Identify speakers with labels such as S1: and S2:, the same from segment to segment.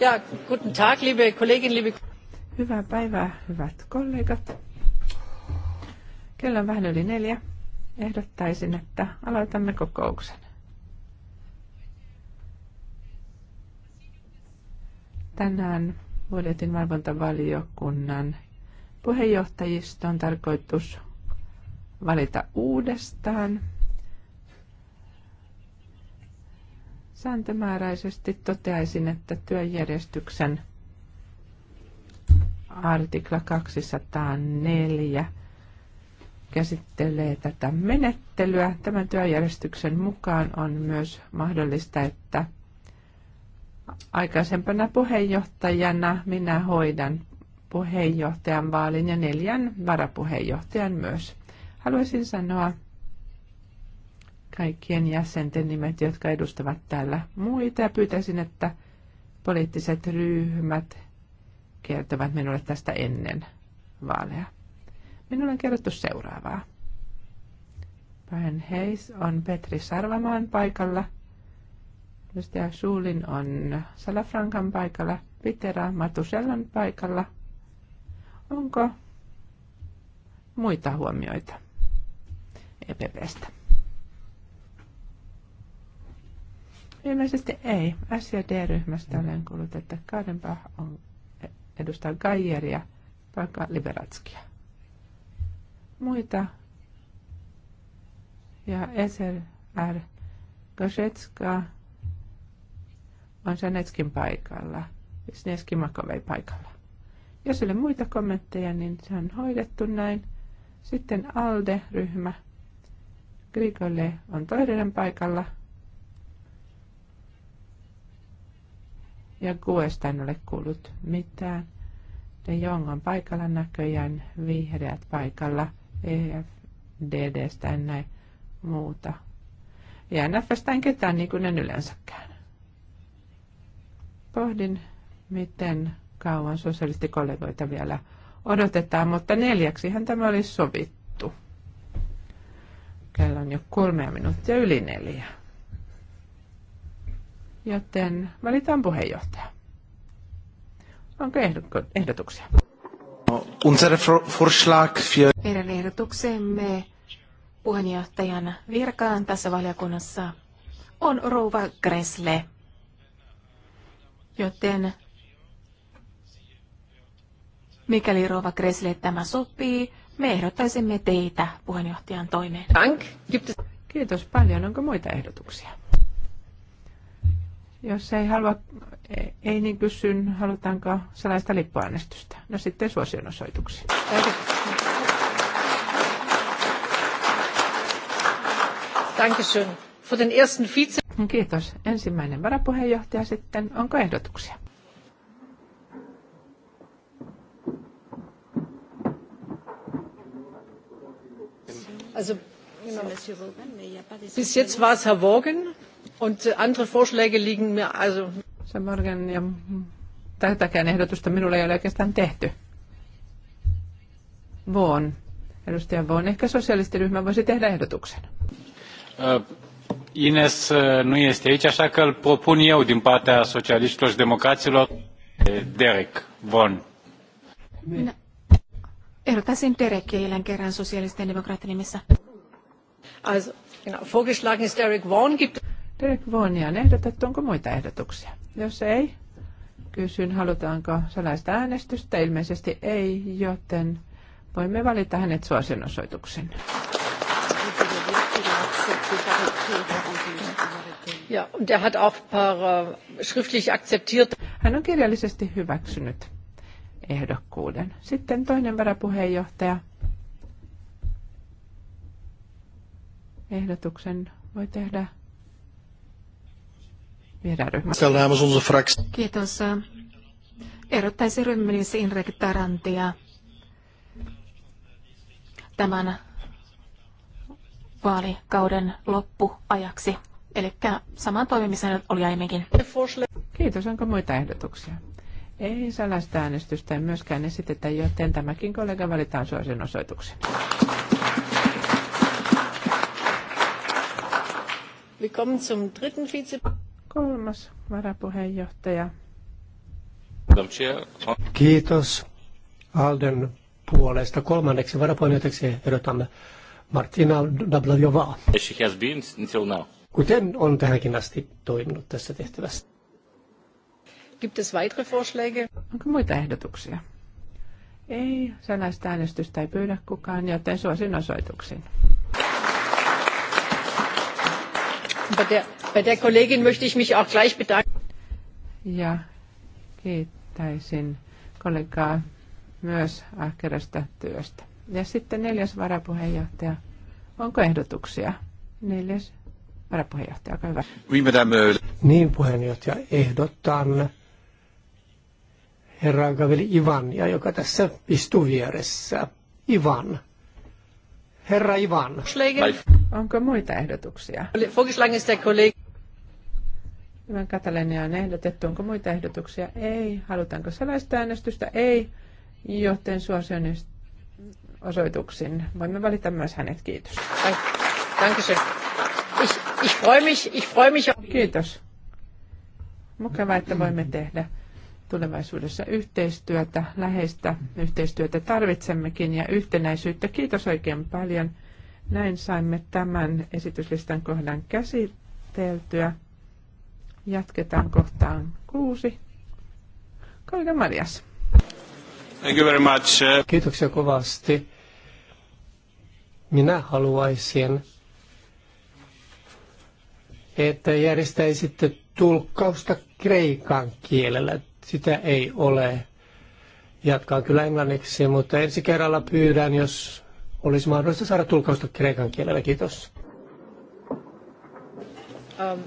S1: Ja, guten Tag, liebe liebe...
S2: Hyvää päivää, hyvät kollegat. Kello on vähän yli neljä. Ehdottaisin, että aloitamme kokouksen. Tänään budjetin valvontavaliokunnan puheenjohtajista on tarkoitus valita uudestaan sääntömääräisesti toteaisin, että työjärjestyksen artikla 204 käsittelee tätä menettelyä. Tämän työjärjestyksen mukaan on myös mahdollista, että aikaisempana puheenjohtajana minä hoidan puheenjohtajan vaalin ja neljän varapuheenjohtajan myös. Haluaisin sanoa kaikkien jäsenten nimet, jotka edustavat täällä muita. Ja pyytäisin, että poliittiset ryhmät kertovat minulle tästä ennen vaaleja. Minulle on kerrottu seuraavaa. Päin heis on Petri Sarvamaan paikalla. Edustaja Suulin on Salafrankan paikalla. Pitera Matusellan paikalla. Onko muita huomioita EPPstä? Ilmeisesti ei. d ryhmästä olen kuullut, että Kaadenbach on, edustaa Gajeria, vaikka Liberatskia. Muita ja SLR Gosetska on Sanetskin paikalla, Sneski Makovei paikalla. Jos ei ole muita kommentteja, niin se on hoidettu näin. Sitten ALDE-ryhmä. Grigole on toinen paikalla – ja Guesta en ole kuullut mitään. De Jong on paikalla näköjään, vihreät paikalla, EFDDstä en näe muuta. Ja NFstä en ketään niin kuin en yleensäkään. Pohdin, miten kauan sosialistikollegoita vielä odotetaan, mutta neljäksihän tämä oli sovittu. Kello on jo kolme minuuttia yli neljä joten valitaan puheenjohtaja.
S3: Onko ehdotuksia? Unser Vorschlag für...
S4: Meidän ehdotuksemme puheenjohtajan virkaan tässä valiokunnassa on Rouva Gressle. Joten mikäli Rouva Gressle tämä sopii, me ehdottaisimme teitä puheenjohtajan toimeen. Kiitos paljon. Onko muita ehdotuksia? Jos ei halua,
S2: ei niin kysyn, halutaanko salaista lippuäänestystä. No sitten suosionosoituksia. Dankeschön. Für den ersten Vize Kiitos. Ensimmäinen varapuheenjohtaja sitten. Onko ehdotuksia?
S1: Also, bis jetzt war es Herr Wogen. Und äh, andere Vorschläge liegen mir also... Morgan
S2: ja tätäkään ehdotusta minulla ei ole oikeastaan tehty. Voon. Edustaja Voon. Ehkä sosialistiryhmä voisi tehdä ehdotuksen.
S3: Uh, Ines äh, nu este aici, așa că îl propun eu din partea socialiștilor și democraților, e, Derek Von.
S4: Minä ehdottaisin Derekia jälleen kerran sosialisten demokraattien Also, genau,
S2: vorgeschlagen ist Derek Vaughan. Gibt Derek Vonian on ehdotettu, onko muita ehdotuksia? Jos ei, kysyn, halutaanko salaista äänestystä. Ilmeisesti ei, joten voimme valita hänet suosionosoituksen. Ja, und er hat auch paar äh, schriftlich akzeptiert. Hän on kirjallisesti hyväksynyt ehdokkuuden. Sitten toinen varapuheenjohtaja. Ehdotuksen voi tehdä vihreä ryhmä.
S4: Kiitos. Erottaisin ryhmällisi Inrek Tarantia tämän vaalikauden loppuajaksi. Eli saman toimimisen oli aiemminkin. Kiitos. Onko muita
S2: ehdotuksia? Ei sellaista äänestystä en myöskään esitetä, joten tämäkin kollega valitaan suosin osoituksen kolmas varapuheenjohtaja.
S5: Kiitos Alden puolesta. Kolmanneksi varapuheenjohtajaksi ehdotamme Martina Dablajovaa. Kuten on tähänkin asti toiminut tässä tehtävässä.
S1: Gibt es weitere Vorschläge?
S5: Onko muita ehdotuksia?
S2: Ei, sellaista äänestystä ei pyydä kukaan, joten suosin osoituksen.
S1: Bei der, Kollegin möchte ich mich auch gleich bedanken.
S2: Ja kiittäisin kollegaa myös ahkerasta työstä. Ja sitten neljäs varapuheenjohtaja. Onko ehdotuksia? Neljäs
S5: varapuheenjohtaja, olkaa hyvä. Euh, niin, puheenjohtaja, ehdotan herra Gaveli Ivania, joka tässä istuu vieressä. Ivan. Herra Ivan.
S2: Onko muita ehdotuksia? Ivan Katalenia on ehdotettu. Onko muita ehdotuksia? Ei. Halutaanko salaista äänestystä? Ei. Joten suosion osoituksin voimme valita myös hänet. Kiitos. Kiitos. Mukava, että voimme tehdä tulevaisuudessa yhteistyötä, läheistä yhteistyötä tarvitsemmekin ja yhtenäisyyttä. Kiitos oikein paljon. Näin saimme tämän esityslistan kohdan käsiteltyä. Jatketaan kohtaan kuusi.
S5: Kollega Marias. Thank you very much. Kiitoksia kovasti. Minä haluaisin, että järjestäisitte tulkkausta kreikan kielellä sitä ei ole. Jatkaa kyllä englanniksi, mutta ensi kerralla pyydän, jos olisi mahdollista saada tulkausta kreikan kielellä. Kiitos.
S1: Ähm,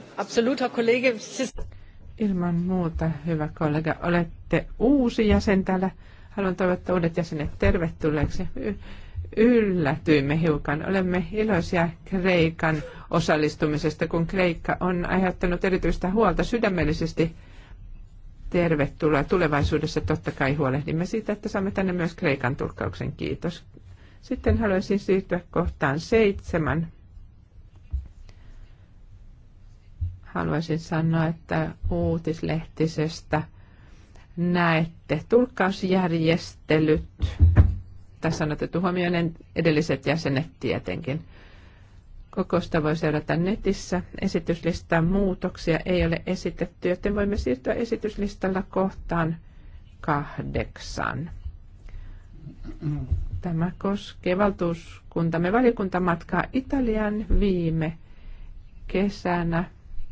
S2: Ilman muuta, hyvä kollega. Olette uusi jäsen täällä. Haluan toivottaa uudet jäsenet tervetulleeksi. Yllätyimme hiukan. Olemme iloisia Kreikan osallistumisesta, kun Kreikka on aiheuttanut erityistä huolta sydämellisesti – tervetuloa. Tulevaisuudessa totta kai huolehdimme siitä, että saamme tänne myös Kreikan tulkkauksen. Kiitos. Sitten haluaisin siirtyä kohtaan seitsemän. Haluaisin sanoa, että uutislehtisestä näette tulkkausjärjestelyt. Tässä on otettu huomioon edelliset jäsenet tietenkin. Kokousta voi seurata netissä. Esityslistan muutoksia ei ole esitetty, joten voimme siirtyä esityslistalla kohtaan kahdeksan. Tämä koskee valtuuskuntamme valiokuntamatkaa Italian viime kesänä.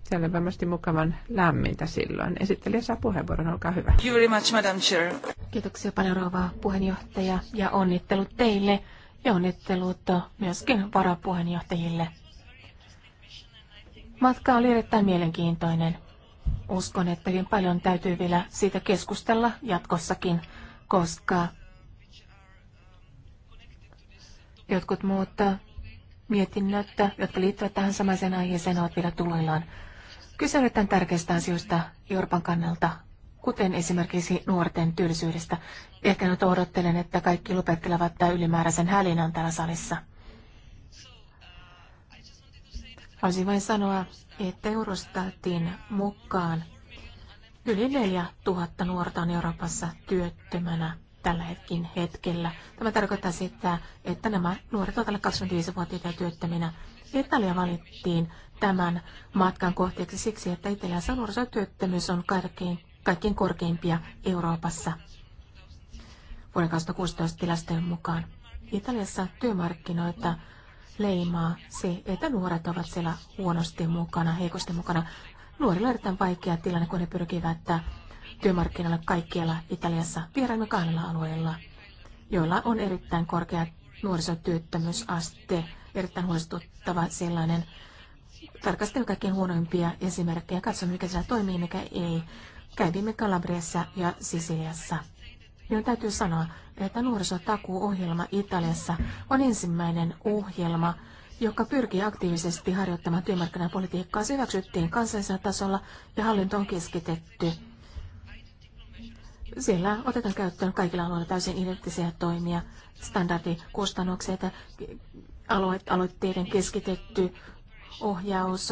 S2: Siellä on varmasti mukavan lämmintä silloin. Esittelijä saa puheenvuoron,
S4: olkaa hyvä. Thank you very much, Chair. Kiitoksia paljon rouva puheenjohtaja ja onnittelut teille ja onnittelut myöskin varapuheenjohtajille. Matka oli erittäin mielenkiintoinen. Uskon, että hyvin paljon täytyy vielä siitä keskustella jatkossakin, koska jotkut muut mietinnöt, jotka liittyvät tähän samaiseen aiheeseen, ovat vielä tuloillaan. Kyse on tärkeistä asioista Euroopan kannalta, kuten esimerkiksi nuorten työllisyydestä. Ehkä nyt odottelen, että kaikki lopettelevat tämän ylimääräisen hälinän täällä salissa. Haluaisin vain sanoa, että Eurostatin mukaan yli 4000 nuorta on Euroopassa työttömänä tällä hetkin hetkellä. Tämä tarkoittaa sitä, että nämä nuoret ovat alle 25-vuotiaita työttöminä. Italia valittiin tämän matkan kohteeksi siksi, että Italiassa nuorisotyöttömyys on kaikkein, kaikkein korkeimpia Euroopassa vuoden 2016 tilastojen mukaan. Italiassa työmarkkinoita leimaa se, että nuoret ovat siellä huonosti mukana, heikosti mukana. Nuorilla on erittäin vaikea tilanne, kun he pyrkivät työmarkkinoille kaikkialla Italiassa vieraimme kahdella alueella, joilla on erittäin korkea nuorisotyöttömyysaste, erittäin huolestuttava sellainen. Tarkastelemme kaikkein huonoimpia esimerkkejä, katsomme mikä siellä toimii, mikä ei. Kävimme Kalabriassa ja Sisiliassa. Minun täytyy sanoa, että nuorisotakuuohjelma Italiassa on ensimmäinen ohjelma, joka pyrkii aktiivisesti harjoittamaan työmarkkinapolitiikkaa. Se hyväksyttiin kansallisella tasolla ja hallinto on keskitetty. Siellä otetaan käyttöön kaikilla alueilla täysin identtisiä toimia, standardikustannukset, aloitteiden keskitetty ohjaus,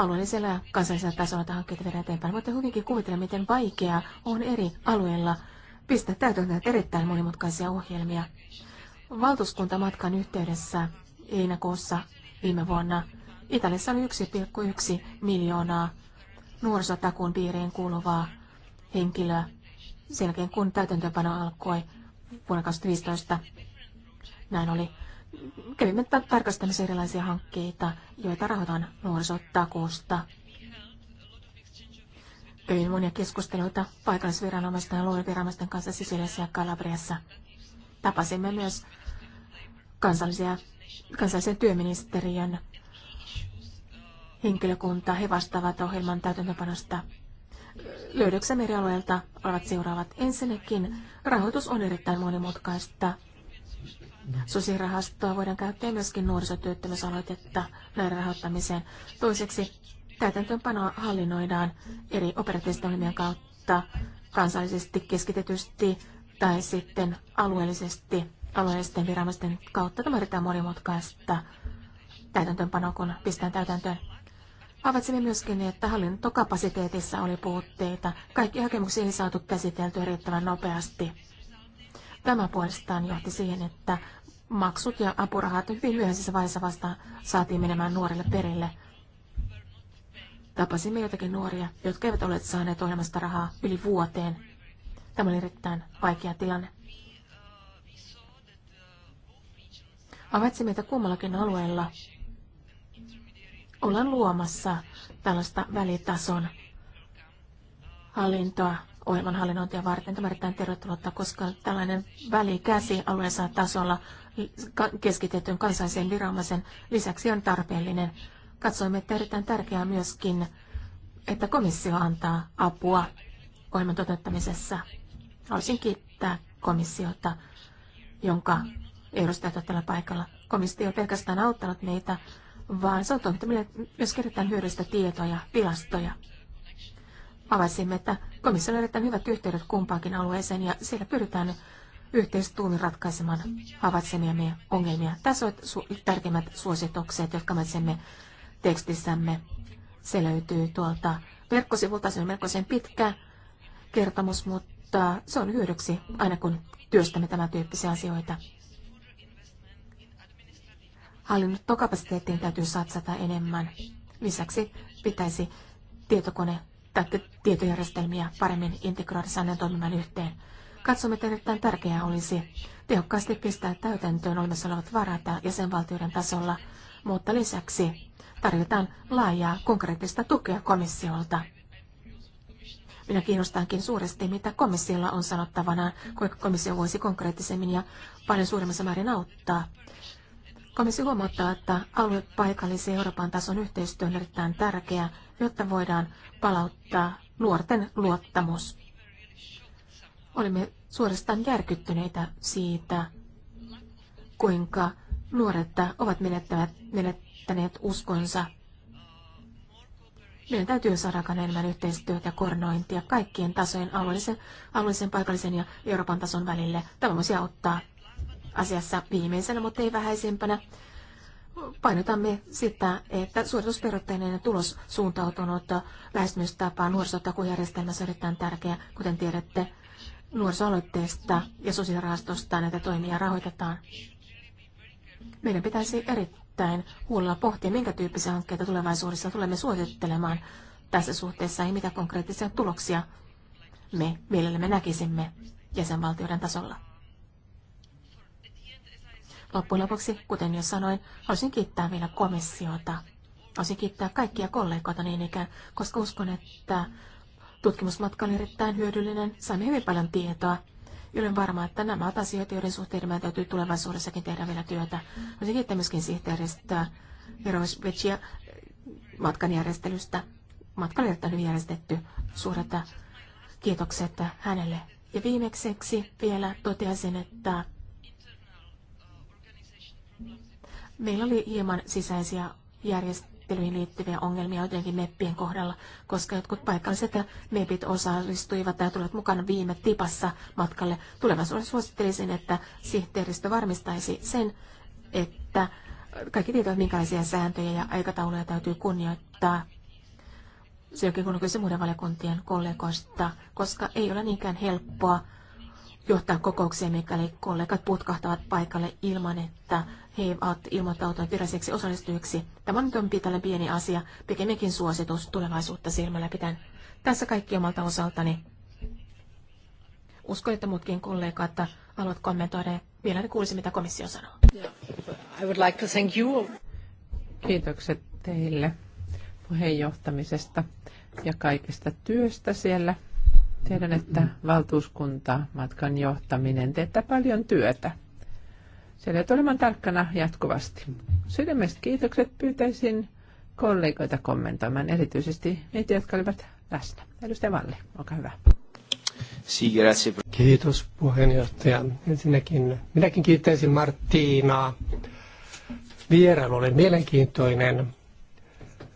S4: alueellisella ja kansallisella tasolla tätä hankkeita viedään eteenpäin. Voitte hyvinkin kuvitella, miten vaikeaa on eri alueilla pistää täytäntöön erittäin monimutkaisia ohjelmia. Valtuuskuntamatkan yhteydessä heinäkuussa viime vuonna Italiassa oli 1,1 miljoonaa nuorisotakuun piiriin kuuluvaa henkilöä sen jälkeen, kun täytäntöönpano alkoi vuonna 2015. Näin oli kävimme tarkastamassa erilaisia hankkeita, joita rahoitetaan nuorisotakuusta. Kävin monia keskusteluita paikallisviranomaisten ja luuriviranomaisten kanssa Sisiliassa ja Kalabriassa. Tapasimme myös kansallisia, kansallisen työministeriön henkilökuntaa. He vastaavat ohjelman täytäntöpanosta. Löydöksemme merialueelta ovat seuraavat. Ensinnäkin rahoitus on erittäin monimutkaista Sosiaalirahastoa voidaan käyttää myöskin nuorisotyöttömyysaloitetta näiden rahoittamiseen. Toiseksi täytäntöönpanoa hallinnoidaan eri operatiivisten ohjelmien kautta kansallisesti, keskitetysti tai sitten alueellisesti alueellisten viranomaisten kautta. Tämä on erittäin monimutkaista täytäntöönpanoa, kun pistetään täytäntöön. Havaitsimme myöskin, että hallintokapasiteetissa oli puutteita. Kaikki hakemuksia ei saatu käsiteltyä riittävän nopeasti Tämä puolestaan johti siihen, että maksut ja apurahat hyvin myöhäisessä vaiheessa vasta saatiin menemään nuorille perille. Tapasimme jotakin nuoria, jotka eivät ole saaneet ohjelmasta rahaa yli vuoteen. Tämä oli erittäin vaikea tilanne. Havaitsimme, että kummallakin alueella ollaan luomassa tällaista välitason hallintoa ohjelman hallinnointia varten. Tämä on erittäin tervetullutta, koska tällainen välikäsi alueensa tasolla keskitetyn kansallisen viranomaisen lisäksi on tarpeellinen. Katsoimme, että erittäin tärkeää myöskin, että komissio antaa apua ohjelman toteuttamisessa. Haluaisin kiittää komissiota, jonka edustajat ovat tällä paikalla. Komissio on pelkästään auttanut meitä, vaan se on toimittanut myös erittäin hyödyllistä tietoa ja tilastoja avasimme, että komissio on erittäin hyvät yhteydet kumpaankin alueeseen ja siellä pyritään yhteistuumin ratkaisemaan havaitsemiamme ongelmia. Tässä ovat su- tärkeimmät suositukset, jotka mainitsemme tekstissämme. Se löytyy tuolta verkkosivulta. Se on melkoisen pitkä kertomus, mutta se on hyödyksi aina kun työstämme tämän tyyppisiä asioita. Hallintokapasiteettiin täytyy satsata enemmän. Lisäksi pitäisi tietokone tai tietojärjestelmiä paremmin integroida saadaan toimimaan yhteen. Katsomme, että erittäin tärkeää olisi tehokkaasti pistää täytäntöön olemassa olevat varat jäsenvaltioiden tasolla, mutta lisäksi tarvitaan laajaa konkreettista tukea komissiolta. Minä kiinnostankin suuresti, mitä komissiolla on sanottavana, kuinka komissio voisi konkreettisemmin ja paljon suuremmassa määrin auttaa. Komissio huomauttaa, että alue paikallisen Euroopan tason yhteistyö on erittäin tärkeää jotta voidaan palauttaa nuorten luottamus. Olimme suorastaan järkyttyneitä siitä, kuinka nuoret ovat menettäneet uskonsa. Meidän täytyy saada enemmän yhteistyötä ja koordinointia kaikkien tasojen alueellisen, alueellisen, paikallisen ja Euroopan tason välille. Tämä voisi auttaa asiassa viimeisenä, mutta ei vähäisempänä painotamme sitä, että suoritusperotteinen tulos suuntautunut lähestymistapa nuorisotakujärjestelmässä on erittäin tärkeä, kuten tiedätte. Nuorisoaloitteesta ja sosiaalirahastosta näitä toimia rahoitetaan. Meidän pitäisi erittäin huolella pohtia, minkä tyyppisiä hankkeita tulevaisuudessa tulemme suosittelemaan tässä suhteessa ja mitä konkreettisia tuloksia me mielellämme näkisimme jäsenvaltioiden tasolla. Loppujen lopuksi, kuten jo sanoin, haluaisin kiittää vielä komissiota. Haluaisin kiittää kaikkia kollegoita niin ikään, koska uskon, että tutkimusmatka on erittäin hyödyllinen. Saimme hyvin paljon tietoa. Olen varma, että nämä ovat asioita, joiden suhteen meidän täytyy tulevaisuudessakin tehdä vielä työtä. Haluaisin kiittää myöskin sihteeristä Verovicia eh, matkan järjestelystä. Matka oli erittäin hyvin järjestetty. Suuret kiitokset hänelle. Ja viimeiseksi vielä toteaisin, että Meillä oli hieman sisäisiä järjestelyihin liittyviä ongelmia jotenkin meppien kohdalla, koska jotkut paikalliset mepit osallistuivat tai tulivat mukana viime tipassa matkalle. Tulevaisuudessa suosittelisin, että sihteeristö varmistaisi sen, että kaikki tietävät, minkälaisia sääntöjä ja aikatauluja täytyy kunnioittaa. Se onkin kun on kyse muiden valiokuntien kollegoista, koska ei ole niinkään helppoa johtaa kokoukseen, mikäli kollegat putkahtavat paikalle ilman, että he ovat ilmoittautuneet viralliseksi osallistujiksi. Tämä on nyt pieni asia, pikemminkin suositus tulevaisuutta silmällä pitäen. Tässä kaikki omalta osaltani. Uskon, että muutkin kollegat haluat kommentoida vielä kuulisi, mitä komissio sanoo. I would like to thank you.
S2: Kiitokset teille puheenjohtamisesta ja kaikesta työstä siellä Tiedän, että valtuuskunta matkan johtaminen teettää paljon työtä. Siellä olemaan tarkkana jatkuvasti. Sydämestä kiitokset pyytäisin kollegoita kommentoimaan, erityisesti niitä, jotka olivat läsnä. Edustaja Valli, olkaa
S5: hyvä. Kiitos puheenjohtaja. Ensinnäkin minäkin kiittäisin Marttiinaa. Vierailu oli mielenkiintoinen.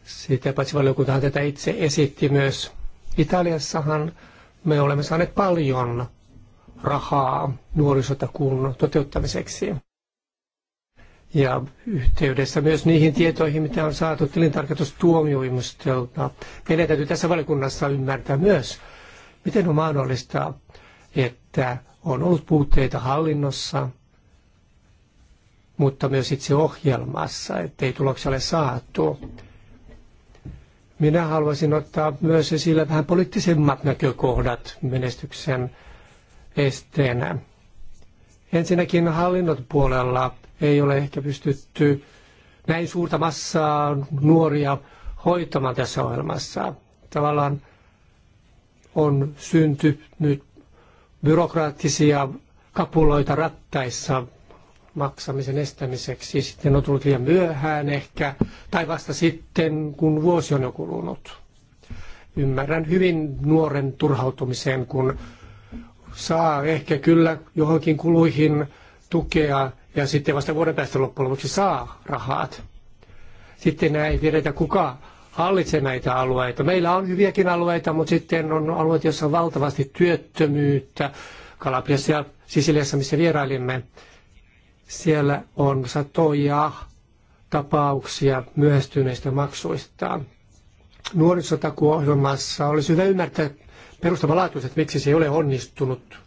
S5: Sitä paitsi valiokuntahan tätä itse esitti myös. Italiassahan me olemme saaneet paljon rahaa nuorisotakuun toteuttamiseksi. Ja yhteydessä myös niihin tietoihin, mitä on saatu tilintarkastustuomioimustelta. Meidän täytyy tässä valikunnassa ymmärtää myös, miten on mahdollista, että on ollut puutteita hallinnossa, mutta myös itse ohjelmassa, ettei tuloksia ole saatu. Minä haluaisin ottaa myös esille vähän poliittisemmat näkökohdat menestyksen esteenä. Ensinnäkin hallinnon puolella ei ole ehkä pystytty näin suurta massaa nuoria hoitamaan tässä ohjelmassa. Tavallaan on syntynyt byrokraattisia kapuloita rattaissa maksamisen estämiseksi. Sitten on tullut liian myöhään ehkä, tai vasta sitten, kun vuosi on jo kulunut. Ymmärrän hyvin nuoren turhautumisen, kun saa ehkä kyllä johonkin kuluihin tukea ja sitten vasta vuoden päästä loppujen lopuksi saa rahat. Sitten ei tiedetä kuka hallitsee näitä alueita. Meillä on hyviäkin alueita, mutta sitten on alueita, joissa on valtavasti työttömyyttä. Kalabriassa ja Sisiliassa, missä vierailimme, siellä on satoja tapauksia myöhästyneistä maksuistaan. Nuorisotakuohjelmassa olisi hyvä ymmärtää että miksi se ei ole onnistunut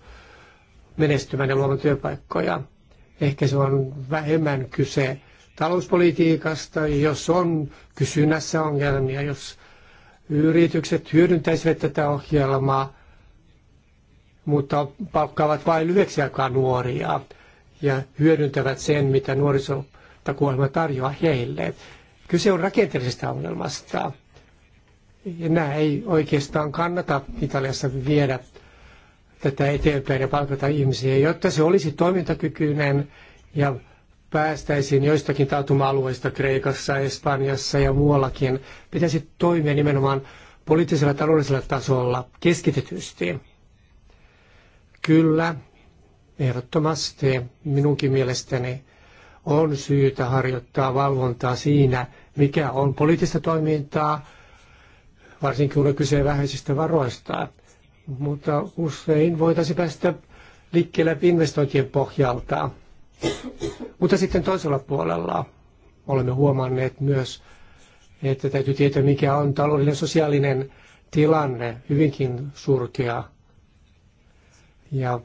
S5: menestymään ja luomaan työpaikkoja. Ehkä se on vähemmän kyse talouspolitiikasta, jos on kysynnässä ongelmia, jos yritykset hyödyntäisivät tätä ohjelmaa, mutta palkkaavat vain lyhyeksi aikaa nuoria ja hyödyntävät sen, mitä nuorisotakuohjelma tarjoaa heille. Kyse on rakenteellisesta ongelmasta. Ja nämä ei oikeastaan kannata Italiassa viedä tätä eteenpäin ja palkata ihmisiä, jotta se olisi toimintakykyinen ja päästäisiin joistakin tautuma-alueista Kreikassa, Espanjassa ja muuallakin. Pitäisi toimia nimenomaan poliittisella ja taloudellisella tasolla keskitetysti. Kyllä, Ehdottomasti minunkin mielestäni on syytä harjoittaa valvontaa siinä, mikä on poliittista toimintaa, varsinkin kun on kyse vähäisistä varoista. Mutta usein voitaisiin päästä liikkeelle investointien pohjalta. Mutta sitten toisella puolella olemme huomanneet myös, että täytyy tietää, mikä on taloudellinen sosiaalinen tilanne, hyvinkin surkea. Ja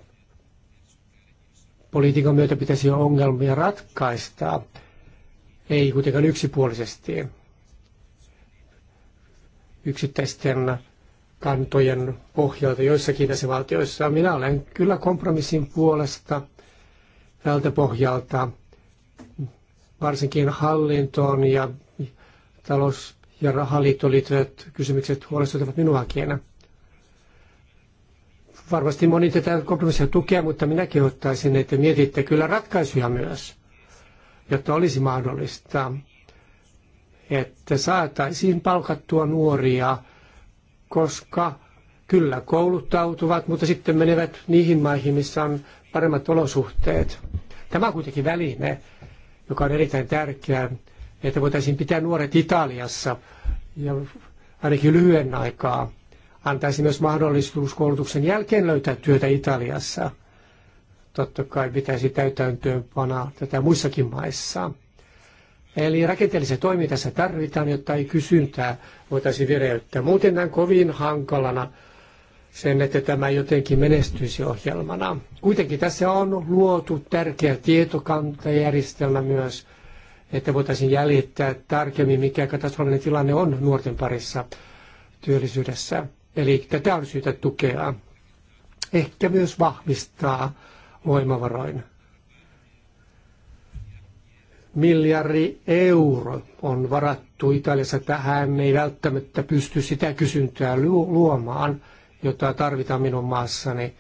S5: politiikan myötä pitäisi jo ongelmia ratkaista, ei kuitenkaan yksipuolisesti yksittäisten kantojen pohjalta joissakin valtioissa. Minä olen kyllä kompromissin puolesta tältä pohjalta, varsinkin hallintoon ja talous- ja rahaliittoon liittyvät kysymykset huolestuttavat minuakin. Varmasti moni tätä kompromissia tukea, mutta minä kehottaisin, että mietitte kyllä ratkaisuja myös, jotta olisi mahdollista, että saataisiin palkattua nuoria, koska kyllä kouluttautuvat, mutta sitten menevät niihin maihin, missä on paremmat olosuhteet. Tämä on kuitenkin väline, joka on erittäin tärkeä, että voitaisiin pitää nuoret Italiassa ja ainakin lyhyen aikaa antaisi myös mahdollisuus koulutuksen jälkeen löytää työtä Italiassa. Totta kai pitäisi täytäntöönpana tätä muissakin maissa. Eli rakenteellisia toimia tässä tarvitaan, jotta ei kysyntää voitaisiin vireyttää. Muuten näin kovin hankalana sen, että tämä jotenkin menestyisi ohjelmana. Kuitenkin tässä on luotu tärkeä tietokantajärjestelmä myös, että voitaisiin jäljittää tarkemmin, mikä katastrofinen tilanne on nuorten parissa työllisyydessä. Eli tätä on syytä tukea. Ehkä myös vahvistaa voimavaroin. Miljardi euro on varattu Italiassa tähän, ei välttämättä pysty sitä kysyntää luomaan, jota tarvitaan minun maassani.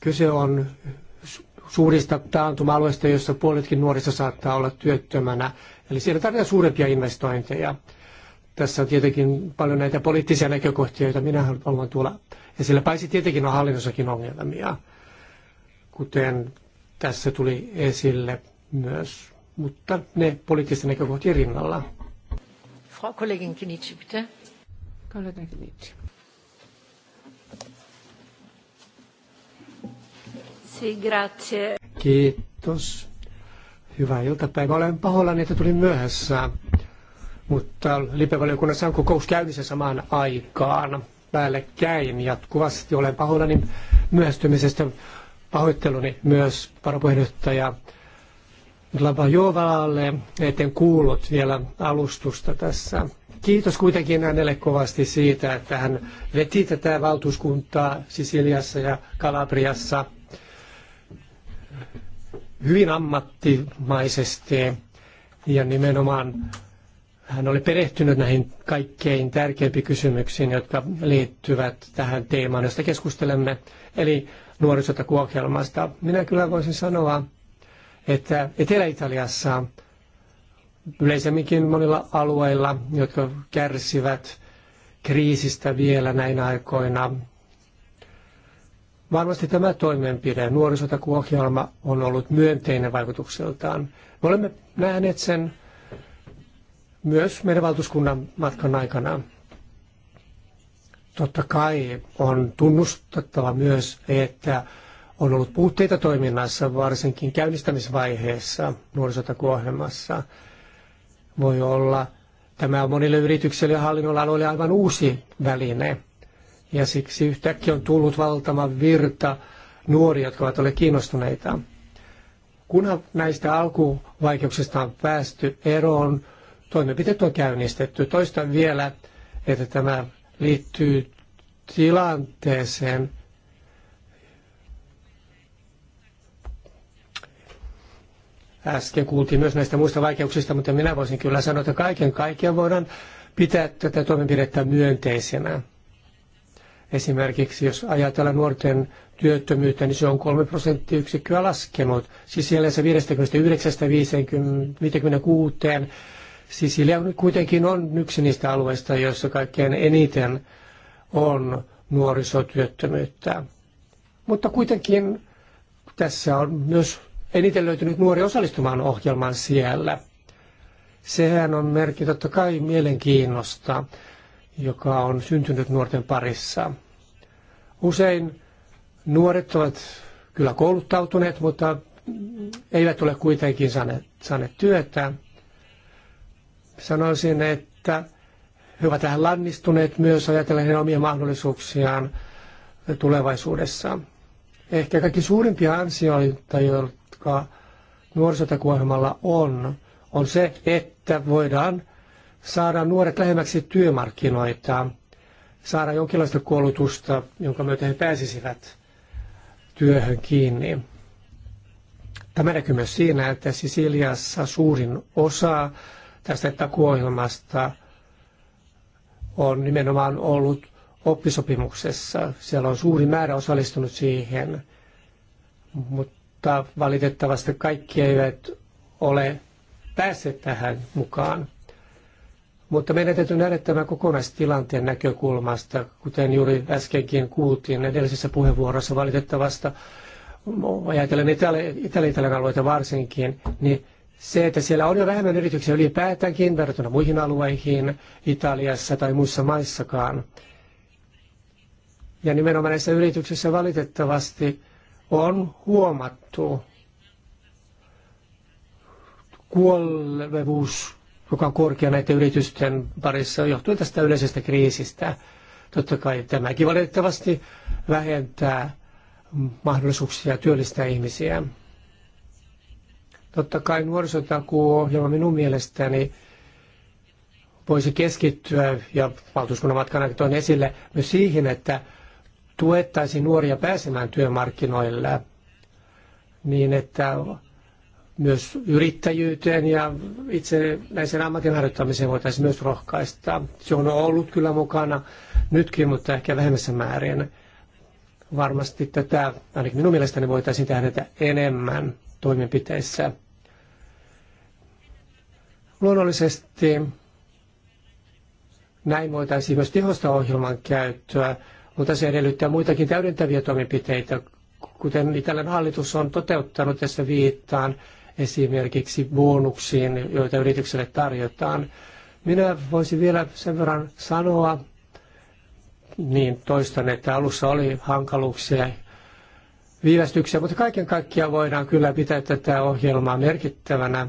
S5: Kyse on suurista taantuma-alueista, joissa puoletkin nuorista saattaa olla työttömänä. Eli siellä tarvitaan suurempia investointeja. Tässä on tietenkin paljon näitä poliittisia näkökohtia, joita minä haluan tuolla esille. Paitsi tietenkin on hallinnossakin ongelmia, kuten tässä tuli esille myös, mutta ne poliittisten näkökohtien rinnalla.
S1: Frau Kollegin Kinitsi, bitte. Kollegin Kinitsi.
S2: Sì, grazie.
S5: Kiitos. Hyvää iltapäivää. Olen pahoillani, että tulin myöhässä mutta lipevaliokunnassa on kokous käynnissä samaan aikaan päällekkäin jatkuvasti. Olen pahoillani myöhästymisestä pahoitteluni myös varapuheenjohtaja Labajovalle, etten kuullut vielä alustusta tässä. Kiitos kuitenkin hänelle kovasti siitä, että hän veti tätä valtuuskuntaa Sisiliassa ja Kalabriassa hyvin ammattimaisesti ja nimenomaan hän oli perehtynyt näihin kaikkein tärkeimpiin kysymyksiin, jotka liittyvät tähän teemaan, josta keskustelemme, eli nuorisotakuohjelmasta. Minä kyllä voisin sanoa, että Etelä-Italiassa yleisemminkin monilla alueilla, jotka kärsivät kriisistä vielä näinä aikoina. Varmasti tämä toimenpide, nuorisotakuohjelma, on ollut myönteinen vaikutukseltaan. Me olemme nähneet sen myös meidän valtuuskunnan matkan aikana. Totta kai on tunnustettava myös, että on ollut puutteita toiminnassa, varsinkin käynnistämisvaiheessa nuorisotakuohjelmassa. Voi olla, tämä on monille yrityksille ja hallinnonaloille aivan uusi väline. Ja siksi yhtäkkiä on tullut valtava virta nuoria, jotka ovat olleet kiinnostuneita. Kunhan näistä alkuvaikeuksista on päästy eroon, toimenpiteet on käynnistetty. Toistan vielä, että tämä liittyy tilanteeseen, Äsken kuultiin myös näistä muista vaikeuksista, mutta minä voisin kyllä sanoa, että kaiken kaikkiaan voidaan pitää tätä toimenpidettä myönteisenä. Esimerkiksi jos ajatellaan nuorten työttömyyttä, niin se on 3 prosenttiyksikköä laskenut. Siis siellä se 59-56 Sisilia kuitenkin on yksi niistä alueista, joissa kaikkein eniten on nuorisotyöttömyyttä. Mutta kuitenkin tässä on myös eniten löytynyt nuori osallistumaan ohjelman siellä. Sehän on merkki totta kai mielenkiinnosta, joka on syntynyt nuorten parissa. Usein nuoret ovat kyllä kouluttautuneet, mutta eivät ole kuitenkin saaneet, saaneet työtä. Sanoisin, että he ovat tähän lannistuneet myös ajatellen heidän omia mahdollisuuksiaan tulevaisuudessa. Ehkä kaikki suurimpia ansioita, jotka nuorisotakuohjelmalla on, on se, että voidaan saada nuoret lähemmäksi työmarkkinoita, saada jonkinlaista koulutusta, jonka myötä he pääsisivät työhön kiinni. Tämä näkyy myös siinä, että Sisiliassa suurin osa tästä takuohjelmasta on nimenomaan ollut oppisopimuksessa. Siellä on suuri määrä osallistunut siihen, mutta valitettavasti kaikki eivät ole päässeet tähän mukaan. Mutta meidän täytyy nähdä tämä kokonaistilanteen näkökulmasta, kuten juuri äskenkin kuultiin edellisessä puheenvuorossa valitettavasti. ajatellen itä italian alueita varsinkin, niin se, että siellä on jo vähemmän yrityksiä ylipäätäänkin verrattuna muihin alueihin Italiassa tai muissa maissakaan. Ja nimenomaan näissä yrityksissä valitettavasti on huomattu kuolevuus, joka on korkea näiden yritysten parissa, johtuen tästä yleisestä kriisistä. Totta kai tämäkin valitettavasti vähentää mahdollisuuksia työllistää ihmisiä. Totta kai nuorisotakuuohjelma minun mielestäni voisi keskittyä, ja valtuuskunnan matkana toin esille, myös siihen, että tuettaisiin nuoria pääsemään työmarkkinoille niin, että myös yrittäjyyteen ja itse näisen ammatin harjoittamiseen voitaisiin myös rohkaista. Se on ollut kyllä mukana nytkin, mutta ehkä vähemmässä määrin. Varmasti tätä, ainakin minun mielestäni, voitaisiin tehdä enemmän toimenpiteissä. Luonnollisesti näin voitaisiin myös tehostaa ohjelman käyttöä, mutta se edellyttää muitakin täydentäviä toimenpiteitä, kuten Italian hallitus on toteuttanut tässä viittaan esimerkiksi bonuksiin, joita yritykselle tarjotaan. Minä voisin vielä sen verran sanoa, niin toistan, että alussa oli hankaluuksia viivästyksiä, mutta kaiken kaikkiaan voidaan kyllä pitää tätä ohjelmaa merkittävänä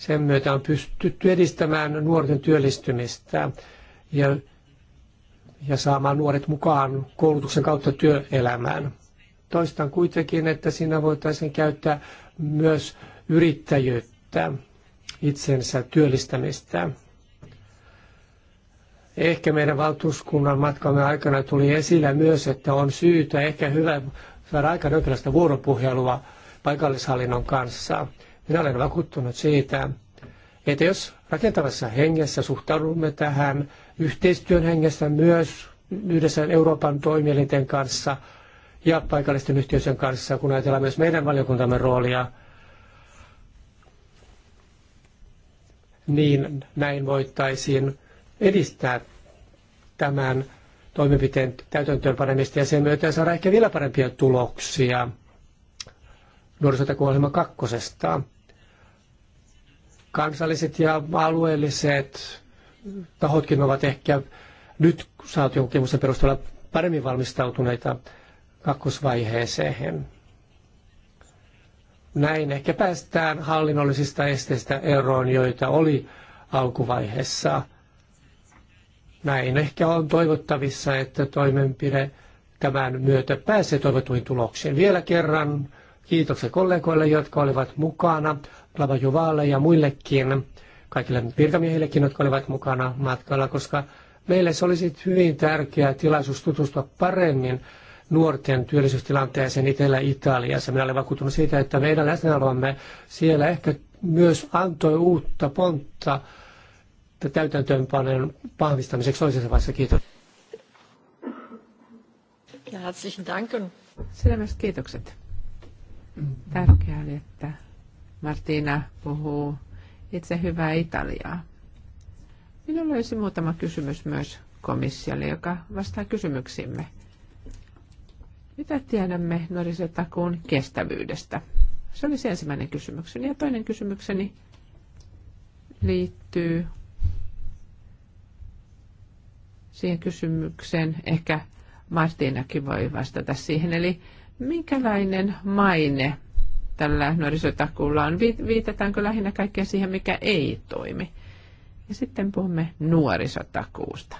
S5: sen myötä on pystytty edistämään nuorten työllistymistä ja, ja saamaan nuoret mukaan koulutuksen kautta työelämään. Toistan kuitenkin, että siinä voitaisiin käyttää myös yrittäjyyttä, itsensä työllistämistä. Ehkä meidän valtuuskunnan matkamme aikana tuli esillä myös, että on syytä ehkä hyvä saada aika jonkinlaista vuoropuhelua paikallishallinnon kanssa minä olen vakuuttunut siitä, että jos rakentavassa hengessä suhtaudumme tähän yhteistyön hengessä myös yhdessä Euroopan toimielinten kanssa ja paikallisten yhteisöjen kanssa, kun ajatellaan myös meidän valiokuntamme roolia, niin näin voitaisiin edistää tämän toimenpiteen täytäntöön panemista ja sen myötä saada ehkä vielä parempia tuloksia nuorisotakuohjelma kakkosesta kansalliset ja alueelliset tahotkin ovat ehkä nyt saatujen kokemusten perusteella paremmin valmistautuneita kakkosvaiheeseen. Näin ehkä päästään hallinnollisista esteistä eroon, joita oli alkuvaiheessa. Näin ehkä on toivottavissa, että toimenpide tämän myötä pääsee toivotuihin tuloksiin. Vielä kerran kiitoksia kollegoille, jotka olivat mukana. Juvalle ja muillekin, kaikille virkamiehillekin, jotka olivat mukana matkalla, koska meille se olisi hyvin tärkeä tilaisuus tutustua paremmin nuorten työllisyystilanteeseen itsellä Italiassa. Minä olen vakuuttunut siitä, että meidän läsnäolomme siellä ehkä myös antoi uutta pontta täytäntöönpanon vahvistamiseksi toisessa vaiheessa. Kiitos.
S2: Ja herzlichen Dank. myös kiitokset. Tärkeää oli, että Martina puhuu itse hyvää Italiaa. Minulla olisi muutama kysymys myös komissiolle, joka vastaa kysymyksimme. Mitä tiedämme nuorisotakuun kestävyydestä? Se olisi ensimmäinen kysymykseni. Ja toinen kysymykseni liittyy siihen kysymykseen. Ehkä Martinakin voi vastata siihen. Eli minkälainen maine tällä nuorisotakuulla on. Viitataanko lähinnä kaikkea siihen, mikä ei toimi? Ja sitten puhumme nuorisotakuusta.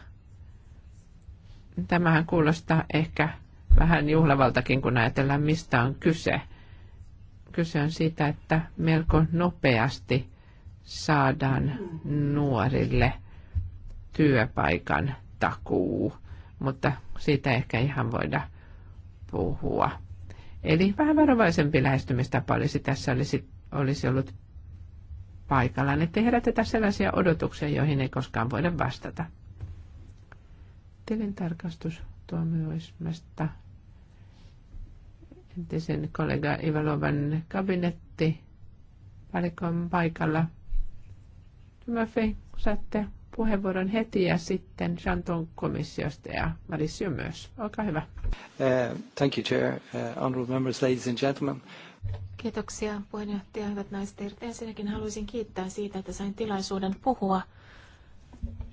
S2: Tämähän kuulostaa ehkä vähän juhlavaltakin, kun ajatellaan, mistä on kyse. Kyse on siitä, että melko nopeasti saadaan nuorille työpaikan takuu, mutta siitä ehkä ihan voida puhua Eli vähän varovaisempi lähestymistapa olisi tässä olisi, olisi ollut paikallaan, niin ettei herätetä sellaisia odotuksia, joihin ei koskaan voida vastata. Tilintarkastus tuomioismasta. Entisen kollega Ivalovan kabinetti. Palikon paikalla. Murphy, saatte puheenvuoron heti ja sitten Chanton komissiosta ja Marissio myös. Olkaa
S6: hyvä.
S5: Uh, thank you, Chair. Uh, honorable members, ladies and gentlemen.
S4: Kiitoksia puheenjohtaja, hyvät naiset. Ensinnäkin haluaisin kiittää siitä, että sain tilaisuuden puhua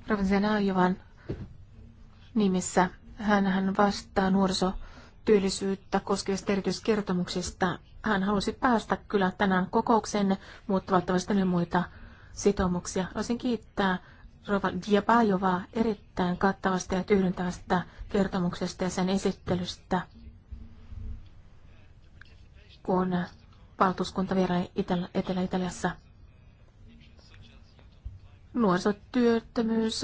S4: Ravisen Aivan nimissä. Hän vastaa nuorisotyöllisyyttä koskevista erityiskertomuksista. Hän halusi päästä kyllä tänään kokoukseen, mutta valtavasti muita sitoumuksia. Haluaisin kiittää Rova Diabajova erittäin kattavasta ja tyhjentävästä kertomuksesta ja sen esittelystä, kun valtuuskunta vieraili Etelä-Italiassa. Nuorisotyöttömyys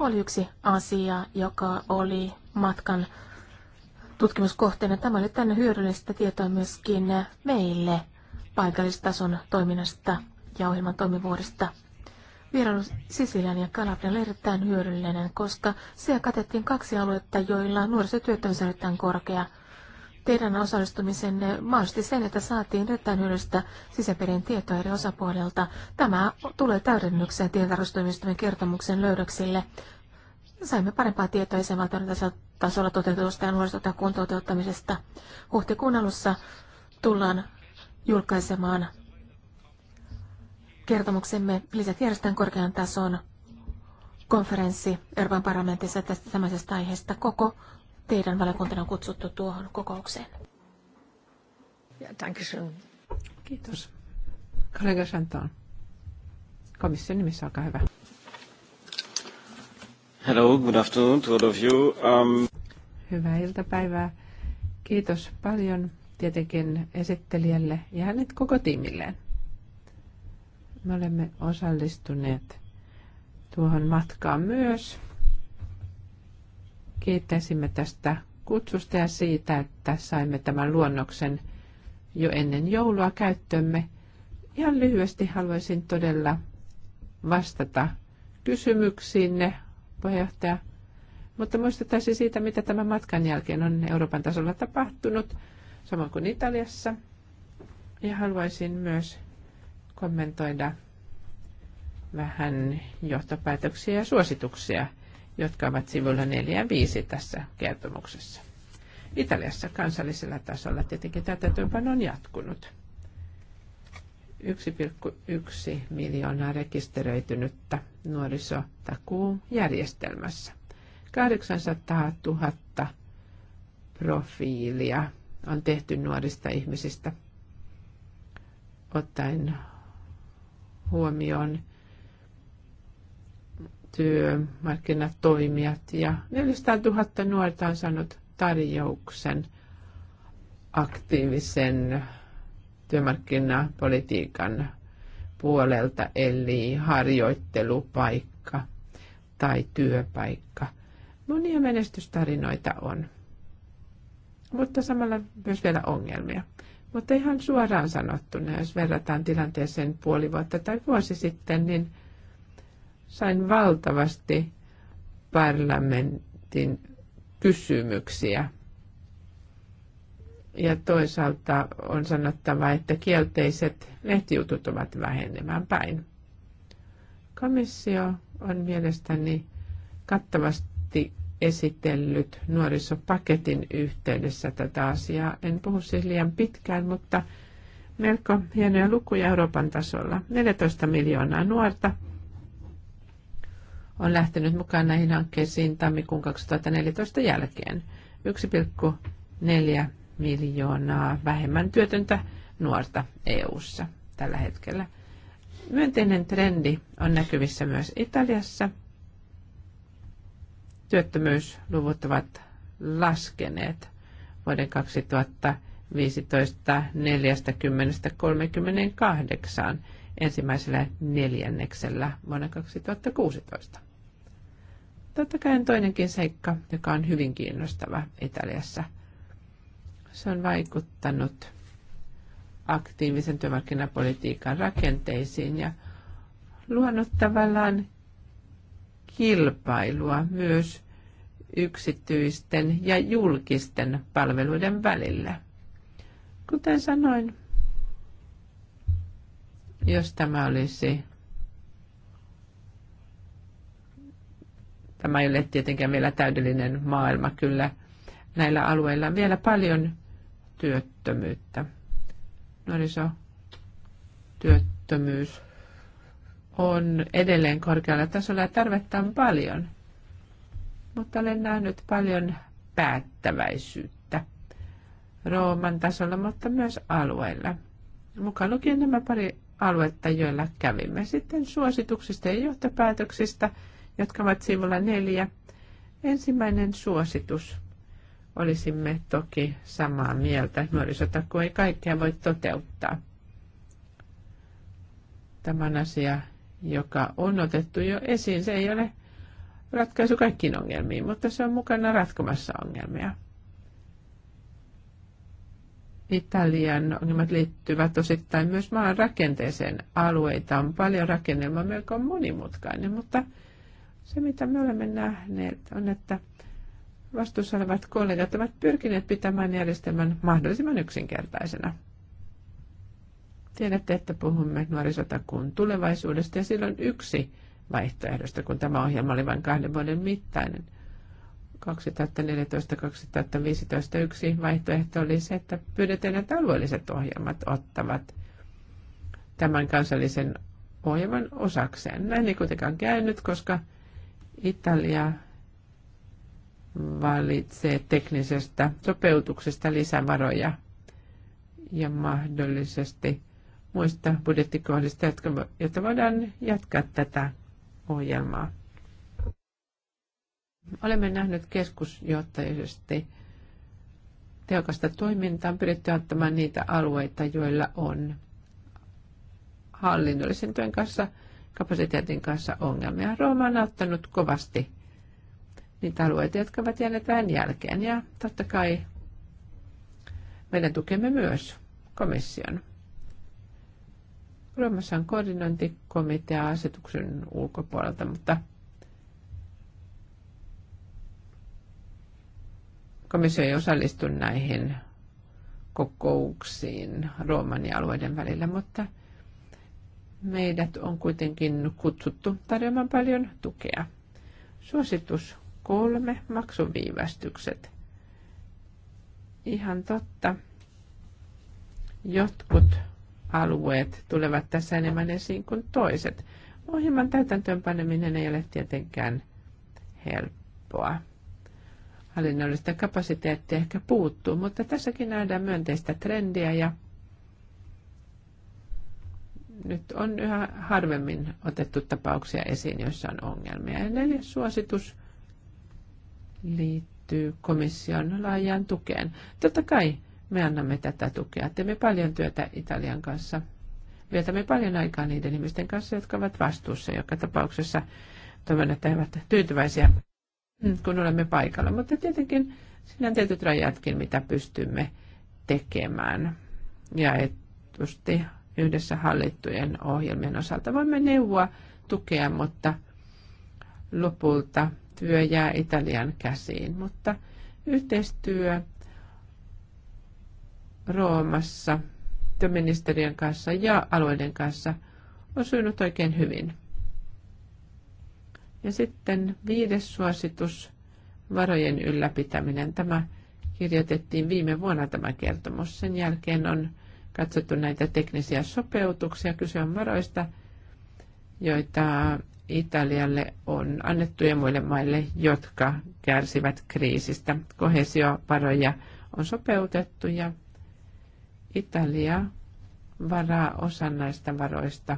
S4: oli yksi asia, joka oli matkan tutkimuskohteena. Tämä oli tänne hyödyllistä tietoa myöskin meille paikallistason toiminnasta ja ohjelman toimivuodesta. Vierailu Sisilian ja Kalabrian oli erittäin hyödyllinen, koska siellä katettiin kaksi aluetta, joilla nuorisotyöttömyys on erittäin korkea. Teidän osallistumisenne mahdollisti sen, että saatiin erittäin hyödyllistä sisäperin tietoa eri osapuolelta. Tämä tulee täydennykseen tilintarkastustoimistojen kertomuksen löydöksille. Saimme parempaa tietoa esimerkiksi tasolla toteutusta ja nuorisotakuun toteuttamisesta. Huhtikuun alussa tullaan julkaisemaan kertomuksemme lisät järjestetään korkean tason konferenssi Euroopan parlamentissa tästä samaisesta aiheesta. Koko teidän valiokuntanne on kutsuttu tuohon kokoukseen. Ja, Kiitos.
S2: Kollega Chanton. Komission nimissä, olkaa hyvä.
S3: Hello, good afternoon to all of you. Um...
S2: Hyvää iltapäivää. Kiitos paljon tietenkin esittelijälle ja hänet koko tiimilleen. Me olemme osallistuneet tuohon matkaan myös. Kiittäisimme tästä kutsusta ja siitä, että saimme tämän luonnoksen jo ennen joulua käyttömme. Ihan lyhyesti haluaisin todella vastata kysymyksiinne, puheenjohtaja. Mutta muistuttaisin siitä, mitä tämän matkan jälkeen on Euroopan tasolla tapahtunut, samoin kuin Italiassa. Ja haluaisin myös kommentoida vähän johtopäätöksiä ja suosituksia, jotka ovat sivulla 4 ja 5 tässä kertomuksessa. Italiassa kansallisella tasolla tietenkin tätä työpano on jatkunut. 1,1 miljoonaa rekisteröitynyttä nuorisotakuun järjestelmässä. 800 000 profiilia on tehty nuorista ihmisistä, ottaen huomioon työmarkkinatoimijat ja 400 000 nuorta on saanut tarjouksen aktiivisen työmarkkinapolitiikan puolelta, eli harjoittelupaikka tai työpaikka. Monia menestystarinoita on, mutta samalla myös vielä ongelmia. Mutta ihan suoraan sanottuna, jos verrataan tilanteeseen puoli vuotta tai vuosi sitten, niin sain valtavasti parlamentin kysymyksiä. Ja toisaalta on sanottava, että kielteiset lehtijutut ovat vähenemään päin. Komissio on mielestäni kattavasti esitellyt nuorisopaketin yhteydessä tätä asiaa. En puhu siis liian pitkään, mutta melko hienoja lukuja Euroopan tasolla. 14 miljoonaa nuorta on lähtenyt mukaan näihin hankkeisiin tammikuun 2014 jälkeen. 1,4 miljoonaa vähemmän työtöntä nuorta EU:ssa tällä hetkellä. Myönteinen trendi on näkyvissä myös Italiassa – työttömyysluvut ovat laskeneet vuoden 2015 40-38 ensimmäisellä neljänneksellä vuonna 2016. Totta kai toinenkin seikka, joka on hyvin kiinnostava Italiassa. Se on vaikuttanut aktiivisen työmarkkinapolitiikan rakenteisiin ja luonut tavallaan kilpailua myös yksityisten ja julkisten palveluiden välillä. Kuten sanoin, jos tämä olisi Tämä ei ole tietenkään vielä täydellinen maailma. Kyllä näillä alueilla on vielä paljon työttömyyttä. Nuorisotyöttömyys on edelleen korkealla tasolla ja tarvetta on paljon. Mutta olen nähnyt paljon päättäväisyyttä Rooman tasolla, mutta myös alueilla. Mukaan lukien nämä pari aluetta, joilla kävimme sitten suosituksista ja johtopäätöksistä, jotka ovat sivulla neljä. Ensimmäinen suositus. Olisimme toki samaa mieltä, nuorisotakuu ei kaikkea voi toteuttaa. Tämän asia, joka on otettu jo esiin. Se ei ole ratkaisu kaikkiin ongelmiin, mutta se on mukana ratkomassa ongelmia. Italian ongelmat liittyvät osittain myös maan rakenteeseen. Alueita on paljon, rakennelma melko monimutkainen, mutta se mitä me olemme nähneet on, että vastuussa olevat kollegat ovat pyrkineet pitämään järjestelmän mahdollisimman yksinkertaisena. Tiedätte, että puhumme nuorisotakuun tulevaisuudesta ja silloin yksi vaihtoehdosta, kun tämä ohjelma oli vain kahden vuoden mittainen. 2014-2015 yksi vaihtoehto oli se, että pyydetään, että alueelliset ohjelmat ottavat tämän kansallisen ohjelman osakseen. Näin ei kuitenkaan käynyt, koska Italia valitsee teknisestä sopeutuksesta lisävaroja ja mahdollisesti muista budjettikohdista, jotka, jotta voidaan jatkaa tätä ohjelmaa. Olemme nähneet keskusjohtajisesti tehokasta toimintaa, on pyritty antamaan niitä alueita, joilla on hallinnollisen työn kanssa, kapasiteetin kanssa ongelmia. Rooma on auttanut kovasti niitä alueita, jotka ovat jääneet vähän jälkeen. Ja totta kai meidän tukemme myös komission. Romassa on koordinointikomitea asetuksen ulkopuolelta, mutta komissio ei osallistu näihin kokouksiin Rooman ja alueiden välillä, mutta meidät on kuitenkin kutsuttu tarjoamaan paljon tukea. Suositus kolme, maksuviivästykset. Ihan totta. Jotkut alueet tulevat tässä enemmän esiin kuin toiset. Ohjelman täytäntöönpaneminen ei ole tietenkään helppoa. Hallinnollista kapasiteettia ehkä puuttuu, mutta tässäkin nähdään myönteistä trendiä ja nyt on yhä harvemmin otettu tapauksia esiin, joissa on ongelmia. Ja neljäs suositus liittyy komission laajaan tukeen. Totta kai me annamme tätä tukea. Teemme paljon työtä Italian kanssa. Vietämme paljon aikaa niiden ihmisten kanssa, jotka ovat vastuussa. Joka tapauksessa toivon, että he ovat tyytyväisiä, mm, kun olemme paikalla. Mutta tietenkin siinä on tietyt rajatkin, mitä pystymme tekemään. Ja etusti yhdessä hallittujen ohjelmien osalta voimme neuvoa, tukea, mutta lopulta työ jää Italian käsiin. Mutta yhteistyö Roomassa työministeriön kanssa ja alueiden kanssa on syynyt oikein hyvin. Ja sitten viides suositus, varojen ylläpitäminen. Tämä kirjoitettiin viime vuonna tämä kertomus. Sen jälkeen on katsottu näitä teknisiä sopeutuksia. Kyse on varoista, joita Italialle on annettu ja muille maille, jotka kärsivät kriisistä. Kohesiovaroja on sopeutettu ja Italia varaa osan näistä varoista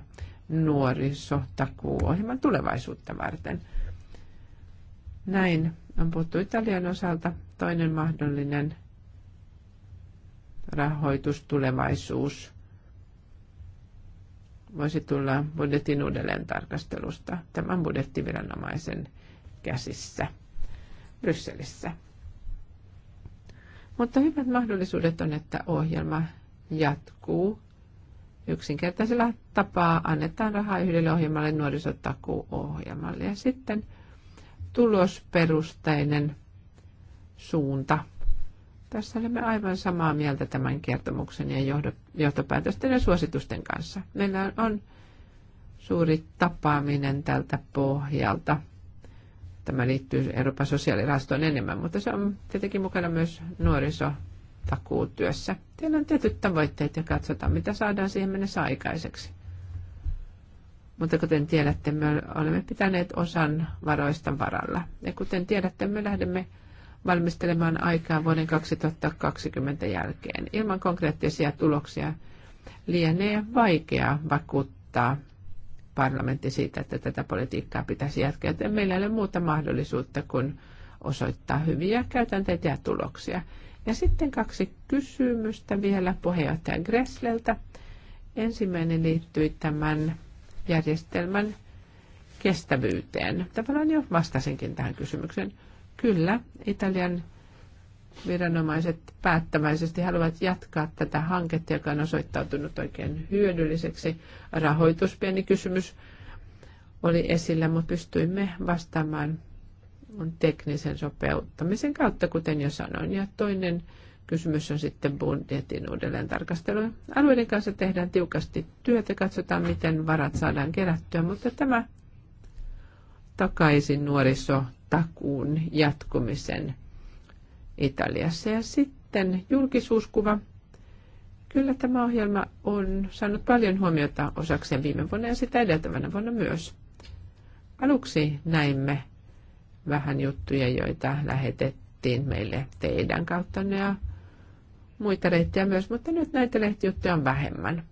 S2: nuorisotakuuohjelman tulevaisuutta varten. Näin on puhuttu Italian osalta. Toinen mahdollinen rahoitustulevaisuus voisi tulla budjetin uudelleen tarkastelusta tämän budjettiviranomaisen käsissä Brysselissä. Mutta hyvät mahdollisuudet on, että ohjelma jatkuu. Yksinkertaisella tapaa annetaan rahaa yhdelle ohjelmalle, nuorisotakuuohjelmalle. Ja sitten tulosperusteinen suunta. Tässä olemme aivan samaa mieltä tämän kertomuksen ja johtopäätösten ja suositusten kanssa. Meillä on suuri tapaaminen tältä pohjalta. Tämä liittyy Euroopan sosiaalirahastoon enemmän, mutta se on tietenkin mukana myös nuoriso- takuutyössä. Teillä on tietyt tavoitteet ja katsotaan, mitä saadaan siihen mennessä aikaiseksi. Mutta kuten tiedätte, me olemme pitäneet osan varoista varalla. Ja kuten tiedätte, me lähdemme valmistelemaan aikaa vuoden 2020 jälkeen. Ilman konkreettisia tuloksia lienee vaikea vakuuttaa parlamentti siitä, että tätä politiikkaa pitäisi jatkaa. Joten meillä ei ole muuta mahdollisuutta kuin osoittaa hyviä käytänteitä ja tuloksia. Ja sitten kaksi kysymystä vielä puheenjohtaja Gressleltä. Ensimmäinen liittyy tämän järjestelmän kestävyyteen. Tavallaan jo vastasinkin tähän kysymykseen. Kyllä, Italian viranomaiset päättäväisesti haluavat jatkaa tätä hanketta, joka on osoittautunut oikein hyödylliseksi. Rahoitus, pieni kysymys, oli esillä, mutta pystyimme vastaamaan on teknisen sopeuttamisen kautta, kuten jo sanoin. Ja toinen kysymys on sitten budjetin uudelleen tarkastelu. Alueiden kanssa tehdään tiukasti työtä, katsotaan miten varat saadaan kerättyä, mutta tämä takaisin nuorisotakuun jatkumisen Italiassa. Ja sitten julkisuuskuva. Kyllä tämä ohjelma on saanut paljon huomiota osakseen viime vuonna ja sitä edeltävänä vuonna myös. Aluksi näimme vähän juttuja, joita lähetettiin meille teidän kautta, ja muita lehtiä myös, mutta nyt näitä lehtijuttuja on vähemmän.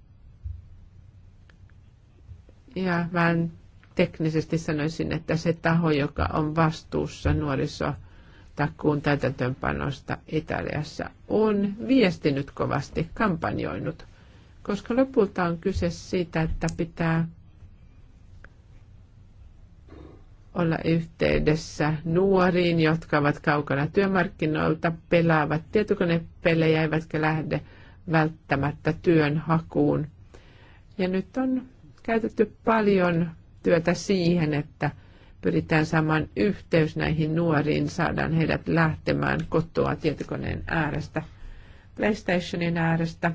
S2: Ja vähän teknisesti sanoisin, että se taho, joka on vastuussa takuun täytäntöönpanosta Italiassa, on viestinyt kovasti, kampanjoinut, koska lopulta on kyse siitä, että pitää olla yhteydessä nuoriin, jotka ovat kaukana työmarkkinoilta, pelaavat tietokonepelejä eivätkä lähde välttämättä työn hakuun. Ja nyt on käytetty paljon työtä siihen, että pyritään saamaan yhteys näihin nuoriin, saadaan heidät lähtemään kotoa tietokoneen äärestä, PlayStationin äärestä.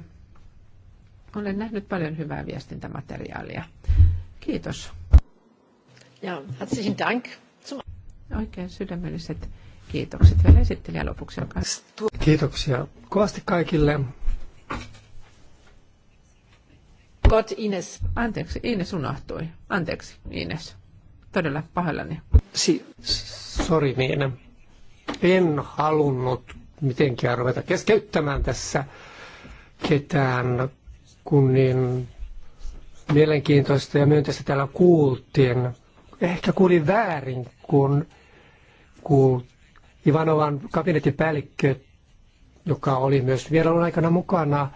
S2: Olen nähnyt paljon hyvää viestintämateriaalia. Kiitos. Ja, herzlichen Dank. Oikein sydämelliset kiitokset vielä esittelijä lopuksi.
S5: Joka... Kiitoksia kovasti kaikille.
S2: God Ines. Anteeksi, Ines unohtui. Anteeksi, Ines.
S5: Todella pahoillani. Si- Sori Miina. En halunnut mitenkään ruveta keskeyttämään tässä ketään, kun niin mielenkiintoista ja myönteistä täällä kuultiin ehkä kuuli väärin, kun, kun Ivanovan kabinetin päällikkö, joka oli myös vierailun aikana mukana,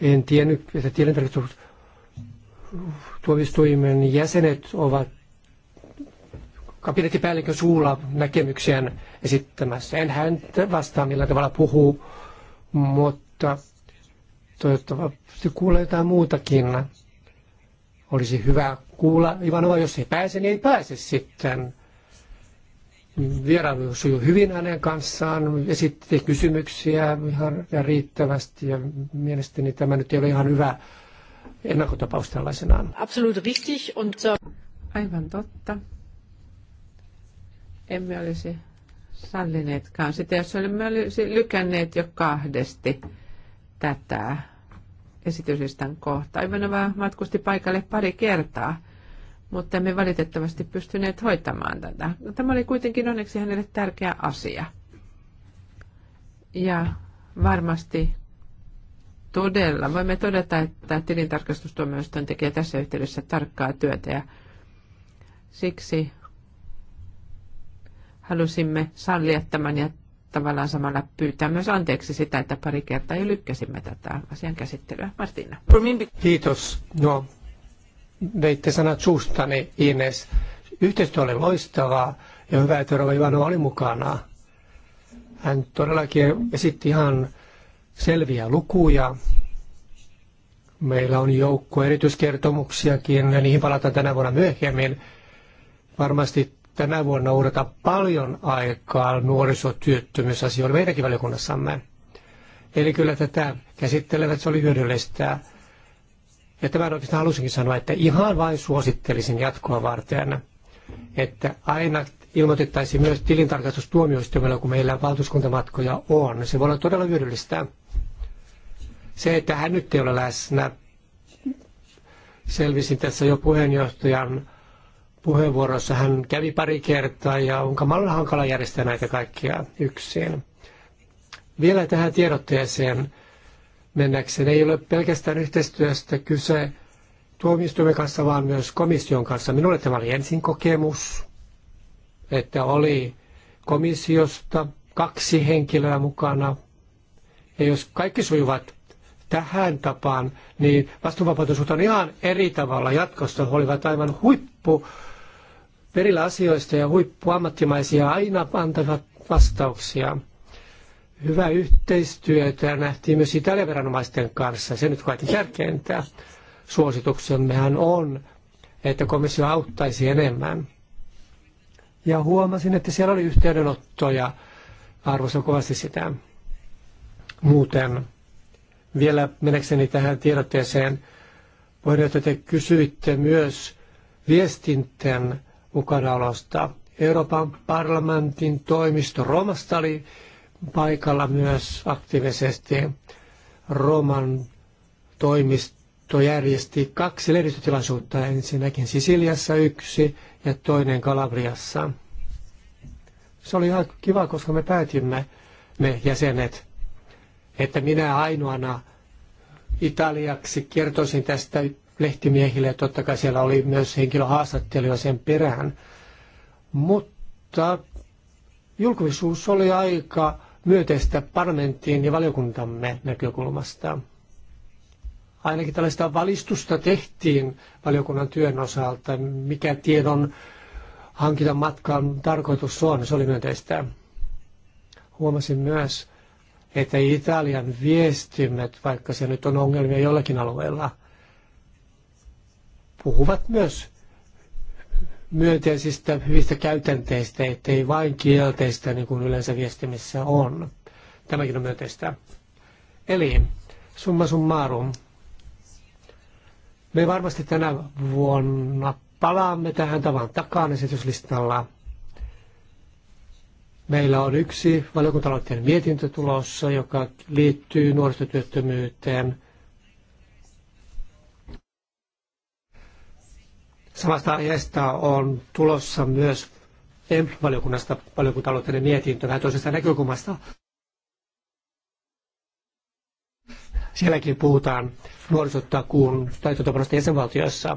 S5: en tiennyt, että tiedentarkastus tuomistuimen jäsenet ovat kabinettipäällikön suulla näkemyksiään esittämässä. En hän vastaa millään tavalla puhuu, mutta Toivottavasti kuulee jotain muutakin. Olisi hyvä kuulla Ivanova, jos ei pääse, niin ei pääse sitten. Vierailu sujuu hyvin hänen kanssaan, esitti kysymyksiä ihan ja riittävästi ja mielestäni tämä nyt ei ole ihan hyvä ennakkotapaus tällaisenaan.
S2: Absolut richtig und Aivan totta. Emme olisi sallineetkaan sitä, jos olemme lykänneet jo kahdesti tätä esityslistan kohtaa. Ivanova matkusti paikalle pari kertaa, mutta emme valitettavasti pystyneet hoitamaan tätä. Tämä oli kuitenkin onneksi hänelle tärkeä asia. Ja varmasti todella, voimme todeta, että tilintarkastustuomioistuin tekee tässä yhteydessä tarkkaa työtä ja siksi halusimme sallia tämän ja tavallaan samalla pyytää myös anteeksi
S5: sitä, että pari kertaa jo lykkäsimme tätä asian käsittelyä. Martina. Kiitos. No, veitte sanat suustani, Ines. Yhteistyö oli loistavaa ja hyvä, että Rova Ivano oli mukana. Hän todellakin esitti ihan selviä lukuja. Meillä on joukko erityiskertomuksiakin ja niihin palataan tänä vuonna myöhemmin. Varmasti tänä vuonna uhrata paljon aikaa nuorisotyöttömyysasioille meidänkin valiokunnassamme. Eli kyllä tätä käsittelevät, se oli hyödyllistä. Ja tämän oikeastaan halusinkin sanoa, että ihan vain suosittelisin jatkoa varten, että aina ilmoitettaisiin myös tilintarkastustuomioistuimella, kun meillä valtuuskuntamatkoja on. Se voi olla todella hyödyllistä. Se, että hän nyt ei ole läsnä, selvisin tässä jo puheenjohtajan puheenvuorossa hän kävi pari kertaa ja on kamalla hankala järjestää näitä kaikkia yksin. Vielä tähän tiedotteeseen mennäkseen. Ei ole pelkästään yhteistyöstä kyse tuomioistuimen kanssa, vaan myös komission kanssa. Minulle tämä oli ensin kokemus, että oli komissiosta kaksi henkilöä mukana. Ja jos kaikki sujuvat tähän tapaan, niin vastuunvapautus on ihan eri tavalla jatkossa. He olivat aivan huippu perillä asioista ja huippuammattimaisia aina antavat vastauksia. Hyvää yhteistyötä nähtiin myös Italian viranomaisten kanssa. Se nyt kaikki tärkeintä. Suosituksemmehan on, että komissio auttaisi enemmän. Ja huomasin, että siellä oli yhteydenottoja. Arvostan kovasti sitä. Muuten vielä menekseni tähän tiedotteeseen. Puheenjohtaja, te kysyitte myös viestinten mukanaolosta. Euroopan parlamentin toimisto Romasta oli paikalla myös aktiivisesti. Roman toimisto järjesti kaksi lehdistötilaisuutta, ensinnäkin Sisiliassa yksi ja toinen Kalabriassa. Se oli ihan kiva, koska me päätimme, me jäsenet, että minä ainoana italiaksi kertoisin tästä lehtimiehille. Totta kai siellä oli myös henkilöhaastattelija sen perään. Mutta julkisuus oli aika myöteistä parlamenttiin ja valiokuntamme näkökulmasta. Ainakin tällaista valistusta tehtiin valiokunnan työn osalta, mikä tiedon matkan tarkoitus on. Se oli myönteistä. Huomasin myös, että Italian viestimet, vaikka se nyt on ongelmia jollakin alueella – puhuvat myös myönteisistä hyvistä käytänteistä, ettei vain kielteistä, niin kuin yleensä viestimissä on. Tämäkin on myönteistä. Eli summa summarum. Me varmasti tänä vuonna palaamme tähän tavan takaan esityslistalla. Meillä on yksi valiokuntaloitteen mietintö tulossa, joka liittyy nuorisotyöttömyyteen – Samasta aiheesta on tulossa myös valiokunnasta valiokuntaloitteinen mietintö vähän toisesta näkökulmasta. Sielläkin puhutaan nuorisotakuun taitotapanosta jäsenvaltioissa.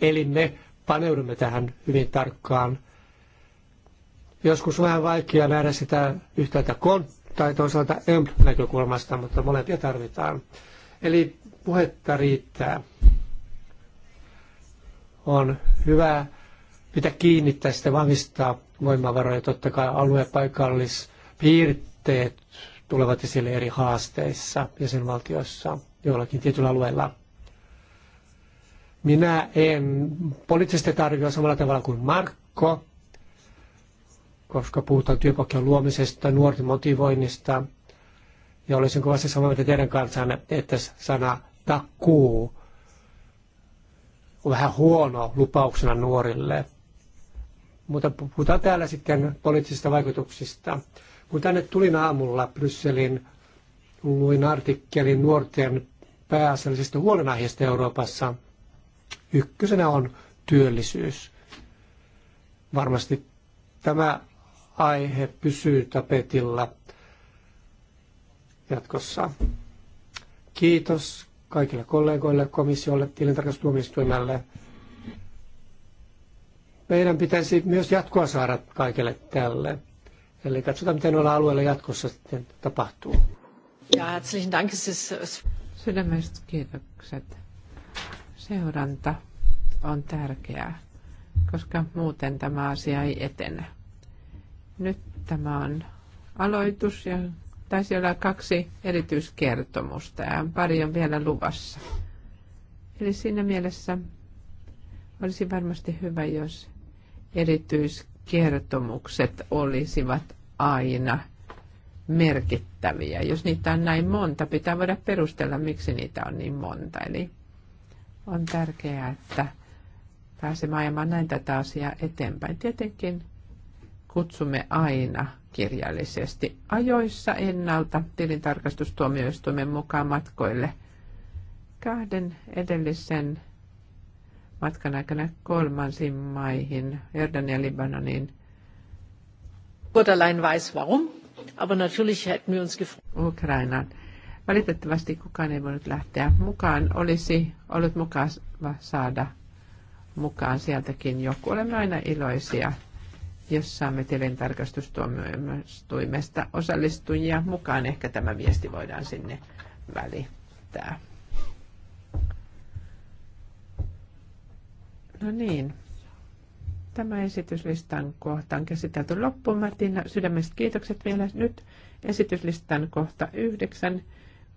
S5: Eli me paneudumme tähän hyvin tarkkaan. Joskus vähän vaikea nähdä sitä yhtäältä kon tai toisaalta emp näkökulmasta, mutta molempia tarvitaan. Eli puhetta riittää on hyvä pitää kiinni tästä vahvistaa voimavaroja. Totta kai alue- paikallispiirteet tulevat esille eri haasteissa jäsenvaltioissa joillakin tietyllä alueella. Minä en poliittisesti arvioi samalla tavalla kuin Markko, koska puhutaan työpaikan luomisesta, nuorten motivoinnista. Ja olisin kovasti samaa mieltä teidän kanssanne, että sana takuu vähän huono lupauksena nuorille. Mutta puhutaan täällä sitten poliittisista vaikutuksista. Kun tänne tulin aamulla Brysselin, luin artikkelin nuorten pääasiallisista huolenaiheesta Euroopassa. Ykkösenä on työllisyys. Varmasti tämä aihe pysyy tapetilla jatkossa. Kiitos kaikille kollegoille, komissiolle, tilintarkastustuomioistuimelle. Meidän pitäisi myös jatkoa saada kaikille tälle. Eli katsotaan, miten noilla alueilla jatkossa sitten tapahtuu.
S1: Ja herzlichen Dank.
S2: Sydämestä kiitokset. Seuranta on tärkeää, koska muuten tämä asia ei etene. Nyt tämä on aloitus ja taisi olla kaksi erityiskertomusta ja pari on vielä luvassa. Eli siinä mielessä olisi varmasti hyvä, jos erityiskertomukset olisivat aina merkittäviä. Jos niitä on näin monta, pitää voida perustella, miksi niitä on niin monta. Eli on tärkeää, että pääsemme ajamaan näin tätä asiaa eteenpäin. Tietenkin kutsumme aina kirjallisesti ajoissa ennalta tilintarkastustuomioistuimen mukaan matkoille. Kahden edellisen matkan aikana kolmansiin maihin, Jordania, Libanoniin. Gott allein weiß warum, aber natürlich hätten wir uns gefreut. Ukrainaan. Valitettavasti kukaan ei voinut lähteä mukaan. Olisi ollut mukava saada mukaan sieltäkin joku. Olemme aina iloisia jos saamme tilintarkastustuomioistuimesta osallistujia mukaan. Ehkä tämä viesti voidaan sinne välittää. No niin. Tämä esityslistan kohta on käsitelty loppuun. Martina, sydämestä kiitokset vielä nyt. Esityslistan kohta yhdeksän.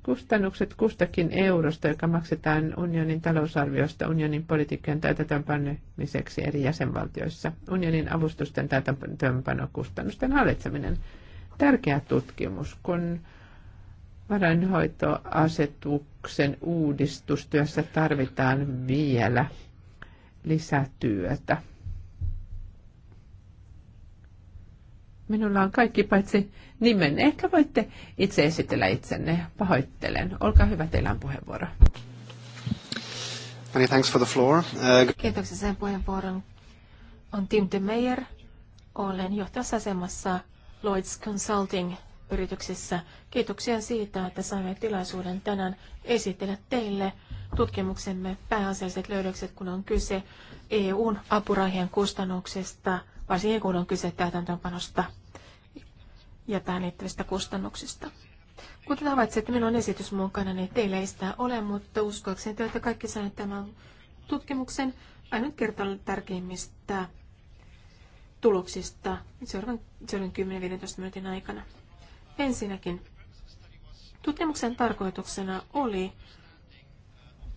S2: Kustannukset kustakin eurosta, joka maksetaan unionin talousarviosta unionin politiikkojen täytäntöönpanemiseksi eri jäsenvaltioissa, unionin avustusten täytäntöönpanokustannusten hallitseminen. Tärkeä tutkimus, kun varainhoitoasetuksen uudistustyössä tarvitaan vielä lisätyötä. Minulla on kaikki paitsi nimen. Ehkä voitte itse esitellä itsenne. Pahoittelen. Olkaa hyvä, teillä on puheenvuoro.
S5: Many
S6: thanks for the floor. Uh...
S4: Kiitoksia sen puheenvuoron. On Tim de Meijer. Olen tässä asemassa Lloyds Consulting yrityksessä. Kiitoksia siitä, että saimme tilaisuuden tänään esitellä teille tutkimuksemme pääasialliset löydökset, kun on kyse EUn apurahien kustannuksesta – varsinkin kun on kyse täytäntöönpanosta ja tähän liittyvistä kustannuksista. Kuten havaitsette, minun on esitys mukana, niin teillä ei sitä ole, mutta uskoakseni te olette kaikki saaneet tämän tutkimuksen ainut kertaa tärkeimmistä tuloksista seuraavan, seuraavan 10-15 minuutin aikana. Ensinnäkin tutkimuksen tarkoituksena oli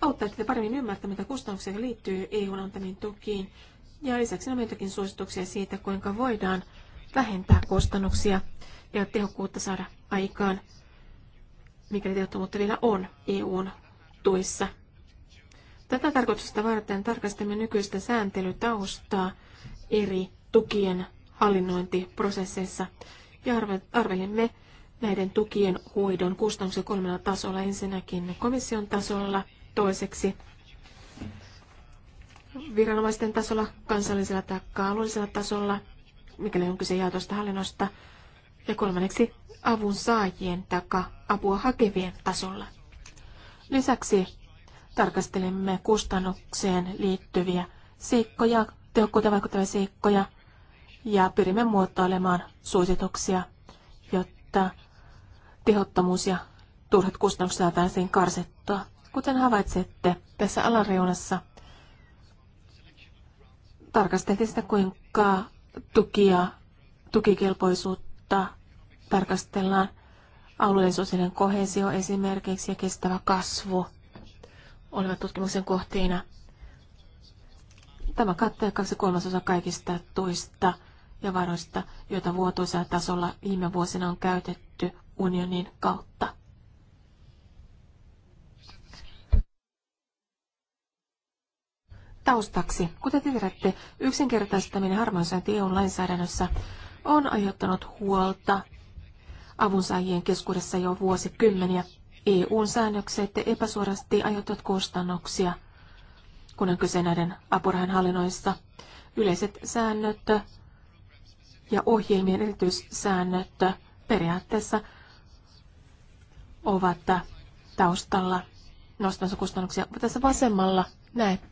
S4: auttaa teitä paremmin ymmärtämään, mitä kustannuksia liittyy EUn antamiin tukiin ja lisäksi on joitakin suosituksia siitä, kuinka voidaan vähentää kustannuksia ja tehokkuutta saada aikaan, mikäli tehottomuutta vielä on EUn tuissa. Tätä tarkoitusta varten tarkastamme nykyistä sääntelytaustaa eri tukien hallinnointiprosesseissa ja arvelimme näiden tukien hoidon kustannuksia kolmella tasolla. Ensinnäkin komission tasolla, toiseksi viranomaisten tasolla, kansallisella tai alueellisella tasolla, mikäli on kyse jaotosta hallinnosta, ja kolmanneksi avun saajien tai apua hakevien tasolla. Lisäksi tarkastelemme kustannukseen liittyviä seikkoja, tehokkuuteen vaikuttavia seikkoja, ja pyrimme muotoilemaan suosituksia, jotta tehottomuus ja turhat kustannukset saataisiin karsittua. Kuten havaitsette, tässä alareunassa tarkasteltiin sitä, kuinka tukia, tukikelpoisuutta tarkastellaan. Alueen sosiaalinen kohesio esimerkiksi ja kestävä kasvu olivat tutkimuksen kohteina. Tämä kattaa kaksi kolmasosa kaikista tuista ja varoista, joita vuotuisella tasolla viime vuosina on käytetty unionin kautta. taustaksi. Kuten te tiedätte, yksinkertaistaminen harmaansäänti EU:n lainsäädännössä on aiheuttanut huolta avunsaajien keskuudessa jo vuosikymmeniä. EUn säännökset epäsuorasti aiheuttavat kustannuksia, kun on kyse näiden apurahan hallinnoista. Yleiset säännöt ja ohjelmien erityissäännöt periaatteessa ovat taustalla nostamassa kustannuksia. Tässä vasemmalla näet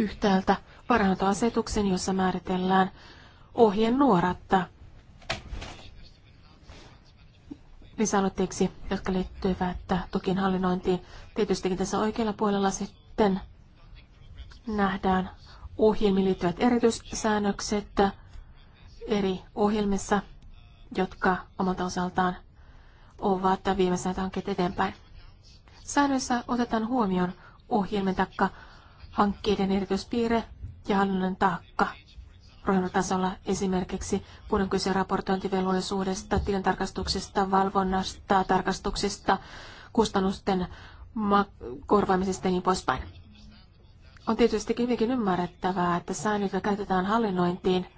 S4: yhtäältä varantoasetuksen, jossa määritellään ohjenuoratta lisäaloitteeksi, jotka liittyvät tukin hallinnointiin. Tietystikin tässä oikealla puolella sitten nähdään ohjelmiin liittyvät erityissäännökset eri ohjelmissa, jotka omalta osaltaan ovat viimeiset hankkeet eteenpäin. Säännöissä otetaan huomioon ohjelmien takka hankkeiden erityispiirre ja hallinnon taakka. Ruohontasolla esimerkiksi, kun on kyse raportointivelvollisuudesta, tilintarkastuksesta, valvonnasta, tarkastuksista, kustannusten korvaamisesta ja niin poispäin. On tietysti hyvinkin ymmärrettävää, että säännöt käytetään hallinnointiin –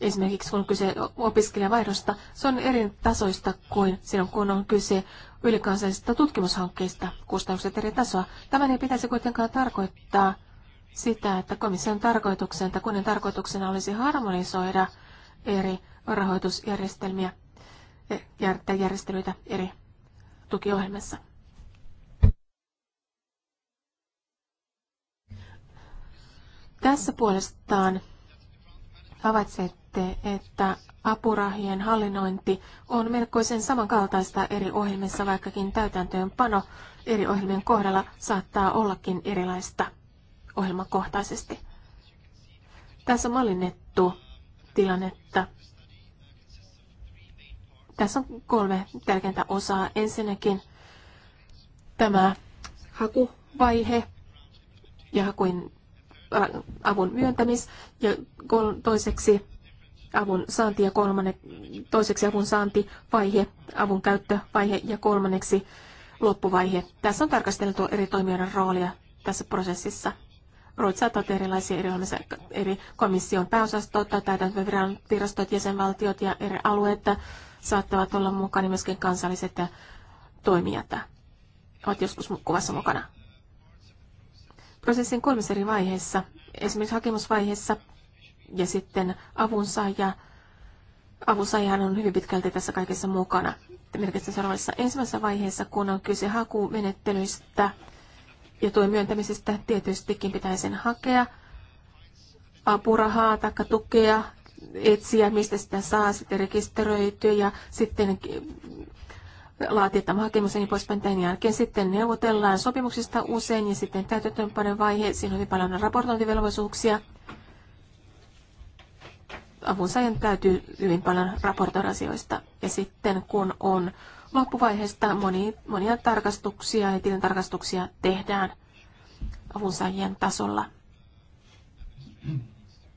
S4: esimerkiksi kun on kyse opiskelijavaihdosta, se on eri tasoista kuin silloin, kun on kyse ylikansallisista tutkimushankkeista, kustannukset eri tasoa. Tämän ei pitäisi kuitenkaan tarkoittaa sitä, että komission tarkoituksena tai kunnan tarkoituksena olisi harmonisoida eri rahoitusjärjestelmiä e- ja järjestelyitä eri tukiohjelmissa. Tässä puolestaan havaitsette, että apurahien hallinnointi on melkoisen samankaltaista eri ohjelmissa, vaikkakin täytäntöönpano eri ohjelmien kohdalla saattaa ollakin erilaista ohjelmakohtaisesti. Tässä on mallinnettu tilannetta. Tässä on kolme tärkeintä osaa. Ensinnäkin tämä hakuvaihe ja hakuin Äh, avun myöntämis ja toiseksi avun saanti ja kolmanne, toiseksi avun saantivaihe, avun käyttövaihe ja kolmanneksi loppuvaihe. Tässä on tarkasteltu eri toimijoiden roolia tässä prosessissa. saattaa tehdä erilaisia eri, eri komission pääosastot tai virastot, jäsenvaltiot ja eri alueet saattavat olla mukana myöskin kansalliset toimijat ovat joskus kuvassa mukana prosessin kolmessa eri vaiheessa, esimerkiksi hakemusvaiheessa ja sitten avunsaaja. Avunsaajahan on hyvin pitkälti tässä kaikessa mukana. Merkitsen seuraavassa ensimmäisessä vaiheessa, kun on kyse hakumenettelyistä ja tuen myöntämisestä, tietystikin pitäisi sen hakea apurahaa tai tukea, etsiä, mistä sitä saa, sitten rekisteröityä ja sitten laatii tämän hakemus ja niin poispäin. Tämän jälkeen sitten neuvotellaan sopimuksista usein ja sitten täytäntöönpanon vaihe. Siinä on paljon raportointivelvollisuuksia. Avunsaajan täytyy hyvin paljon raportoida asioista. Ja sitten kun on loppuvaiheesta moni, monia tarkastuksia ja tarkastuksia tehdään avunsaajien tasolla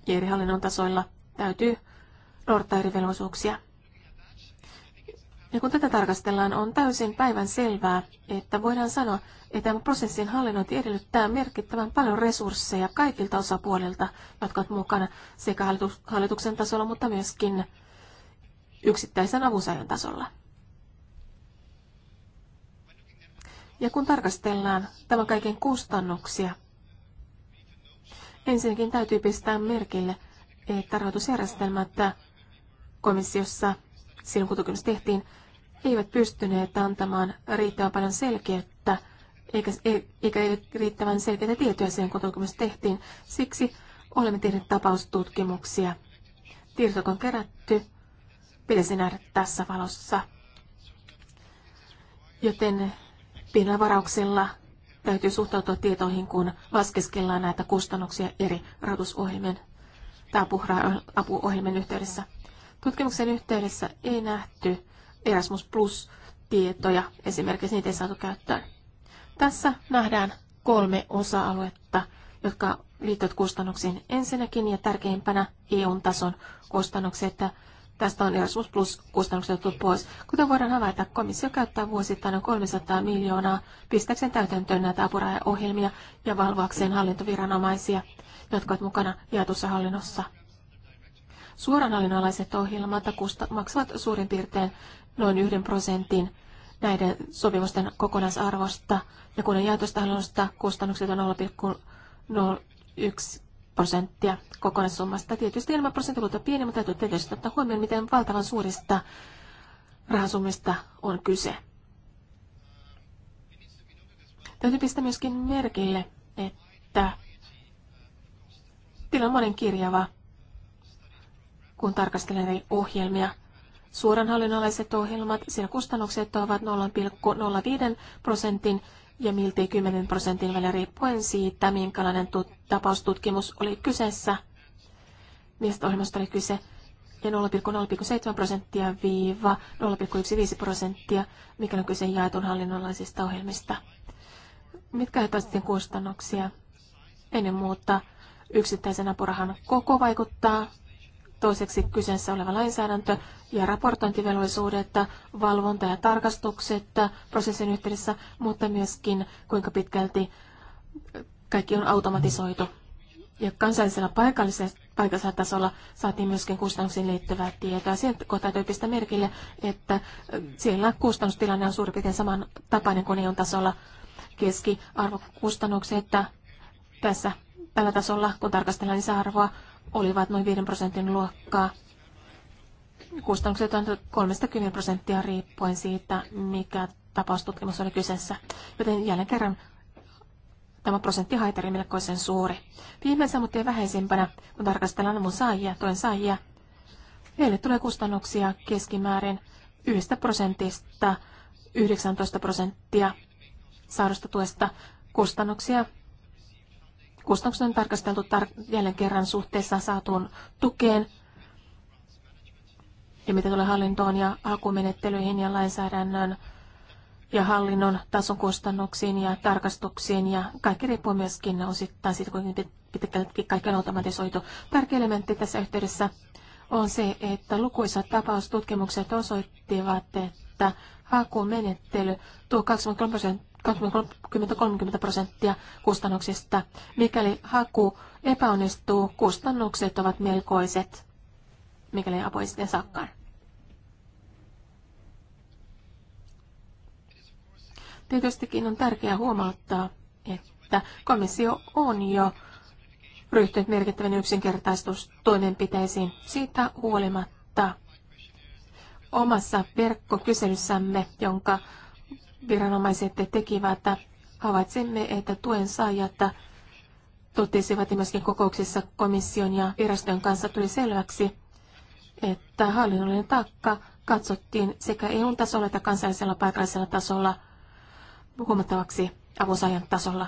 S4: ja eri hallinnon tasoilla täytyy noudattaa eri velvollisuuksia. Ja kun tätä tarkastellaan, on täysin päivän selvää, että voidaan sanoa, että tämä prosessin hallinnointi edellyttää merkittävän paljon resursseja kaikilta osapuolilta, jotka ovat mukana sekä hallituksen tasolla, mutta myöskin yksittäisen avunsaajan tasolla. Ja kun tarkastellaan tämän kaiken kustannuksia, ensinnäkin täytyy pistää merkille, että rahoitusjärjestelmät komissiossa silloin kun tehtiin, eivät pystyneet antamaan riittävän paljon selkeyttä, eikä, e, eikä riittävän selkeitä tietoja siihen kotoutumisesta tehtiin. Siksi olemme tehneet tapaustutkimuksia. Tiedot on kerätty, pitäisi nähdä tässä valossa. Joten pienellä varauksella täytyy suhtautua tietoihin, kun laskeskellaan näitä kustannuksia eri rahoitusohjelmien tai apuohjelmien yhteydessä. Tutkimuksen yhteydessä ei nähty Erasmus Plus-tietoja, esimerkiksi niitä ei saatu käyttöön. Tässä nähdään kolme osa-aluetta, jotka liittyvät kustannuksiin ensinnäkin ja tärkeimpänä EU-tason kustannukset. Tästä on Erasmus Plus kustannukset otettu pois. Kuten voidaan havaita, komissio käyttää vuosittain noin 300 miljoonaa pistäkseen täytäntöön näitä apurajaohjelmia ja valvoakseen hallintoviranomaisia, jotka ovat mukana jaetussa hallinnossa. Suoranhallinnalaiset ohjelmat maksavat suurin piirtein noin yhden prosentin näiden sopimusten kokonaisarvosta ja kunnan jaetustahdosta kustannukset on 0,01 prosenttia kokonaissummasta. Tietysti nämä prosenttiluut on pieni, mutta täytyy tietysti ottaa huomioon, miten valtavan suurista rahasummista on kyse. Täytyy pistää myöskin merkille, että tila on monen kirjava, kun tarkastelen eri ohjelmia suoran hallinnolliset ohjelmat, siinä kustannukset ovat 0,05 prosentin ja miltei 10 prosentin välillä riippuen siitä, minkälainen tapaustutkimus oli kyseessä, mistä ohjelmasta oli kyse, ja 0,0,7 prosenttia viiva 0,15 prosenttia, mikä on kyse jaetun hallinnollisista ohjelmista. Mitkä ovat sitten kustannuksia? Ennen muuta yksittäisen apurahan koko vaikuttaa Toiseksi kyseessä oleva lainsäädäntö ja raportointivelvollisuudet, valvonta ja tarkastukset prosessin yhteydessä, mutta myöskin kuinka pitkälti kaikki on automatisoitu. Ja kansallisella paikallisella, tasolla saatiin myöskin kustannuksiin liittyvää tietoa. Siihen kohtaa täytyy pistää merkille, että siellä kustannustilanne on suurin piirtein samantapainen kuin EUn tasolla keskiarvokustannukset. Tässä tällä tasolla, kun tarkastellaan lisäarvoa, olivat noin 5 prosentin luokkaa. Kustannukset on 30 prosenttia riippuen siitä, mikä tapaustutkimus oli kyseessä. Joten jälleen kerran tämä prosentti haitari melkoisen suuri. Viimeisenä, mutta ei vähäisimpänä, kun tarkastellaan mun saajia, toin saajia, heille tulee kustannuksia keskimäärin 1 prosentista 19 prosenttia saadusta tuesta kustannuksia Kustannukset on tarkasteltu tar- jälleen kerran suhteessa saatuun tukeen ja mitä tulee hallintoon ja hakumenettelyihin ja lainsäädännön ja hallinnon tason kustannuksiin ja tarkastuksiin ja kaikki riippuu myöskin osittain siitä, kuinka pitkälti kaikki on automatisoitu. Tärkeä elementti tässä yhteydessä on se, että lukuisat tapaustutkimukset osoittivat, että hakumenettely tuo 23 prosenttia 20-30 prosenttia kustannuksista. Mikäli haku epäonnistuu, kustannukset ovat melkoiset, mikäli apu ei sitten saakkaan. Tietystikin on tärkeää huomauttaa, että komissio on jo ryhtynyt merkittävän yksinkertaistustoimenpiteisiin siitä huolimatta. Omassa verkkokyselyssämme, jonka viranomaiset tekivät, havaitsemme, että tuen saajat totesivat myöskin kokouksissa komission ja viraston kanssa tuli selväksi, että hallinnollinen taakka katsottiin sekä EU-tasolla että kansallisella paikallisella tasolla huomattavaksi avunsaajan tasolla.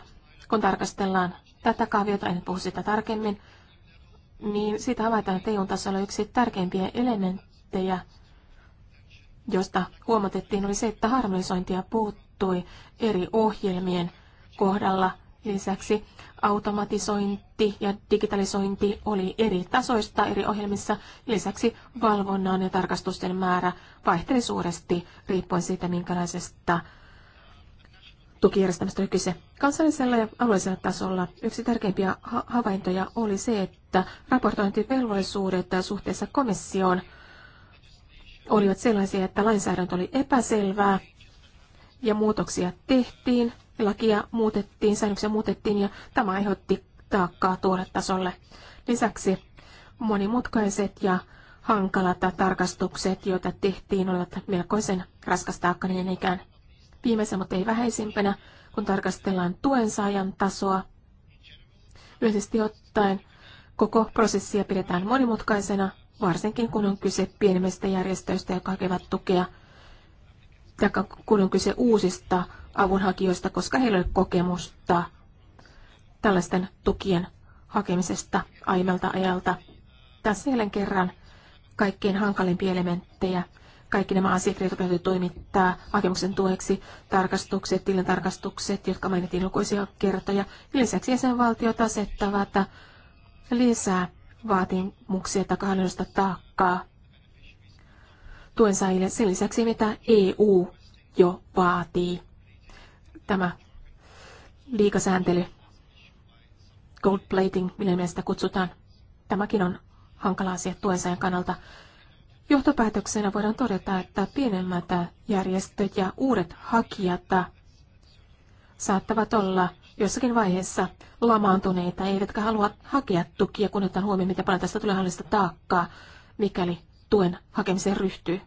S4: Kun tarkastellaan tätä kaaviota, en puhu sitä tarkemmin, niin siitä havaitaan, että EU-tasolla yksi tärkeimpiä elementtejä – josta huomatettiin, oli se, että harmonisointia puuttui eri ohjelmien kohdalla. Lisäksi automatisointi ja digitalisointi oli eri tasoista eri ohjelmissa. Lisäksi valvonnan ja tarkastusten määrä vaihteli suuresti riippuen siitä, minkälaisesta tukijärjestelmästä oli kyse. Kansallisella ja alueellisella tasolla yksi tärkeimpiä havaintoja oli se, että raportointivelvollisuudet suhteessa komissioon – olivat sellaisia, että lainsäädäntö oli epäselvää ja muutoksia tehtiin, lakia muutettiin, säännöksiä muutettiin ja tämä aiheutti taakkaa tuoretasolle. Lisäksi monimutkaiset ja hankalat tarkastukset, joita tehtiin, olivat melkoisen raskas taakka niin ikään. viimeisen, mutta ei vähäisimpänä, kun tarkastellaan tuen saajan tasoa. Yleisesti ottaen koko prosessia pidetään monimutkaisena varsinkin kun on kyse pienemmistä järjestöistä, jotka hakevat tukea, tai kun on kyse uusista avunhakijoista, koska heillä ei ole kokemusta tällaisten tukien hakemisesta aiemmalta ajalta. Tässä jälleen kerran kaikkein hankalimpia elementtejä. Kaikki nämä asiakirjat, jotka täytyy toimittaa hakemuksen tueksi, tarkastukset, tilintarkastukset, jotka mainittiin lukuisia kertoja. Lisäksi jäsenvaltiot asettavat lisää vaatimuksia tai hallinnosta taakkaa tuensaajille sen lisäksi, mitä EU jo vaatii. Tämä liikasääntely, gold plating, millä mielestä kutsutaan, tämäkin on hankala asia tuensaajan kannalta. Johtopäätöksenä voidaan todeta, että pienemmät järjestöt ja uudet hakijat saattavat olla jossakin vaiheessa lamaantuneita, eivätkä halua hakea tukia, kun otetaan huomioon, mitä paljon tästä tulee hallista taakkaa, mikäli tuen hakemiseen ryhtyy.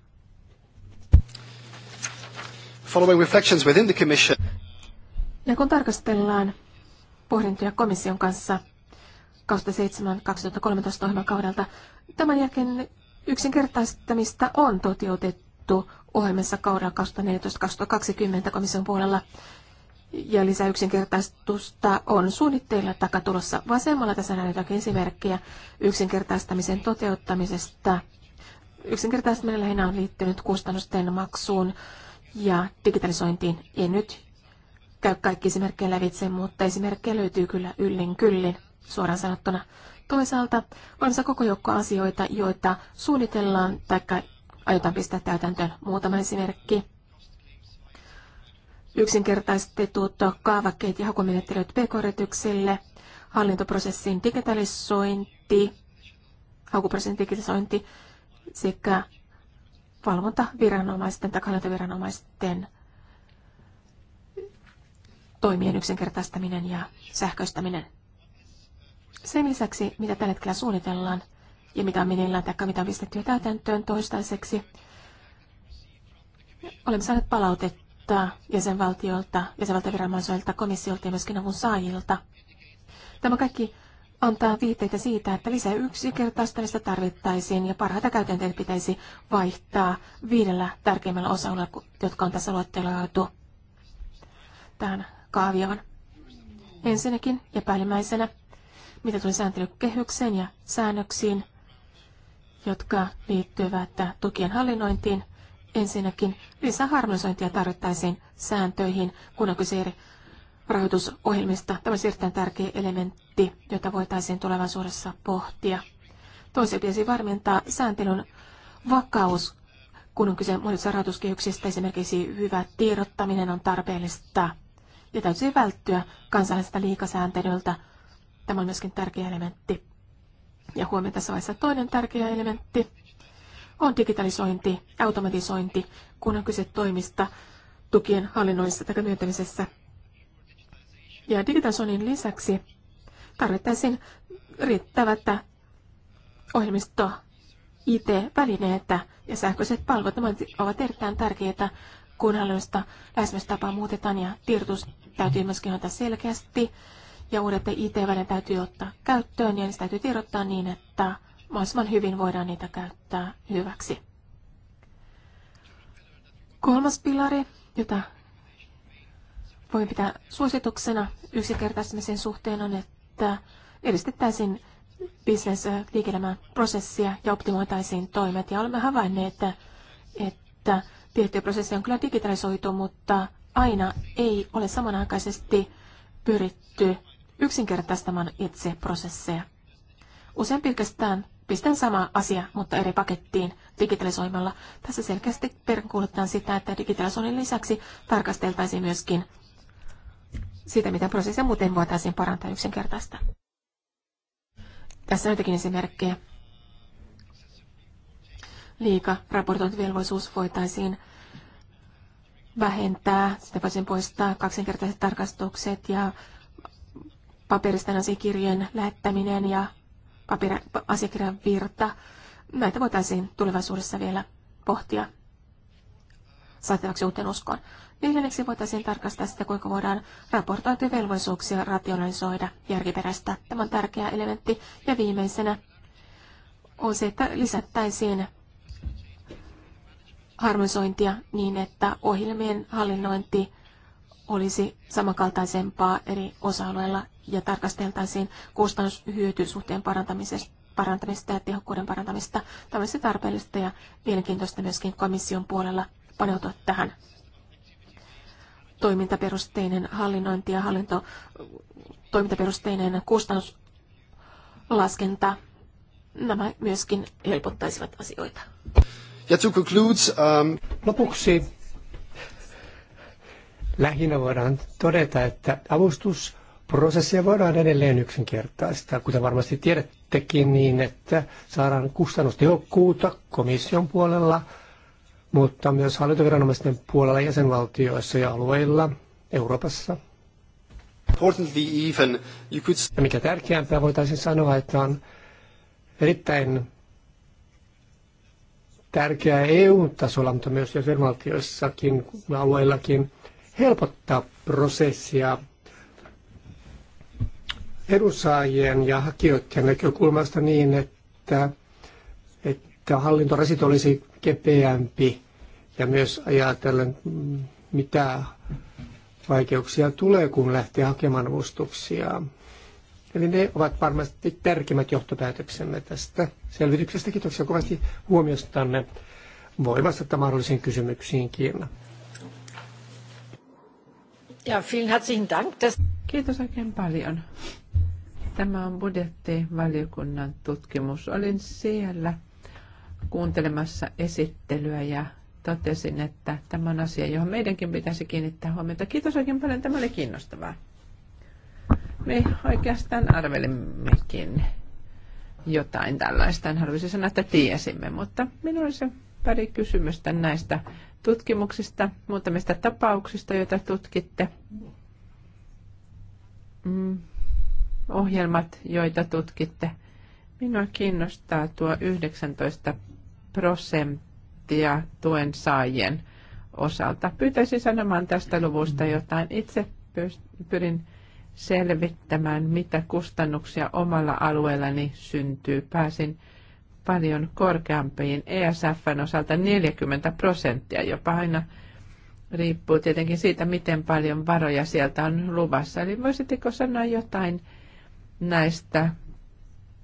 S6: Following reflections within the commission.
S4: Ja kun tarkastellaan pohdintoja komission kanssa 2007-2013 ohjelman kaudelta, tämän jälkeen yksinkertaistamista on toteutettu ohjelmassa kaudella 2014-2020 komission puolella ja lisäyksinkertaistusta on suunnitteilla takatulossa. Vasemmalla tässä nähdään jotakin esimerkkiä yksinkertaistamisen toteuttamisesta. Yksinkertaistaminen lähinnä on liittynyt kustannusten maksuun ja digitalisointiin. En nyt käy kaikki esimerkkejä lävitse, mutta esimerkkejä löytyy kyllä yllin kyllin suoraan sanottuna. Toisaalta on se koko joukko asioita, joita suunnitellaan tai aiotaan pistää täytäntöön. Muutama esimerkki yksinkertaistetut kaavakkeet ja hakumenettelyt pk-yrityksille, hallintoprosessin digitalisointi, hakuprosessin digitalisointi sekä valvontaviranomaisten tai hallintoviranomaisten toimien yksinkertaistaminen ja sähköistäminen. Sen lisäksi, mitä tällä hetkellä suunnitellaan ja mitä on meneillään tai mitä on pistetty täytäntöön toistaiseksi, olemme saaneet palautetta edellyttää jäsenvaltiolta, jäsenvaltioviranomaisilta, komissiolta ja myöskin avun saajilta. Tämä kaikki antaa viitteitä siitä, että lisää yksinkertaistamista tarvittaisiin ja parhaita käytänteitä pitäisi vaihtaa viidellä tärkeimmällä osalla, jotka on tässä luetteloitu tähän kaavioon. Ensinnäkin ja päällimmäisenä, mitä tuli sääntelykehykseen ja säännöksiin, jotka liittyvät tukien hallinnointiin – Ensinnäkin lisäharmonisointia tarvittaisiin sääntöihin, kun on kyse eri rahoitusohjelmista. Tämä on erittäin tärkeä elementti, jota voitaisiin tulevaisuudessa pohtia. Toiseksi pitäisi varmentaa sääntelyn vakaus, kun on kyse monista rahoituskehyksistä. Esimerkiksi hyvä tiedottaminen on tarpeellista ja täytyy välttyä kansallisesta liikasääntelyltä. Tämä on myöskin tärkeä elementti. Ja huomioon tässä vaiheessa toinen tärkeä elementti on digitalisointi, automatisointi, kun on kyse toimista tukien hallinnoinnissa tai myöntämisessä. Ja digitalisoinnin lisäksi tarvittaisiin riittävät ohjelmisto, IT-välineet ja sähköiset palvelut Nämä ovat erittäin tärkeitä, kun hallinnoista lähestymistapaa muutetaan ja tiedotus täytyy myöskin ottaa selkeästi ja uudet IT-välineet täytyy ottaa käyttöön ja niistä täytyy tiedottaa niin, että mahdollisimman hyvin voidaan niitä käyttää hyväksi. Kolmas pilari, jota voi pitää suosituksena yksinkertaistamisen suhteen on, että edistettäisiin business liikelemään prosessia ja optimoitaisiin toimet. Ja olemme havainneet, että, että tiettyjä prosesseja on kyllä digitalisoitu, mutta aina ei ole samanaikaisesti pyritty yksinkertaistamaan itse prosesseja. Usein pelkästään Pistän sama asia, mutta eri pakettiin digitalisoimalla. Tässä selkeästi peräänkuulutetaan sitä, että digitalisoinnin lisäksi tarkasteltaisiin myöskin siitä, miten prosessia muuten voitaisiin parantaa yksinkertaista. Tässä on esimerkkejä. Liika raportointivelvollisuus voitaisiin vähentää, sitä voisin poistaa kaksinkertaiset tarkastukset ja paperisten asiakirjojen lähettäminen ja paperi, asiakirjan virta. Näitä voitaisiin tulevaisuudessa vielä pohtia saatavaksi uuteen uskoon. Neljänneksi voitaisiin tarkastaa sitä, kuinka voidaan raportointivelvollisuuksia rationalisoida järkiperäistä. Tämä on tärkeä elementti. Ja viimeisenä on se, että lisättäisiin harmonisointia niin, että ohjelmien hallinnointi olisi samankaltaisempaa eri osa-alueilla ja tarkasteltaisiin kustannushyötysuhteen parantamisesta parantamista ja tehokkuuden parantamista. Tämä olisi tarpeellista ja mielenkiintoista myöskin komission puolella paneutua tähän. Toimintaperusteinen hallinnointi ja hallinto, toimintaperusteinen kustannuslaskenta, nämä myöskin helpottaisivat
S5: asioita. Ja to conclude, um... Lopuksi Lähinnä voidaan todeta, että avustusprosessia voidaan edelleen yksinkertaistaa, kuten varmasti tiedättekin, niin että saadaan kustannustehokkuutta komission puolella, mutta myös hallintoviranomaisten puolella jäsenvaltioissa ja alueilla Euroopassa. Ja mikä tärkeämpää voitaisiin sanoa, että on erittäin tärkeää EU-tasolla, mutta myös jäsenvaltioissakin, alueillakin, helpottaa prosessia edunsaajien ja hakijoiden näkökulmasta niin, että, että hallintorasit olisi kepeämpi ja myös ajatellen, mitä vaikeuksia tulee, kun lähtee hakemaan avustuksia. Eli ne ovat varmasti tärkeimmät johtopäätöksemme tästä selvityksestä. Kiitoksia kovasti huomiostanne. Voi vastata mahdollisiin kysymyksiinkin.
S1: Ja, vielen herzlichen
S2: Dank. Kiitos
S1: oikein paljon.
S2: Tämä on budjettivaliokunnan tutkimus. Olin siellä kuuntelemassa esittelyä ja totesin, että tämä on asia, johon meidänkin pitäisi kiinnittää huomiota. Kiitos oikein paljon, tämä oli kiinnostavaa. Me oikeastaan arvelimmekin jotain tällaista. En haluaisi sanoa, että tiesimme, mutta minulla oli se pari kysymystä näistä tutkimuksista, muutamista tapauksista, joita tutkitte, mm, ohjelmat, joita tutkitte. Minua kiinnostaa tuo 19 prosenttia tuen saajien osalta. Pyytäisin sanomaan tästä luvusta jotain. Itse pyrin selvittämään, mitä kustannuksia omalla alueellani syntyy. Pääsin paljon korkeampiin ESFn osalta 40 prosenttia, jopa aina riippuu tietenkin siitä, miten paljon varoja sieltä on luvassa. Eli voisitteko sanoa jotain näistä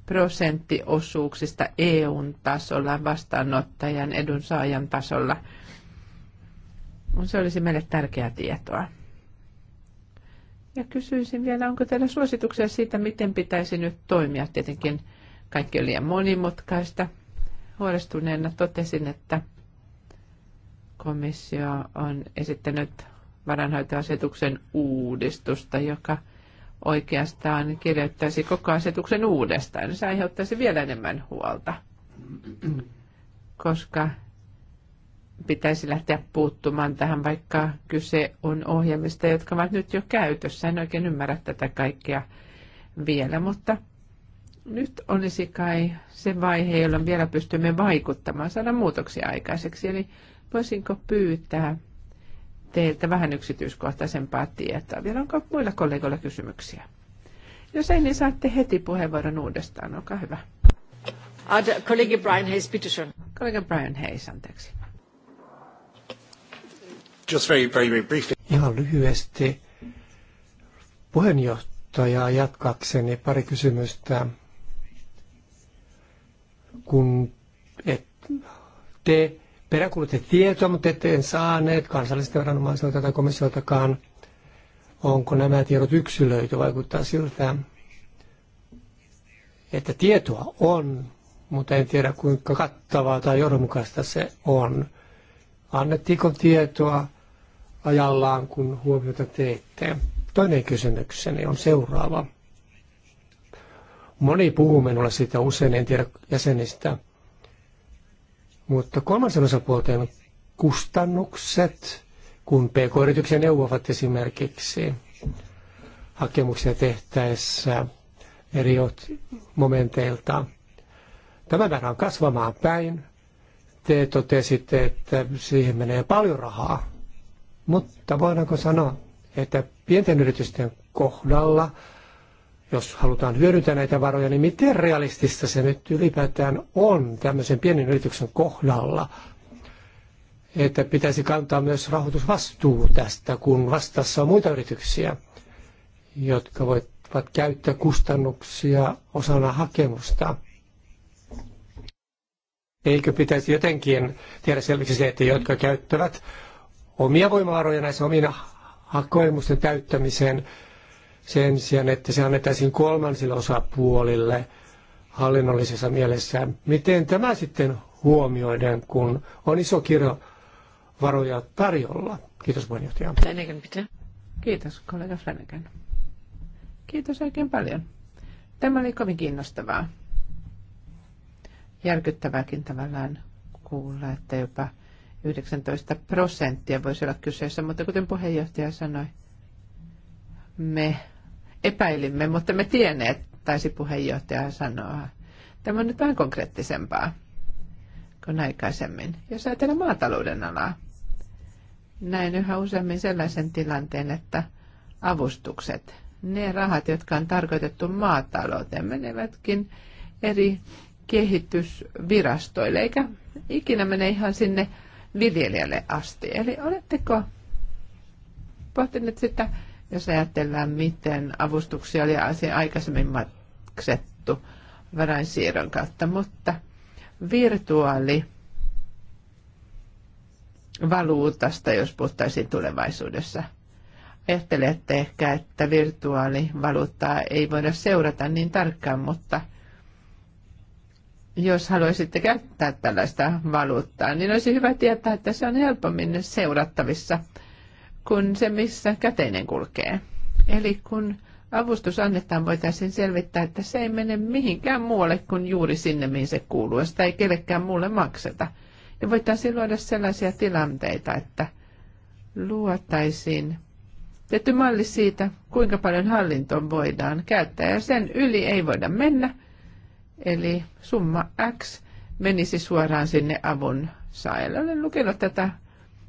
S2: prosenttiosuuksista EUn tasolla, vastaanottajan, edunsaajan tasolla? Se olisi meille tärkeää tietoa. Ja kysyisin vielä, onko teillä suosituksia siitä, miten pitäisi nyt toimia tietenkin – kaikki oli liian monimutkaista. Huolestuneena totesin, että komissio on esittänyt varanhoitoasetuksen uudistusta, joka oikeastaan kirjoittaisi koko asetuksen uudestaan. Se aiheuttaisi vielä enemmän huolta, koska pitäisi lähteä puuttumaan tähän, vaikka kyse on ohjelmista, jotka ovat nyt jo käytössä. En oikein ymmärrä tätä kaikkea vielä, mutta nyt olisi kai se vaihe, jolloin vielä pystymme vaikuttamaan, saada muutoksia aikaiseksi. Eli voisinko pyytää teiltä vähän yksityiskohtaisempaa tietoa? Vielä onko muilla kollegoilla kysymyksiä? Jos ei, niin saatte heti puheenvuoron uudestaan. Olkaa hyvä.
S1: Kollega Brian Hayes, Peterson.
S2: Kollega Brian Hayes, anteeksi.
S7: Just very, very, very
S5: briefly. Ihan lyhyesti. Puheenjohtaja jatkakseni pari kysymystä kun et, te peräkulutte tietoa, mutta ette saaneet kansallisilta viranomaisilta tai komissioiltakaan, onko nämä tiedot yksilöity, vaikuttaa siltä, että tietoa on, mutta en tiedä kuinka kattavaa tai johdonmukaista se on. Annettiinko tietoa ajallaan, kun huomiota teette? Toinen kysymykseni on seuraava. Moni puhuu minulle siitä usein, en tiedä jäsenistä. Mutta kolmansen osapuolten kustannukset, kun pk-yrityksiä neuvovat esimerkiksi hakemuksia tehtäessä eri momenteilta. Tämä määrä on kasvamaan päin. Te totesitte, että siihen menee paljon rahaa. Mutta voidaanko sanoa, että pienten yritysten kohdalla – jos halutaan hyödyntää näitä varoja, niin miten realistista se nyt ylipäätään on tämmöisen pienen yrityksen kohdalla, että pitäisi kantaa myös rahoitusvastuu tästä, kun vastassa on muita yrityksiä, jotka voivat käyttää kustannuksia osana hakemusta. Eikö pitäisi jotenkin tehdä selväksi se, että jotka käyttävät omia voimavaroja näissä omina hakemusten täyttämiseen, sen sijaan, että se annettaisiin kolmansille osapuolille hallinnollisessa mielessä. Miten tämä sitten huomioiden, kun on iso kirjo varoja tarjolla? Kiitos puheenjohtaja.
S2: Kiitos kollega Flanagan. Kiitos oikein paljon. Tämä oli kovin kiinnostavaa. Järkyttävääkin tavallaan kuulla, että jopa 19 prosenttia voisi olla kyseessä, mutta kuten puheenjohtaja sanoi, me epäilimme, mutta me tienneet, taisi puheenjohtaja sanoa. Tämä on nyt vähän konkreettisempaa kuin aikaisemmin. Jos ajatellaan maatalouden alaa, näin yhä useammin sellaisen tilanteen, että avustukset, ne rahat, jotka on tarkoitettu maatalouteen, menevätkin eri kehitysvirastoille, eikä ikinä mene ihan sinne viljelijälle asti. Eli oletteko pohtineet sitä, jos ajatellaan, miten avustuksia oli aikaisemmin maksettu varainsiirron kautta, mutta virtuaali valuutasta, jos puhuttaisiin tulevaisuudessa. Ajattelette ehkä, että virtuaalivaluuttaa ei voida seurata niin tarkkaan, mutta jos haluaisitte käyttää tällaista valuuttaa, niin olisi hyvä tietää, että se on helpommin seurattavissa – kuin se, missä käteinen kulkee. Eli kun avustus annetaan, voitaisiin selvittää, että se ei mene mihinkään muualle kuin juuri sinne, mihin se kuuluu, ja sitä ei kellekään muulle makseta. Ja voitaisiin luoda sellaisia tilanteita, että luotaisiin tietty malli siitä, kuinka paljon hallintoon voidaan käyttää, ja sen yli ei voida mennä, eli summa X menisi suoraan sinne avun saajalle. Olen lukenut tätä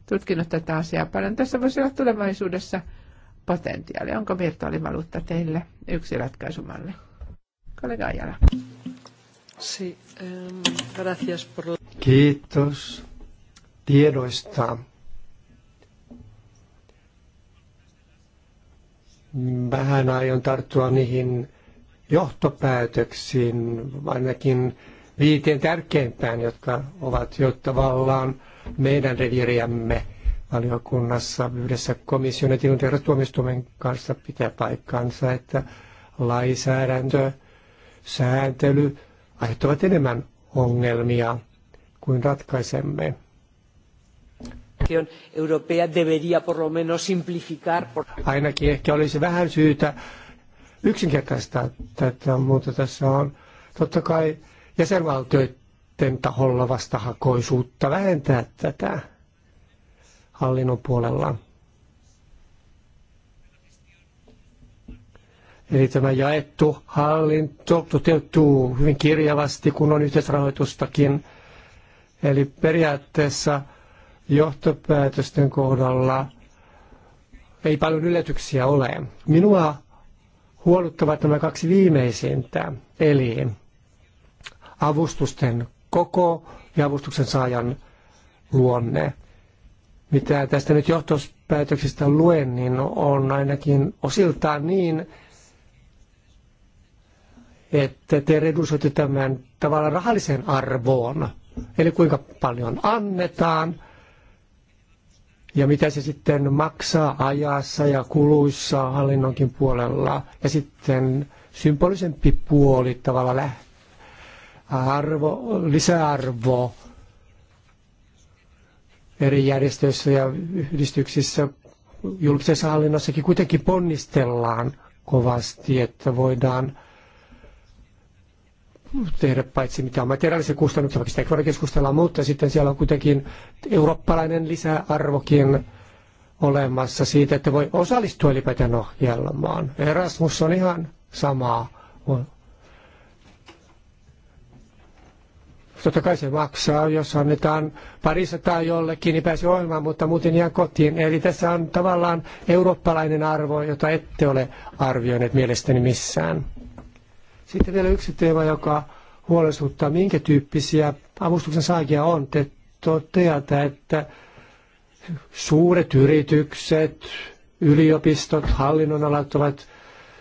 S2: tutkinut tätä asiaa paljon. Tässä voisi olla tulevaisuudessa potentiaali. Onko virtuaalivaluutta teille yksi ratkaisumalli? Kollega Ajala. Sí, gracias por...
S5: Kiitos tiedoista. Vähän aion tarttua niihin johtopäätöksiin, ainakin viiteen tärkeimpään, jotka ovat jo tavallaan meidän reviiriämme valiokunnassa yhdessä komission ja tilintarkastustuomioistuimen kanssa pitää paikkaansa, että lainsäädäntö, sääntely aiheuttavat enemmän ongelmia kuin ratkaisemme. simplificar. Ainakin ehkä olisi vähän syytä yksinkertaistaa tätä, mutta tässä on totta kai jäsenvaltioiden muiden taholla vastahakoisuutta vähentää tätä hallinnon puolella. Eli tämä jaettu hallinto toteutuu hyvin kirjavasti, kun on yhteisrahoitustakin. Eli periaatteessa johtopäätösten kohdalla ei paljon yllätyksiä ole. Minua huoluttavat nämä kaksi viimeisintä, eli avustusten koko ja avustuksen saajan luonne. Mitä tästä nyt johtopäätöksistä luen, niin on ainakin osiltaan niin, että te redusoitte tämän tavallaan rahallisen arvoon. Eli kuinka paljon annetaan ja mitä se sitten maksaa ajassa ja kuluissa hallinnonkin puolella. Ja sitten symbolisempi puoli tavalla lähtee arvo, lisäarvo eri järjestöissä ja yhdistyksissä, julkisessa hallinnossakin kuitenkin ponnistellaan kovasti, että voidaan tehdä paitsi mitä on materiaalisia kustannuksia, vaikka sitä keskustella, mutta sitten siellä on kuitenkin eurooppalainen lisäarvokin olemassa siitä, että voi osallistua ylipäätään ohjelmaan. Erasmus on ihan samaa. Totta kai se maksaa, jos annetaan parisataa jollekin, niin pääsee ohjelmaan, mutta muuten jää kotiin. Eli tässä on tavallaan eurooppalainen arvo, jota ette ole arvioineet mielestäni missään. Sitten vielä yksi teema, joka huolestuttaa, minkä tyyppisiä avustuksen saajia on. Te toteatte, että suuret yritykset, yliopistot, hallinnonalat ovat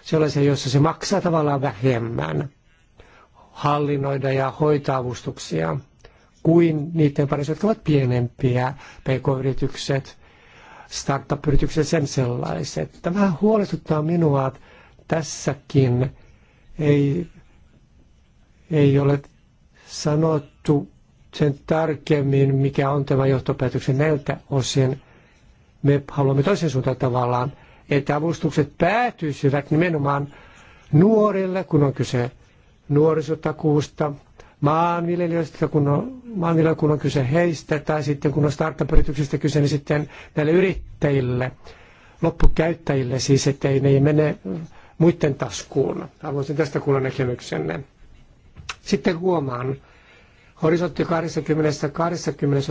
S5: sellaisia, joissa se maksaa tavallaan vähemmän – hallinnoida ja hoitaa avustuksia kuin niiden parissa, jotka ovat pienempiä, pk-yritykset, startup-yritykset, sen sellaiset. Tämä huolestuttaa minua, että tässäkin ei, ei ole sanottu sen tarkemmin, mikä on tämä johtopäätöksen näiltä osin. Me haluamme toisen suuntaan tavallaan, että avustukset päätyisivät nimenomaan nuorille, kun on kyse nuorisotakuusta, maanviljelijöistä, kun on, maanviljelijöistä, kun on kyse heistä, tai sitten kun on startup-yrityksistä kyse, niin sitten näille yrittäjille, loppukäyttäjille siis, ettei ne mene muiden taskuun. Haluaisin tästä kuulla näkemyksenne. Sitten huomaan, Horisontti 20-20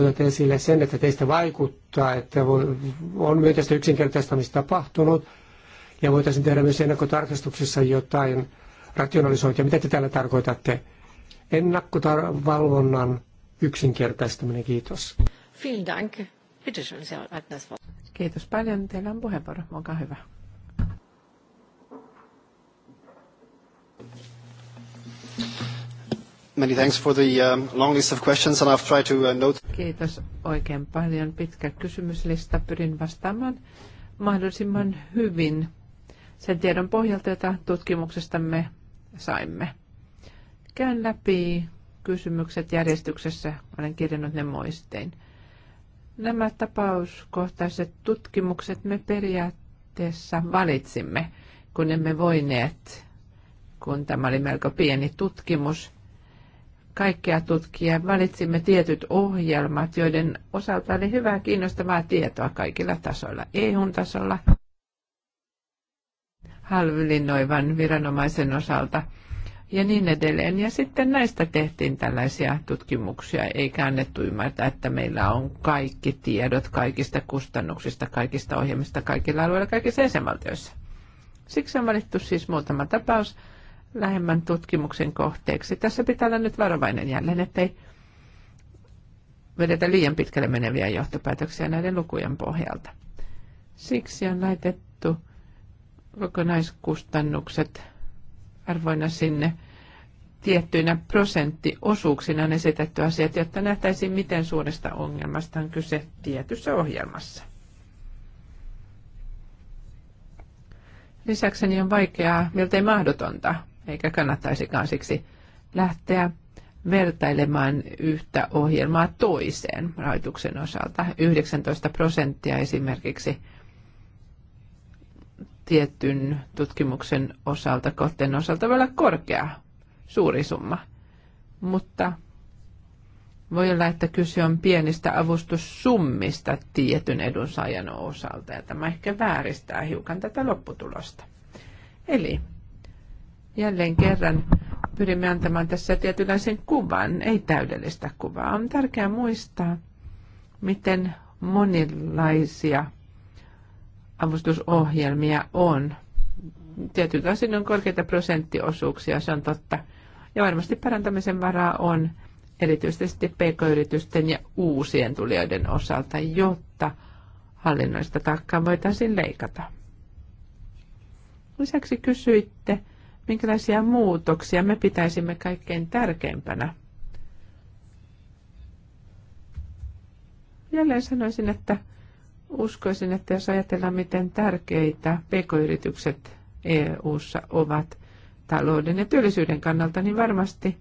S5: otat esille sen, että teistä vaikuttaa, että on tästä yksinkertaistamista tapahtunut ja voitaisiin tehdä myös ennakkotarkastuksessa jotain rationalisointia. Mitä te täällä tarkoitatte? Ennakkovalvonnan yksinkertaistaminen, kiitos.
S1: Vielen Dank. Bitte schön, Sie Kiitos paljon. Teillä
S2: on puheenvuoro. Olkaa hyvä.
S6: Many thanks for the um, long list of questions, and I've tried to uh, note.
S2: Kiitos oikein paljon. Pitkä kysymyslista. Pyrin vastaamaan mahdollisimman hyvin sen tiedon pohjalta, jota tutkimuksestamme saimme. Käyn läpi kysymykset järjestyksessä, olen kirjannut ne moistein Nämä tapauskohtaiset tutkimukset me periaatteessa valitsimme, kun emme voineet, kun tämä oli melko pieni tutkimus, kaikkea tutkia. Valitsimme tietyt ohjelmat, joiden osalta oli hyvää kiinnostavaa tietoa kaikilla tasoilla, EU-tasolla, hallinnoivan viranomaisen osalta ja niin edelleen. Ja sitten näistä tehtiin tällaisia tutkimuksia, eikä annettu ymmärtää, että meillä on kaikki tiedot kaikista kustannuksista, kaikista ohjelmista, kaikilla alueilla, kaikissa jäsenvaltioissa. Siksi on valittu siis muutama tapaus lähemmän tutkimuksen kohteeksi. Tässä pitää olla nyt varovainen jälleen, ettei vedetä liian pitkälle meneviä johtopäätöksiä näiden lukujen pohjalta. Siksi on laitettu kokonaiskustannukset arvoina sinne tiettyinä prosenttiosuuksina on esitetty asiat, jotta nähtäisiin, miten suuresta ongelmasta on kyse tietyssä ohjelmassa. Lisäkseni on vaikeaa, miltei mahdotonta, eikä kannattaisikaan siksi lähteä vertailemaan yhtä ohjelmaa toiseen rahoituksen osalta. 19 prosenttia esimerkiksi – tietyn tutkimuksen osalta, kohteen osalta voi olla korkea, suuri summa. Mutta voi olla, että kyse on pienistä avustussummista tietyn edunsaajan osalta, ja tämä ehkä vääristää hiukan tätä lopputulosta. Eli jälleen kerran pyrimme antamaan tässä tietynlaisen kuvan, ei täydellistä kuvaa. On tärkeää muistaa, miten monilaisia avustusohjelmia on. Tietyt osin on korkeita prosenttiosuuksia, se on totta. Ja varmasti parantamisen varaa on erityisesti pk-yritysten ja uusien tulijoiden osalta, jotta hallinnoista takkaa voitaisiin leikata. Lisäksi kysyitte, minkälaisia muutoksia me pitäisimme kaikkein tärkeimpänä. Jälleen sanoisin, että Uskoisin, että jos ajatellaan, miten tärkeitä pk-yritykset EU-ssa ovat talouden ja työllisyyden kannalta, niin varmasti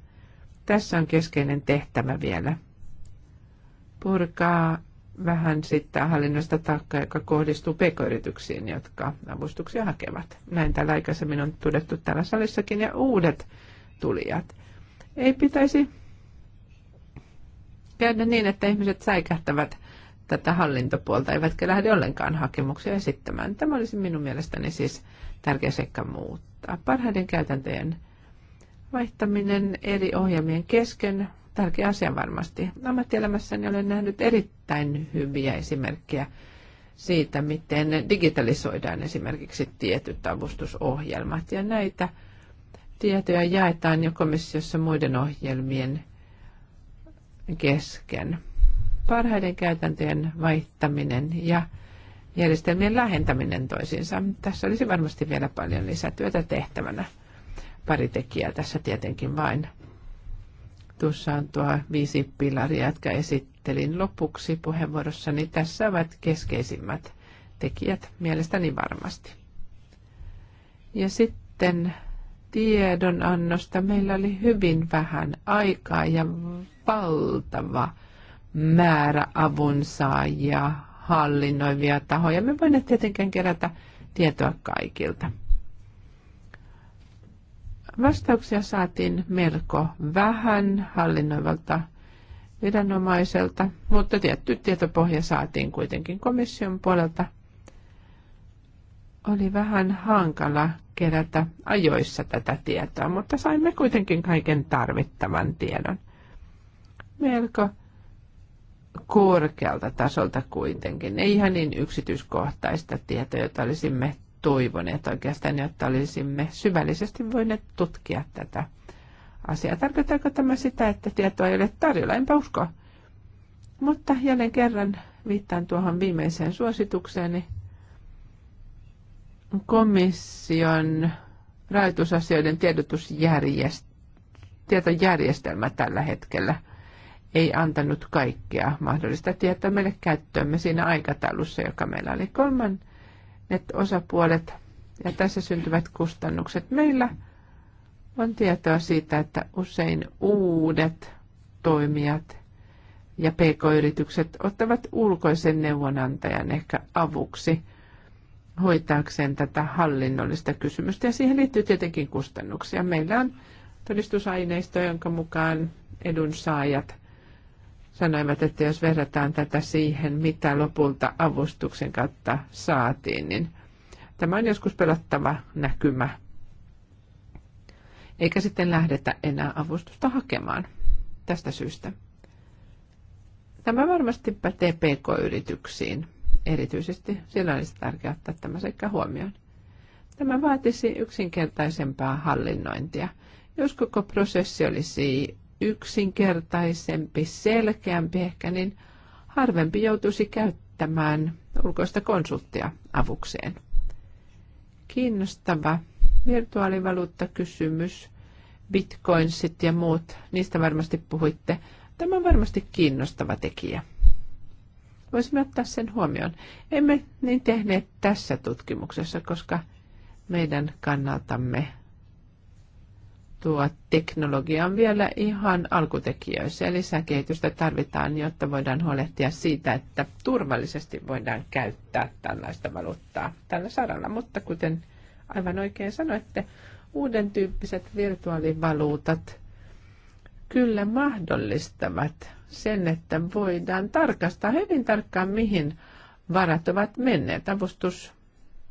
S2: tässä on keskeinen tehtävä vielä. Purkaa vähän sitä hallinnosta taakkaa, joka kohdistuu pk-yrityksiin, jotka avustuksia hakevat. Näin täällä aikaisemmin on todettu täällä salissakin ja uudet tulijat. Ei pitäisi käydä niin, että ihmiset säikähtävät tätä hallintopuolta, eivätkä lähde ollenkaan hakemuksia esittämään. Tämä olisi minun mielestäni siis tärkeä seikka muuttaa. Parhaiden käytäntöjen vaihtaminen eri ohjelmien kesken, tärkeä asia varmasti. Ammattielämässäni olen nähnyt erittäin hyviä esimerkkejä siitä, miten digitalisoidaan esimerkiksi tietyt avustusohjelmat. Ja näitä tietoja jaetaan jo komissiossa muiden ohjelmien kesken. Parhaiden käytäntöjen vaihtaminen ja järjestelmien lähentäminen toisiinsa. Tässä olisi varmasti vielä paljon lisätyötä tehtävänä. Pari tekijää tässä tietenkin vain. Tuossa on tuo viisi pilaria, jotka esittelin lopuksi puheenvuorossani. Tässä ovat keskeisimmät tekijät mielestäni varmasti. Ja sitten tiedonannosta meillä oli hyvin vähän aikaa ja valtava määrä ja hallinnoivia tahoja. Me voimme tietenkin kerätä tietoa kaikilta. Vastauksia saatiin melko vähän hallinnoivalta viranomaiselta, mutta tietty tietopohja saatiin kuitenkin komission puolelta. Oli vähän hankala kerätä ajoissa tätä tietoa, mutta saimme kuitenkin kaiken tarvittavan tiedon. Melko korkealta tasolta kuitenkin. Ei ihan niin yksityiskohtaista tietoa, jota olisimme toivoneet oikeastaan, jotta olisimme syvällisesti voineet tutkia tätä asiaa. Tarkoittaako tämä sitä, että tietoa ei ole tarjolla? Enpä usko. Mutta jälleen kerran viittaan tuohon viimeiseen suositukseeni. Komission rajoitusasioiden tiedotusjärjestelmä tietojärjestelmä tällä hetkellä – ei antanut kaikkea mahdollista tietoa meille käyttöömme siinä aikataulussa, joka meillä oli kolmannet osapuolet. Ja tässä syntyvät kustannukset. Meillä on tietoa siitä, että usein uudet toimijat ja pk-yritykset ottavat ulkoisen neuvonantajan ehkä avuksi – hoitaakseen tätä hallinnollista kysymystä. Ja siihen liittyy tietenkin kustannuksia. Meillä on todistusaineisto, jonka mukaan edunsaajat sanoivat, että jos verrataan tätä siihen, mitä lopulta avustuksen kautta saatiin, niin tämä on joskus pelottava näkymä. Eikä sitten lähdetä enää avustusta hakemaan tästä syystä. Tämä varmasti pätee pk-yrityksiin. Erityisesti silloin olisi tärkeää ottaa tämä seikka huomioon. Tämä vaatisi yksinkertaisempaa hallinnointia. Jos koko prosessi olisi yksinkertaisempi, selkeämpi ehkä, niin harvempi joutuisi käyttämään ulkoista konsulttia avukseen. Kiinnostava virtuaalivaluuttakysymys, bitcoinsit ja muut, niistä varmasti puhuitte. Tämä on varmasti kiinnostava tekijä. Voisimme ottaa sen huomioon. Emme niin tehneet tässä tutkimuksessa, koska meidän kannaltamme tuo teknologia on vielä ihan alkutekijöissä ja lisäkehitystä tarvitaan, jotta voidaan huolehtia siitä, että turvallisesti voidaan käyttää tällaista valuuttaa tällä saralla. Mutta kuten aivan oikein sanoitte, uuden tyyppiset virtuaalivaluutat kyllä mahdollistavat sen, että voidaan tarkastaa hyvin tarkkaan, mihin varat ovat menneet. Avustus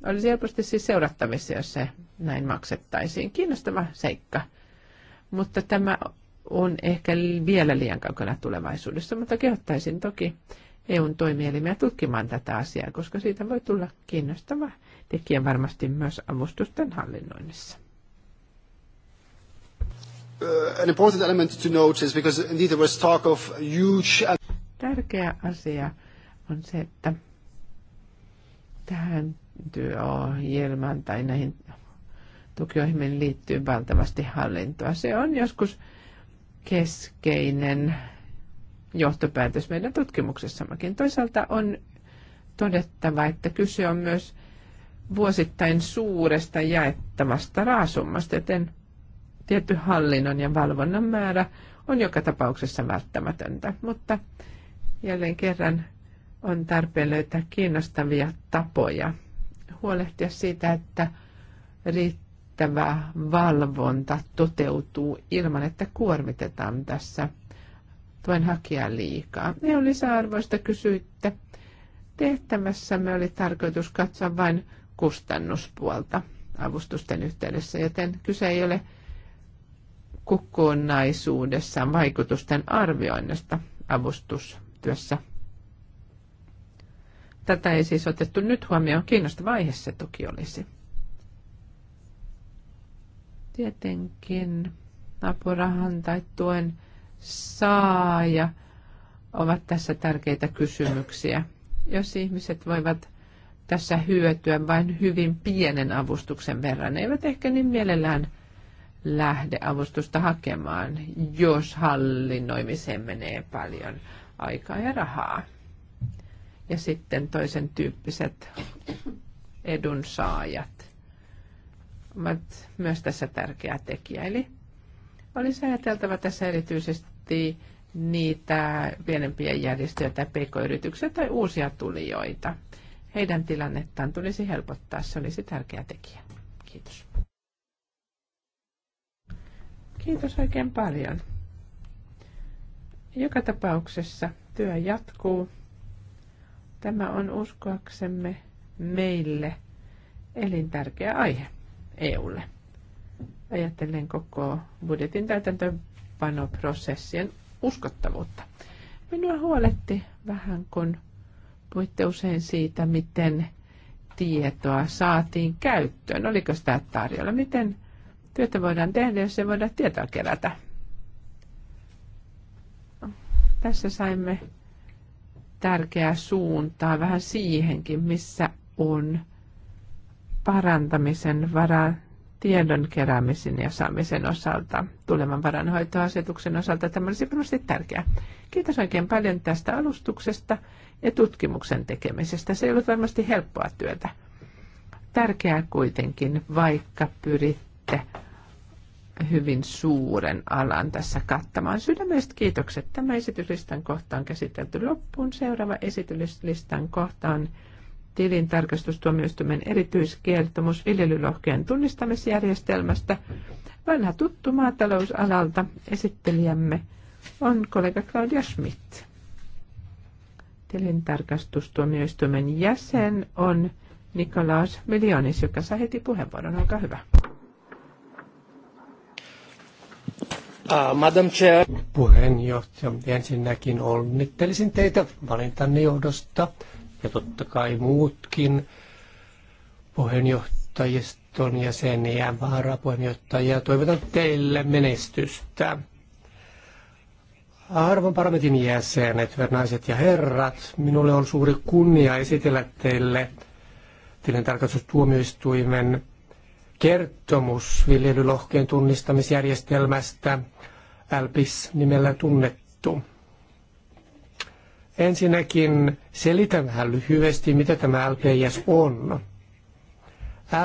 S2: olisi helposti siis seurattavissa, jos se näin maksettaisiin. Kiinnostava seikka mutta tämä on ehkä vielä liian kaukana tulevaisuudessa, mutta kehottaisin toki EUn toimielimiä tutkimaan tätä asiaa, koska siitä voi tulla kiinnostava tekijä varmasti myös avustusten hallinnoinnissa. Uh, Tärkeä asia on se, että tähän työohjelmaan tai näihin tukiohjelmiin liittyy valtavasti hallintoa. Se on joskus keskeinen johtopäätös meidän tutkimuksessammekin. Toisaalta on todettava, että kyse on myös vuosittain suuresta jaettavasta raasummasta, joten tietty hallinnon ja valvonnan määrä on joka tapauksessa välttämätöntä, mutta jälleen kerran on tarpeen löytää kiinnostavia tapoja huolehtia siitä, että riittää riittävä valvonta toteutuu ilman, että kuormitetaan tässä tuen hakijaa liikaa. Ne lisäarvoista kysyitte. Tehtävässämme oli tarkoitus katsoa vain kustannuspuolta avustusten yhteydessä, joten kyse ei ole kokonaisuudessaan vaikutusten arvioinnista avustustyössä. Tätä ei siis otettu nyt huomioon. Kiinnostava aihe se toki olisi. Tietenkin apurahan tai tuen saaja ovat tässä tärkeitä kysymyksiä. Jos ihmiset voivat tässä hyötyä vain hyvin pienen avustuksen verran, ne eivät ehkä niin mielellään lähde avustusta hakemaan, jos hallinnoimiseen menee paljon aikaa ja rahaa. Ja sitten toisen tyyppiset edunsaajat ovat myös tässä tärkeä tekijä. Eli olisi ajateltava tässä erityisesti niitä pienempiä järjestöjä tai pk-yrityksiä tai uusia tulijoita. Heidän tilannettaan tulisi helpottaa, se olisi tärkeä tekijä. Kiitos. Kiitos oikein paljon. Joka tapauksessa työ jatkuu. Tämä on uskoaksemme meille elintärkeä aihe. EUlle. Ajattelen koko budjetin täytäntöönpanoprosessien uskottavuutta. Minua huoletti vähän, kun puhuitte usein siitä, miten tietoa saatiin käyttöön. Oliko sitä tarjolla? Miten työtä voidaan tehdä, jos ei voida tietoa kerätä? Tässä saimme tärkeää suuntaa vähän siihenkin, missä on parantamisen varaa tiedon keräämisen ja saamisen osalta, tulevan varanhoitoasetuksen osalta. Tämä olisi varmasti tärkeää. Kiitos oikein paljon tästä alustuksesta ja tutkimuksen tekemisestä. Se ei ollut varmasti helppoa työtä. Tärkeää kuitenkin, vaikka pyritte hyvin suuren alan tässä kattamaan. Sydämestä kiitokset. Tämä esityslistan kohta on käsitelty loppuun. Seuraava esityslistan kohta on tilintarkastustuomioistuimen erityiskertomus viljelylohkeen tunnistamisjärjestelmästä. Vanha tuttu maatalousalalta esittelijämme on kollega Claudia Schmidt. Tilintarkastustuomioistuimen jäsen on Nikolaus
S5: Miljonis, joka saa heti puheenvuoron. Olkaa hyvä. Uh, Madam Chair. Puheenjohtaja, ensinnäkin onnittelisin teitä valintanne johdosta ja totta kai muutkin puheenjohtajiston jäseniä, varapuheenjohtajia. Toivotan teille menestystä. Arvon parlamentin jäsenet, hyvät naiset ja herrat, minulle on suuri kunnia esitellä teille tilintarkastustuomioistuimen kertomus viljelylohkeen tunnistamisjärjestelmästä, LPIS nimellä tunnettu. Ensinnäkin selitän vähän lyhyesti, mitä tämä LPIS on.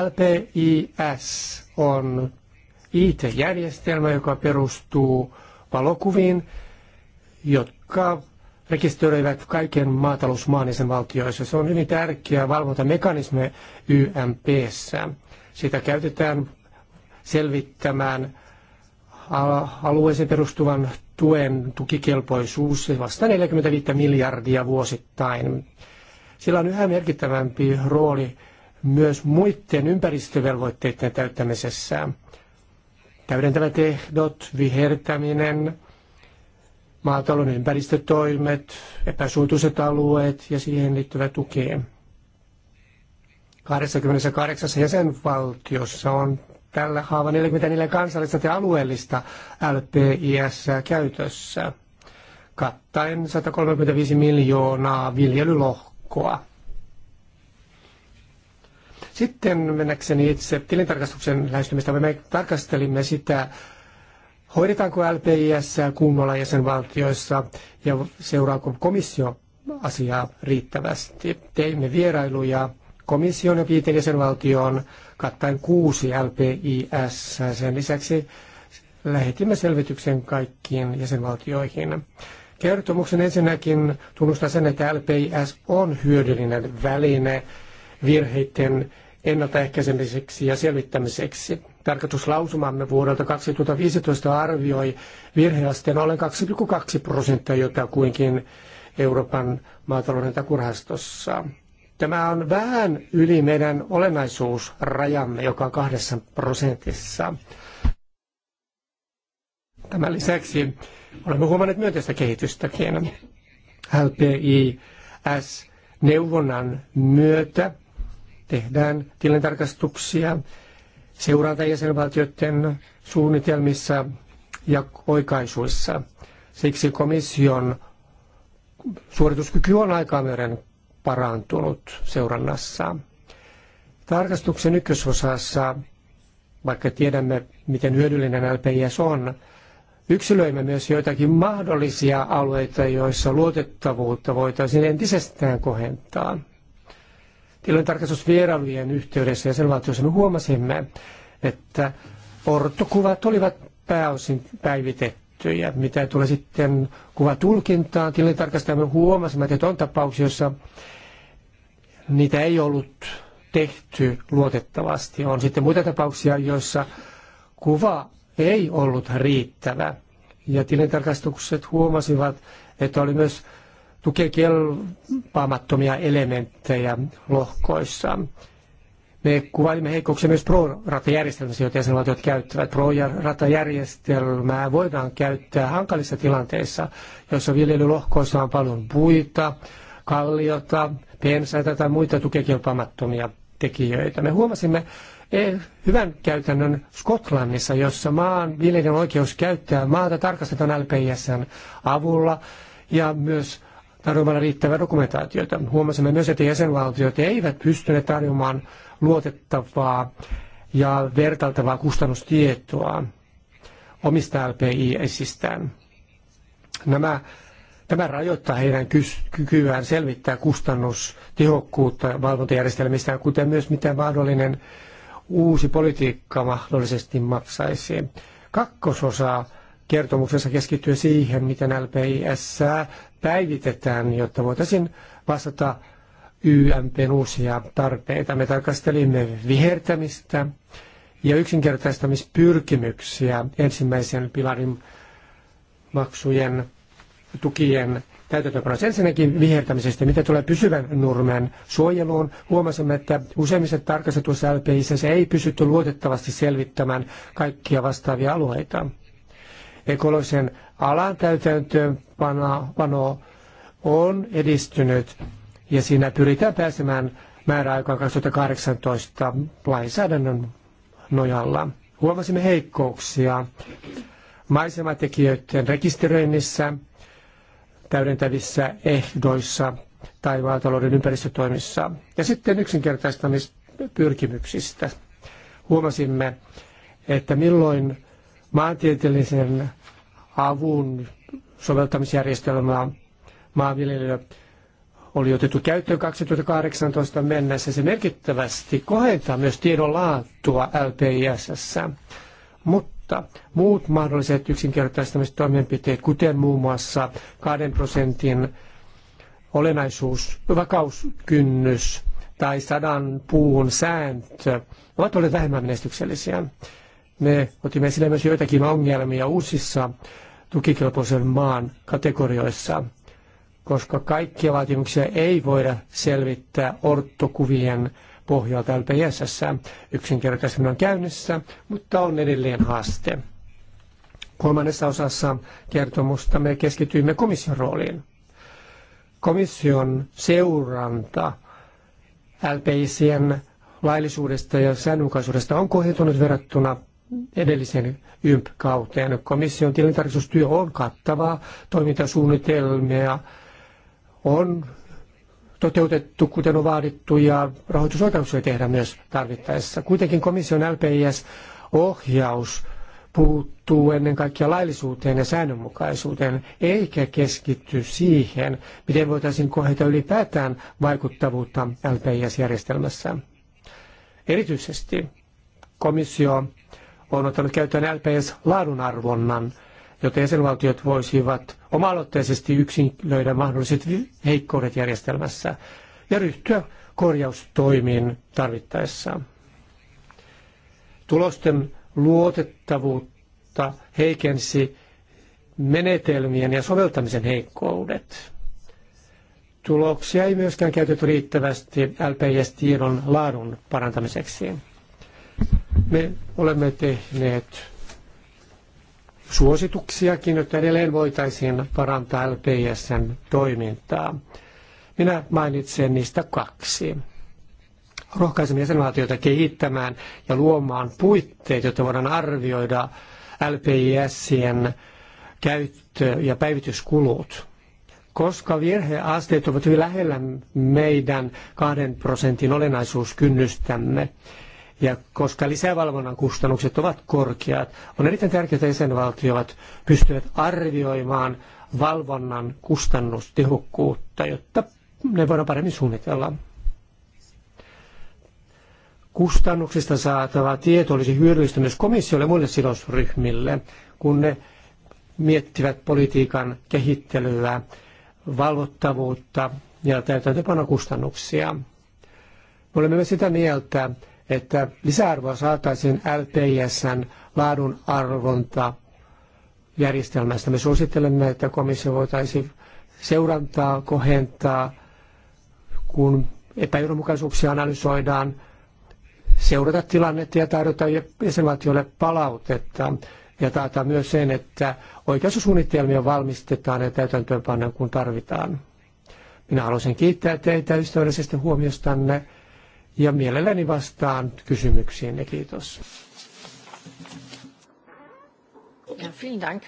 S5: LPIS on IT-järjestelmä, joka perustuu valokuviin, jotka rekisteröivät kaiken maatalousmaan valtioissa. Se on hyvin tärkeä valvontamekanismi YMPssä. Sitä käytetään selvittämään alueeseen perustuvan tuen tukikelpoisuus vasta 45 miljardia vuosittain. Sillä on yhä merkittävämpi rooli myös muiden ympäristövelvoitteiden täyttämisessä. Täydentävät ehdot, vihertäminen, maatalouden ympäristötoimet, epäsuotuiset alueet ja siihen liittyvä tuki. 28 jäsenvaltiossa on tällä haava 44 kansallista ja alueellista LPIS käytössä, kattaen 135 miljoonaa viljelylohkoa. Sitten mennäkseni itse tilintarkastuksen lähestymistä, me tarkastelimme sitä, hoidetaanko LPIS kunnolla jäsenvaltioissa ja seuraako komissio asiaa riittävästi. Teimme vierailuja komission ja viiteen jäsenvaltioon kattaen kuusi LPIS. Sen lisäksi lähetimme selvityksen kaikkiin jäsenvaltioihin. Kertomuksen ensinnäkin tunnustaa sen, että LPIS on hyödyllinen väline virheiden ennaltaehkäisemiseksi ja selvittämiseksi. Tarkastuslausumamme vuodelta 2015 arvioi virheasteen ollen 2,2 prosenttia jotakuinkin Euroopan maatalouden takurahastossa. Tämä on vähän yli meidän olennaisuusrajamme, joka on kahdessa prosentissa. Tämän lisäksi olemme huomanneet myönteistä kehitystäkin. LPIS-neuvonnan myötä tehdään tilintarkastuksia jäsenvaltioiden suunnitelmissa ja oikaisuissa. Siksi komission suorituskyky on aikaa myöden parantunut seurannassa. Tarkastuksen ykkösosassa, vaikka tiedämme miten hyödyllinen LPIS on, yksilöimme myös joitakin mahdollisia alueita, joissa luotettavuutta voitaisiin entisestään kohentaa. Tilantarkastusvierailujen yhteydessä ja me huomasimme, että ortokuvat olivat pääosin päivitettyjä. Mitä tulee sitten kuvatulkintaan, tilintarkastajamme huomasimme, että on tapauksia, joissa niitä ei ollut tehty luotettavasti. On sitten muita tapauksia, joissa kuva ei ollut riittävä. Ja tilintarkastukset huomasivat, että oli myös tukekelpaamattomia elementtejä lohkoissa. Me kuvailimme heikkouksia myös pro-ratajärjestelmässä, joita jäsenvaltiot käyttävät. Pro-ratajärjestelmää voidaan käyttää hankalissa tilanteissa, joissa viljelylohkoissa on paljon puita, kalliota, pensaita tai muita tukikelpaamattomia tekijöitä. Me huomasimme e, hyvän käytännön Skotlannissa, jossa maan viljelijän oikeus käyttää maata tarkastetaan LPSn avulla ja myös tarjoamalla riittävää dokumentaatiota. Huomasimme myös, että jäsenvaltiot eivät pystyneet tarjoamaan luotettavaa ja vertailtavaa kustannustietoa omista LPI-esistään. Nämä Tämä rajoittaa heidän kykyään selvittää kustannustehokkuutta valvontajärjestelmistään, kuten myös mitä mahdollinen uusi politiikka mahdollisesti maksaisi. Kakkososa kertomuksessa keskittyy siihen, miten LPIS päivitetään, jotta voitaisiin vastata YMPn uusia tarpeita. Me tarkastelimme vihertämistä ja yksinkertaistamispyrkimyksiä ensimmäisen pilarin maksujen tukien täytäntöönpanossa. Ensinnäkin vihertämisestä, mitä tulee pysyvän nurmen suojeluun. Huomasimme, että useimmissa tarkastetuissa LPIissä se ei pysytty luotettavasti selvittämään kaikkia vastaavia alueita. Ekologisen alan täytäntöönpano on edistynyt ja siinä pyritään pääsemään määräaikaan 2018 lainsäädännön nojalla. Huomasimme heikkouksia maisematekijöiden rekisteröinnissä, täydentävissä ehdoissa tai maatalouden ympäristötoimissa. Ja sitten yksinkertaistamispyrkimyksistä. Huomasimme, että milloin maantieteellisen avun soveltamisjärjestelmää maanviljelijöille oli otettu käyttöön 2018 mennessä. Se merkittävästi kohentaa myös tiedon laatua LPISS. Mutta mutta muut mahdolliset yksinkertaistamistoimenpiteet, kuten muun muassa 2 prosentin olennaisuus, vakauskynnys tai sadan puun sääntö, ovat olleet vähemmän menestyksellisiä. Me otimme esille myös joitakin ongelmia uusissa tukikelpoisen maan kategorioissa, koska kaikkia vaatimuksia ei voida selvittää ortokuvien pohjalta LPSS. Yksinkertaisemmin on käynnissä, mutta on edelleen haaste. Kolmannessa osassa kertomusta me keskityimme komission rooliin. Komission seuranta LPICn laillisuudesta ja säännönmukaisuudesta on kohentunut verrattuna edellisen YMP-kauteen. Komission tilintarkastustyö on kattavaa, toimintasuunnitelmia on toteutettu, kuten on vaadittu, ja rahoitusoikeuksia tehdä myös tarvittaessa. Kuitenkin komission LPIS-ohjaus puuttuu ennen kaikkea laillisuuteen ja säännönmukaisuuteen, eikä keskitty siihen, miten voitaisiin kohdata ylipäätään vaikuttavuutta LPIS-järjestelmässä. Erityisesti komissio on ottanut käyttöön LPS-laadunarvonnan – joten jäsenvaltiot voisivat oma-aloitteisesti yksilöidä mahdolliset heikkoudet järjestelmässä ja ryhtyä korjaustoimiin tarvittaessa. Tulosten luotettavuutta heikensi menetelmien ja soveltamisen heikkoudet. Tuloksia ei myöskään käytetty riittävästi LPS-tiedon laadun parantamiseksi. Me olemme tehneet suosituksiakin, jotta edelleen voitaisiin parantaa LPSn toimintaa. Minä mainitsen niistä kaksi. Rohkaisen jäsenvaltioita kehittämään ja luomaan puitteet, jotta voidaan arvioida LPISien käyttö- ja päivityskulut. Koska virheasteet ovat hyvin lähellä meidän kahden prosentin olennaisuuskynnystämme, ja koska lisävalvonnan kustannukset ovat korkeat, on erittäin tärkeää, että jäsenvaltiot pystyvät arvioimaan valvonnan kustannustehokkuutta, jotta ne voidaan paremmin suunnitella. Kustannuksista saatava tieto olisi hyödyllistä myös komissiolle ja muille sidosryhmille, kun ne miettivät politiikan kehittelyä, valvottavuutta ja täytäntöpanokustannuksia. Me olemme myös sitä mieltä, että lisäarvoa saataisiin LPISn laadun arvonta järjestelmästä. Me suosittelemme, että komissio voitaisiin seurantaa, kohentaa, kun epäjohdonmukaisuuksia analysoidaan, seurata tilannetta ja tarjota jäsenvaltioille palautetta ja taata myös sen, että oikeussuunnitelmia valmistetaan ja täytäntöönpannaan kun tarvitaan. Minä haluaisin kiittää teitä ystävällisestä huomiostanne ja mielelläni vastaan kysymyksiin ja kiitos.
S1: Ja, vielen Dank.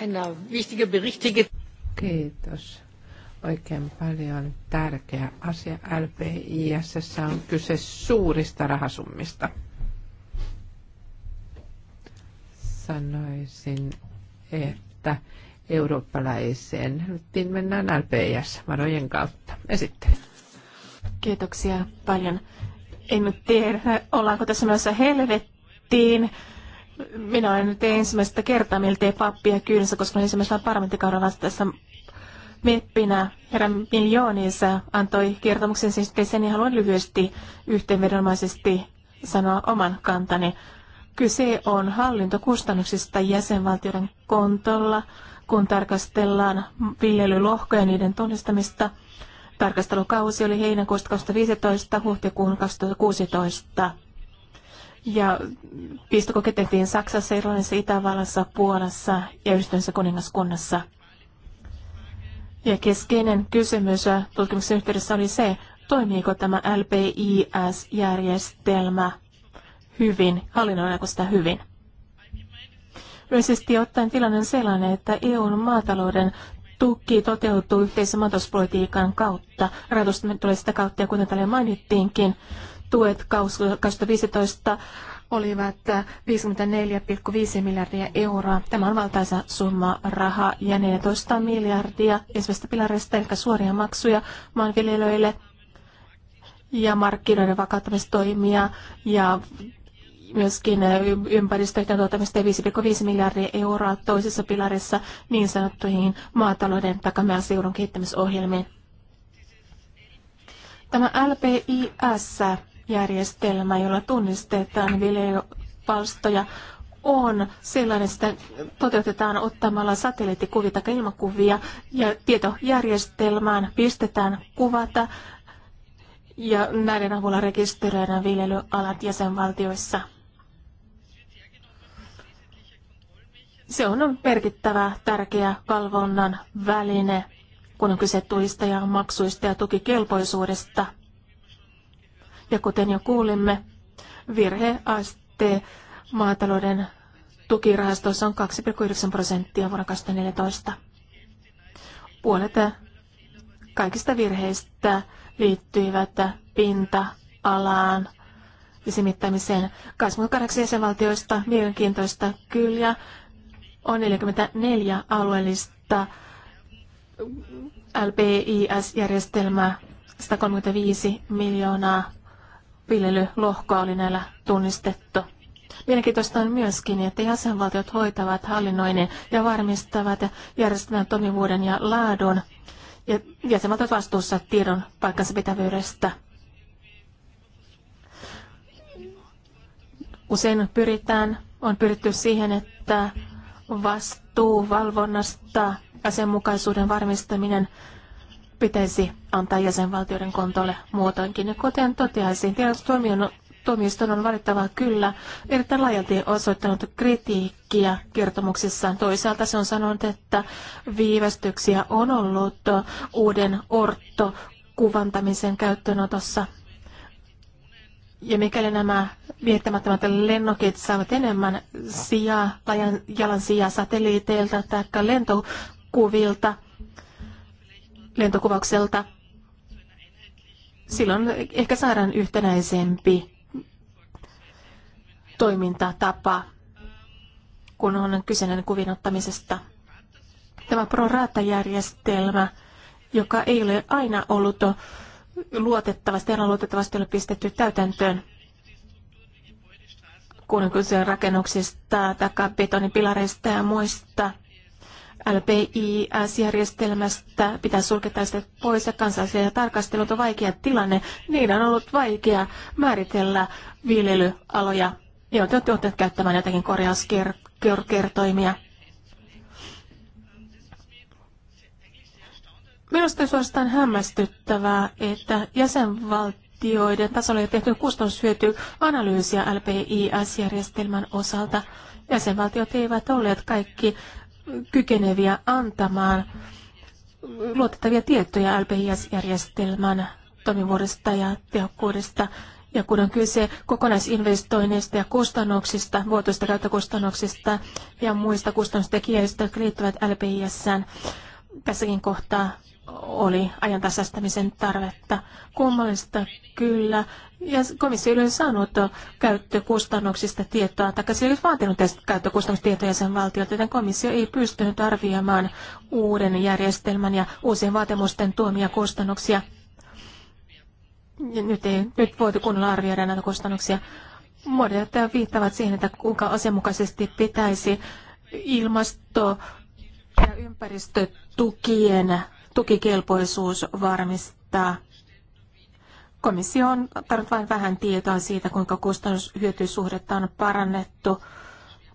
S1: Eine wichtige, berichtige...
S2: Kiitos. Oikein paljon tärkeä asia. LPIS on kyse suurista rahasummista. Sanoisin, että eurooppalaiseen. Nyt mennään LPIS-varojen kautta.
S4: Esittelen. Kiitoksia paljon. En nyt tiedä, ollaanko tässä noissa helvettiin. Minä olen nyt ensimmäistä kertaa miltei pappia kyynissä, koska olen ensimmäisellä parlamenttikaudella tässä meppinä. Herra Miljoonissa antoi kertomuksen siis sen ja haluan lyhyesti yhteenvedonomaisesti sanoa oman kantani. Kyse on hallintokustannuksista jäsenvaltioiden kontolla, kun tarkastellaan viljelylohkoja ja niiden tunnistamista – Tarkastelukausi oli heinäkuusta 2015 huhtikuun 2016. Ja pistokoke tehtiin Saksassa, Irlannissa, Itävallassa, Puolassa ja Yhdistyneessä kuningaskunnassa. Ja keskeinen kysymys tutkimuksen yhteydessä oli se, toimiiko tämä LPIS-järjestelmä hyvin, hallinnoidaanko sitä hyvin. Yleisesti ottaen tilanne on sellainen, että EUn maatalouden tuki toteutuu yhteisen maatalouspolitiikan kautta. Rahoitus tulee sitä kautta, ja kuten täällä mainittiinkin, tuet 2015 olivat 54,5 miljardia euroa. Tämä on valtaisa summa rahaa ja 14 miljardia ensimmäistä pilareista, eli suoria maksuja maanviljelijöille ja markkinoiden vakauttamistoimia ja myöskin eh, ympäristöiden tuottamista 5,5 miljardia euroa toisessa pilarissa niin sanottuihin maatalouden takamaaseudun kehittämisohjelmiin. Tämä LPIS-järjestelmä, jolla tunnistetaan viljelypalstoja, on sellainen, että toteutetaan ottamalla satelliittikuvia tai ilmakuvia ja tietojärjestelmään pistetään kuvata ja näiden avulla rekisteröidään viljelyalat jäsenvaltioissa. Se on merkittävä, tärkeä valvonnan väline, kun on kyse tuista ja maksuista ja tukikelpoisuudesta. Ja kuten jo kuulimme, virheaste maatalouden tukirahastoissa on 2,9 prosenttia vuonna 2014. Puolet kaikista virheistä liittyivät pinta-alaan ja simittämiseen. 28 jäsenvaltioista mielenkiintoista kyllä on 44 alueellista LPIS-järjestelmää, 135 miljoonaa viljelylohkoa oli näillä tunnistettu. Mielenkiintoista on myöskin, että jäsenvaltiot hoitavat hallinnoinnin ja varmistavat järjestelmän toimivuuden ja laadun ja jäsenvaltiot vastuussa tiedon paikkansa pitävyydestä. Usein pyritään, on pyritty siihen, että vastuu valvonnasta ja sen mukaisuuden varmistaminen pitäisi antaa jäsenvaltioiden kontolle muutoinkin. Kuten toteaisin, tuomioistuin on valittavaa kyllä erittäin laajalti osoittanut kritiikkiä kertomuksissaan. Toisaalta se on sanonut, että viivästyksiä on ollut uuden orto kuvantamisen käyttöönotossa ja mikäli nämä viettämättömät lennokit saavat enemmän sijaa, tai jalan sijaa satelliiteilta tai lentokuvilta, lentokuvaukselta, silloin ehkä saadaan yhtenäisempi toimintatapa, kun on kyseinen kuvin ottamisesta. Tämä pro järjestelmä joka ei ole aina ollut luotettavasti, erään luotettavasti ole pistetty täytäntöön, kun on kyse rakennuksista, taikka betonipilareista ja muista. LPIS-järjestelmästä pitää sulkea tästä pois ja kansallisia tarkastelut on vaikea tilanne. Niiden on ollut vaikea määritellä viljelyaloja, joita on käyttämään jotakin korjauskertoimia. Minusta suorastaan hämmästyttävää, että jäsenvaltioiden tasolla ei tehty kustannushyöty analyysiä LPIS-järjestelmän osalta. Jäsenvaltiot eivät olleet kaikki kykeneviä antamaan luotettavia tietoja LPIS-järjestelmän toimivuudesta ja tehokkuudesta. Ja kun on kyse kokonaisinvestoinneista ja kustannuksista, vuotuista käyttökustannuksista ja muista kustannustekijöistä, jotka liittyvät LPISään, tässäkin kohtaa oli ajantasastamisen tarvetta. Kummallista kyllä. Ja komissio oli saanut käyttökustannuksista tietoa, tai se ei olisi vaatinut käyttökustannustietoja jäsenvaltiolta, joten komissio ei pystynyt arvioimaan uuden järjestelmän ja uusien vaatimusten tuomia kustannuksia. Ja nyt ei nyt voitu kunnolla arvioida näitä kustannuksia. Monet viittavat siihen, että kuinka asianmukaisesti pitäisi ilmasto- ja ympäristötukien tukikelpoisuus varmistaa. Komissio on tarvinnut vain vähän tietoa siitä, kuinka kustannushyötysuhdetta on parannettu.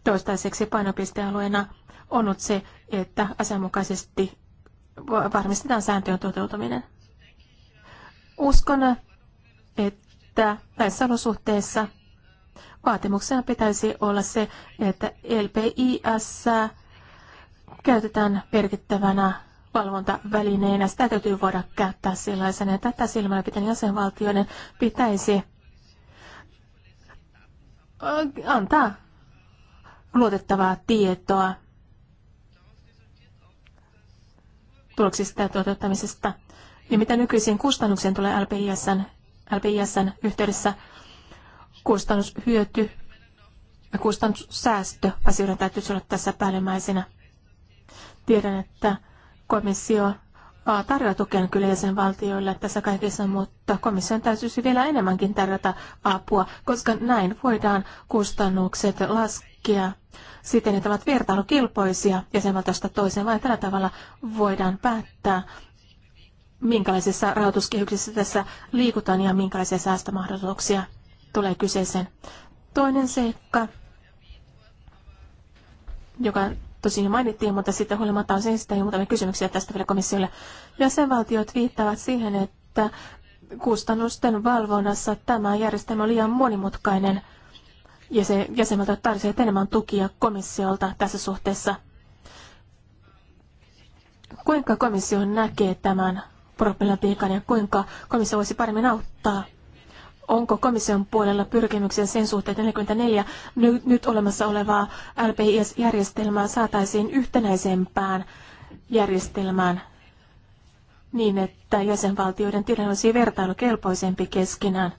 S4: Toistaiseksi painopistealueena on ollut se, että asianmukaisesti varmistetaan sääntöjen toteutuminen. Uskon, että näissä olosuhteissa vaatimuksena pitäisi olla se, että LPIS käytetään merkittävänä valvontavälineenä. Sitä täytyy voida käyttää sellaisena. Tätä silmällä pitäen jäsenvaltioiden pitäisi äh, antaa luotettavaa tietoa tuloksista ja toteuttamisesta. Ja mitä nykyisiin kustannuksiin tulee LPISn, LPISn yhteydessä, kustannushyöty ja kustannussäästö asioiden täytyy olla tässä päällimmäisenä. Tiedän, että komissio tarjoaa tukea kyllä jäsenvaltioille tässä kaikessa, mutta komission täytyisi vielä enemmänkin tarjota apua, koska näin voidaan kustannukset laskea siten, että ovat vertailukilpoisia jäsenvaltiosta toiseen. Vain tällä tavalla voidaan päättää, minkälaisissa rahoituskehyksissä tässä liikutaan ja minkälaisia säästömahdollisuuksia tulee kyseeseen. Toinen seikka, joka tosin jo mainittiin, mutta sitten huolimatta on sen sitten siis muutamia kysymyksiä tästä vielä komissiolle. Jäsenvaltiot viittaavat siihen, että kustannusten valvonnassa tämä järjestelmä on liian monimutkainen ja se jäsenvaltiot tarvitsevat enemmän tukia komissiolta tässä suhteessa. Kuinka komissio näkee tämän problematiikan ja kuinka komissio voisi paremmin auttaa onko komission puolella pyrkimyksiä sen suhteen, että 44 nyt olemassa olevaa LPIS-järjestelmää saataisiin yhtenäisempään järjestelmään niin, että jäsenvaltioiden tilanne olisi vertailukelpoisempi keskenään.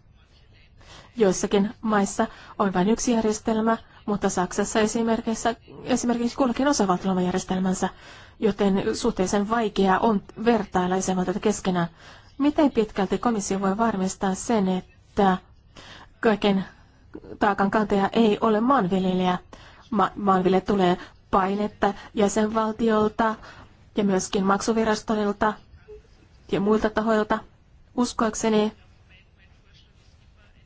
S4: Joissakin maissa on vain yksi järjestelmä, mutta Saksassa esimerkiksi, esimerkiksi kullakin osavaltiolla järjestelmänsä, joten suhteellisen vaikeaa on vertailla jäsenvaltioita keskenään. Miten pitkälti komissio voi varmistaa sen, että että kaiken taakan kantaja ei ole maanviljelijä. Ma- maanviljelijä tulee painetta jäsenvaltiolta ja myöskin maksuvirastolilta ja muilta tahoilta. Uskoakseni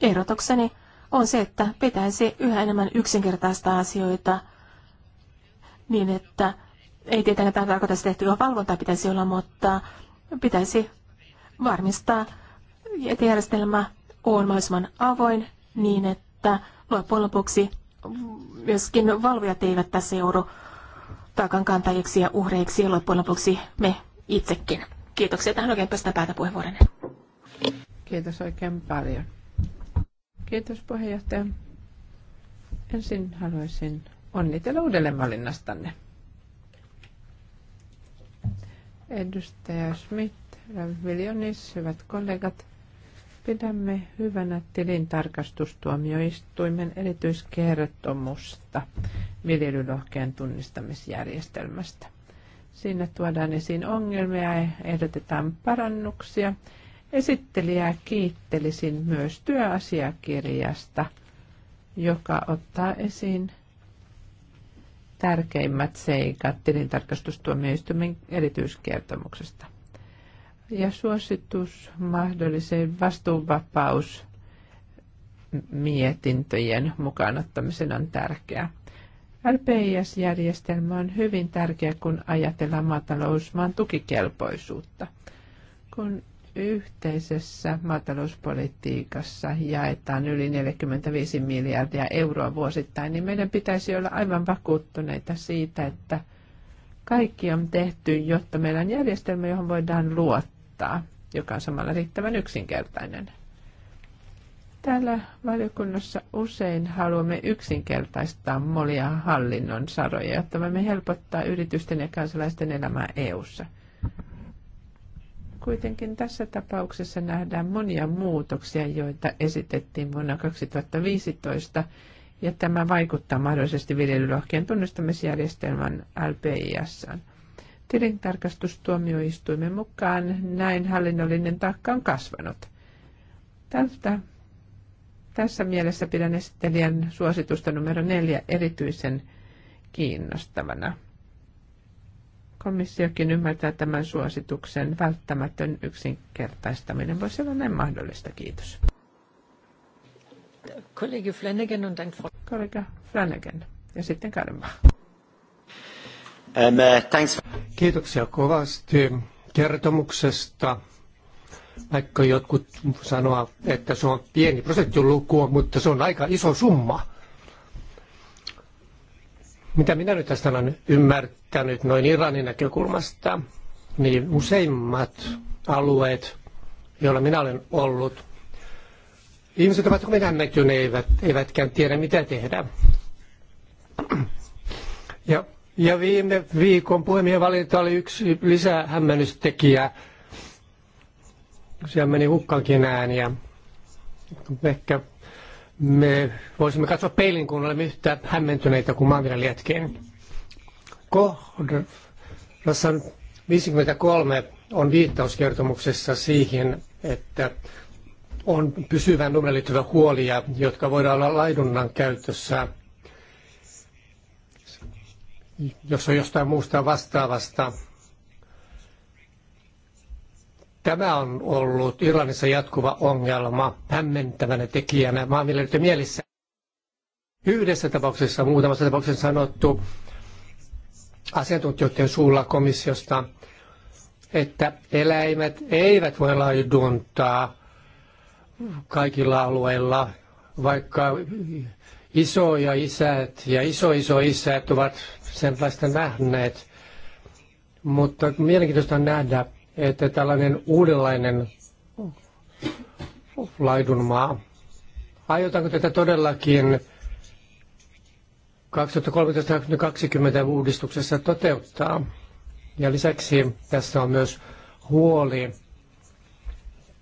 S4: ehdotukseni on se, että pitäisi yhä enemmän yksinkertaista asioita niin, että ei tietenkään tämä tarkoita sitä, että valvontaa pitäisi olla, mutta pitäisi varmistaa, että järjestelmä on mahdollisimman avoin niin, että loppujen lopuksi myöskin valvojat eivät tässä joudu taakan kantajiksi ja uhreiksi ja loppujen lopuksi me itsekin. Kiitoksia tähän oikein päästään päätä puheenvuoronne. Kiitos oikein paljon.
S2: Kiitos puheenjohtaja. Ensin haluaisin onnitella valinnastanne. Edustaja Schmidt, Viljonis, hyvät kollegat. Pidämme hyvänä tilintarkastustuomioistuimen erityiskertomusta viljelylohkeen tunnistamisjärjestelmästä. Siinä tuodaan esiin ongelmia ja ehdotetaan parannuksia. Esittelijää kiittelisin myös työasiakirjasta, joka ottaa esiin tärkeimmät seikat tilintarkastustuomioistuimen erityiskertomuksesta ja suositus mahdolliseen vastuunvapaus mietintöjen mukaan ottamisen on tärkeää. LPIS-järjestelmä on hyvin tärkeä, kun ajatellaan maatalousmaan tukikelpoisuutta. Kun yhteisessä maatalouspolitiikassa jaetaan yli 45 miljardia euroa vuosittain, niin meidän pitäisi olla aivan vakuuttuneita siitä, että kaikki on tehty, jotta meillä on järjestelmä, johon voidaan luottaa vastaa, joka on samalla riittävän yksinkertainen. Täällä valiokunnassa usein haluamme yksinkertaistaa molia hallinnon saroja, jotta voimme helpottaa yritysten ja kansalaisten elämää EU:ssa. Kuitenkin tässä tapauksessa nähdään monia muutoksia, joita esitettiin vuonna 2015, ja tämä vaikuttaa mahdollisesti viljelylohkien tunnustamisjärjestelmän LPIS. -sään. Tilintarkastustuomioistuimen mukaan näin hallinnollinen taakka on kasvanut. Tältä, tässä mielessä pidän esittelijän suositusta numero neljä erityisen kiinnostavana. Komissiokin ymmärtää tämän suosituksen välttämätön yksinkertaistaminen. Voisi olla näin mahdollista. Kiitos. Kollega Flanagan, ja sitten Kadenbach.
S5: Uh, Kiitoksia kovasti kertomuksesta. Vaikka jotkut sanoa, että se on pieni prosenttiluku, mutta se on aika iso summa. Mitä minä nyt tästä olen ymmärtänyt noin Iranin näkökulmasta, niin useimmat alueet, joilla minä olen ollut, ihmiset ovat kovin hämmentyneet, eivät, eivätkään tiedä mitä tehdä. Ja ja viime viikon puhemiehen valinta oli yksi lisähämmennystekijä. Siellä meni hukkaankin ääniä. Ehkä me voisimme katsoa peilin, kun olemme yhtä hämmentyneitä kuin maanviljelijätkin. Kohdassa 53 on viittauskertomuksessa siihen, että on pysyvän numeroon liittyvä huolia, jotka voidaan olla laidunnan käytössä – jos on jostain muusta vastaavasta. Tämä on ollut Irlannissa jatkuva ongelma hämmentävänä tekijänä Mä maanviljelijöiden mielessä Yhdessä tapauksessa, muutamassa tapauksessa sanottu asiantuntijoiden suulla komissiosta, että eläimet eivät voi laiduntaa kaikilla alueilla, vaikka iso ja isät ja iso iso isät ovat sellaista nähneet. Mutta mielenkiintoista on nähdä, että tällainen uudenlainen laidunmaa. Aiotaanko tätä todellakin 2013-2020 uudistuksessa toteuttaa? Ja lisäksi tässä on myös huoli,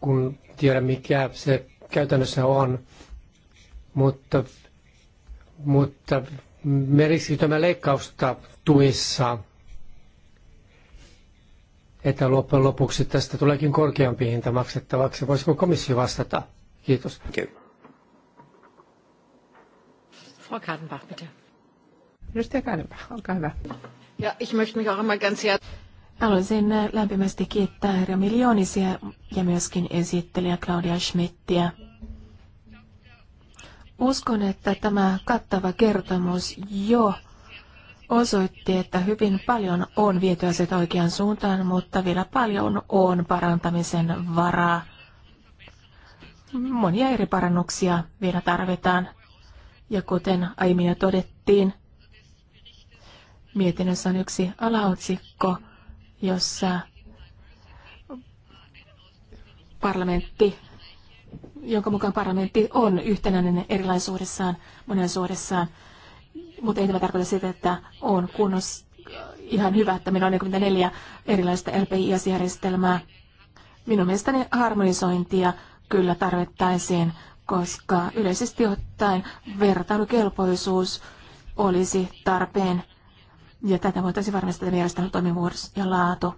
S5: kun tiedä mikä se käytännössä on, mutta mutta tämä leikkausta tuissa, että loppujen lopuksi tästä tuleekin korkeampi hinta maksettavaksi. Voisiko komissio vastata? Kiitos.
S2: Frau Kadenbach, bitte.
S4: olkaa hyvä.
S1: Ja, ich möchte mich auch einmal ganz
S4: Haluaisin lämpimästi kiittää herra Miljoonisia ja myöskin esittelijä Claudia Schmidtiä Uskon, että tämä kattava kertomus jo osoitti, että hyvin paljon on viety asiat oikeaan suuntaan, mutta vielä paljon on parantamisen varaa. Monia eri parannuksia vielä tarvitaan. Ja kuten aiemmin jo todettiin, mietinnössä on yksi alaotsikko, jossa parlamentti jonka mukaan parlamentti on yhtenäinen erilaisuudessaan, monenlaisuudessaan, mutta ei tämä tarkoita sitä, että on kunnossa ihan hyvä, että meillä on 44 erilaista LPIS-järjestelmää. Minun mielestäni harmonisointia kyllä tarvittaisiin, koska yleisesti ottaen vertailukelpoisuus olisi tarpeen ja tätä voitaisiin varmistaa, että järjestelmän toimivuus ja laatu.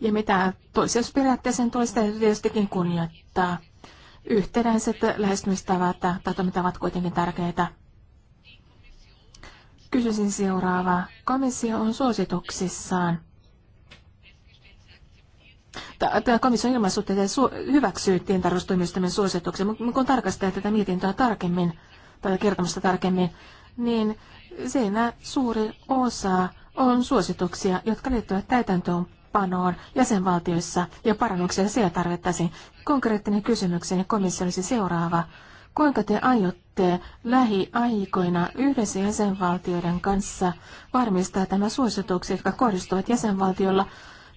S4: Ja mitä toisiosperiaatteeseen tulisi täytyy tietystikin kunnioittaa. Yhtenäiset lähestymistavat tai toimintavat kuitenkin tärkeitä. Kysyisin seuraavaa. Komissio on suosituksissaan. Tämä komission ilmaisuutta hyväksyy tientarkastustoimistomme suosituksen, mutta kun tarkastelee tätä mietintöä tarkemmin, tätä kertomusta tarkemmin, niin siinä suuri osa on suosituksia, jotka liittyvät täytäntöön täytäntöönpanoon jäsenvaltioissa ja parannuksia siellä tarvittaisiin. Konkreettinen kysymykseni komissio olisi seuraava. Kuinka te aiotte lähiaikoina yhdessä jäsenvaltioiden kanssa varmistaa tämä suositukset, jotka kohdistuvat jäsenvaltiolla,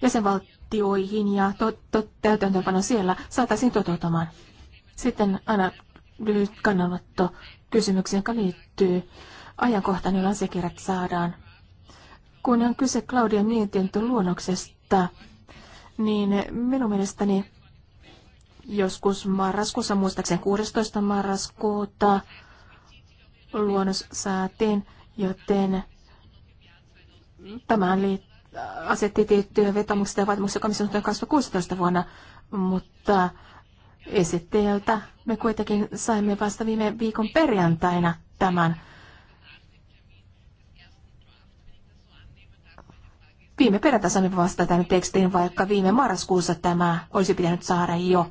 S4: jäsenvaltioihin ja to, to, täytäntöönpano siellä saataisiin toteutumaan? Sitten aina lyhyt kannanotto kysymykseen, joka liittyy ajankohtaan, jolloin asiakirjat saadaan. Kun on kyse Claudia mietintö luonnoksesta, vuotta, niin minun mielestäni joskus marraskuussa, muistaakseni 16. marraskuuta, luonnos saatiin, joten tämä asetti tiettyjä vetomuksia ja vaatimuksia komission 2016 vuonna, mutta esittäjältä me kuitenkin saimme vasta viime viikon perjantaina tämän Viime perjantaina vasta tämän tekstin, vaikka viime marraskuussa tämä olisi pitänyt saada jo.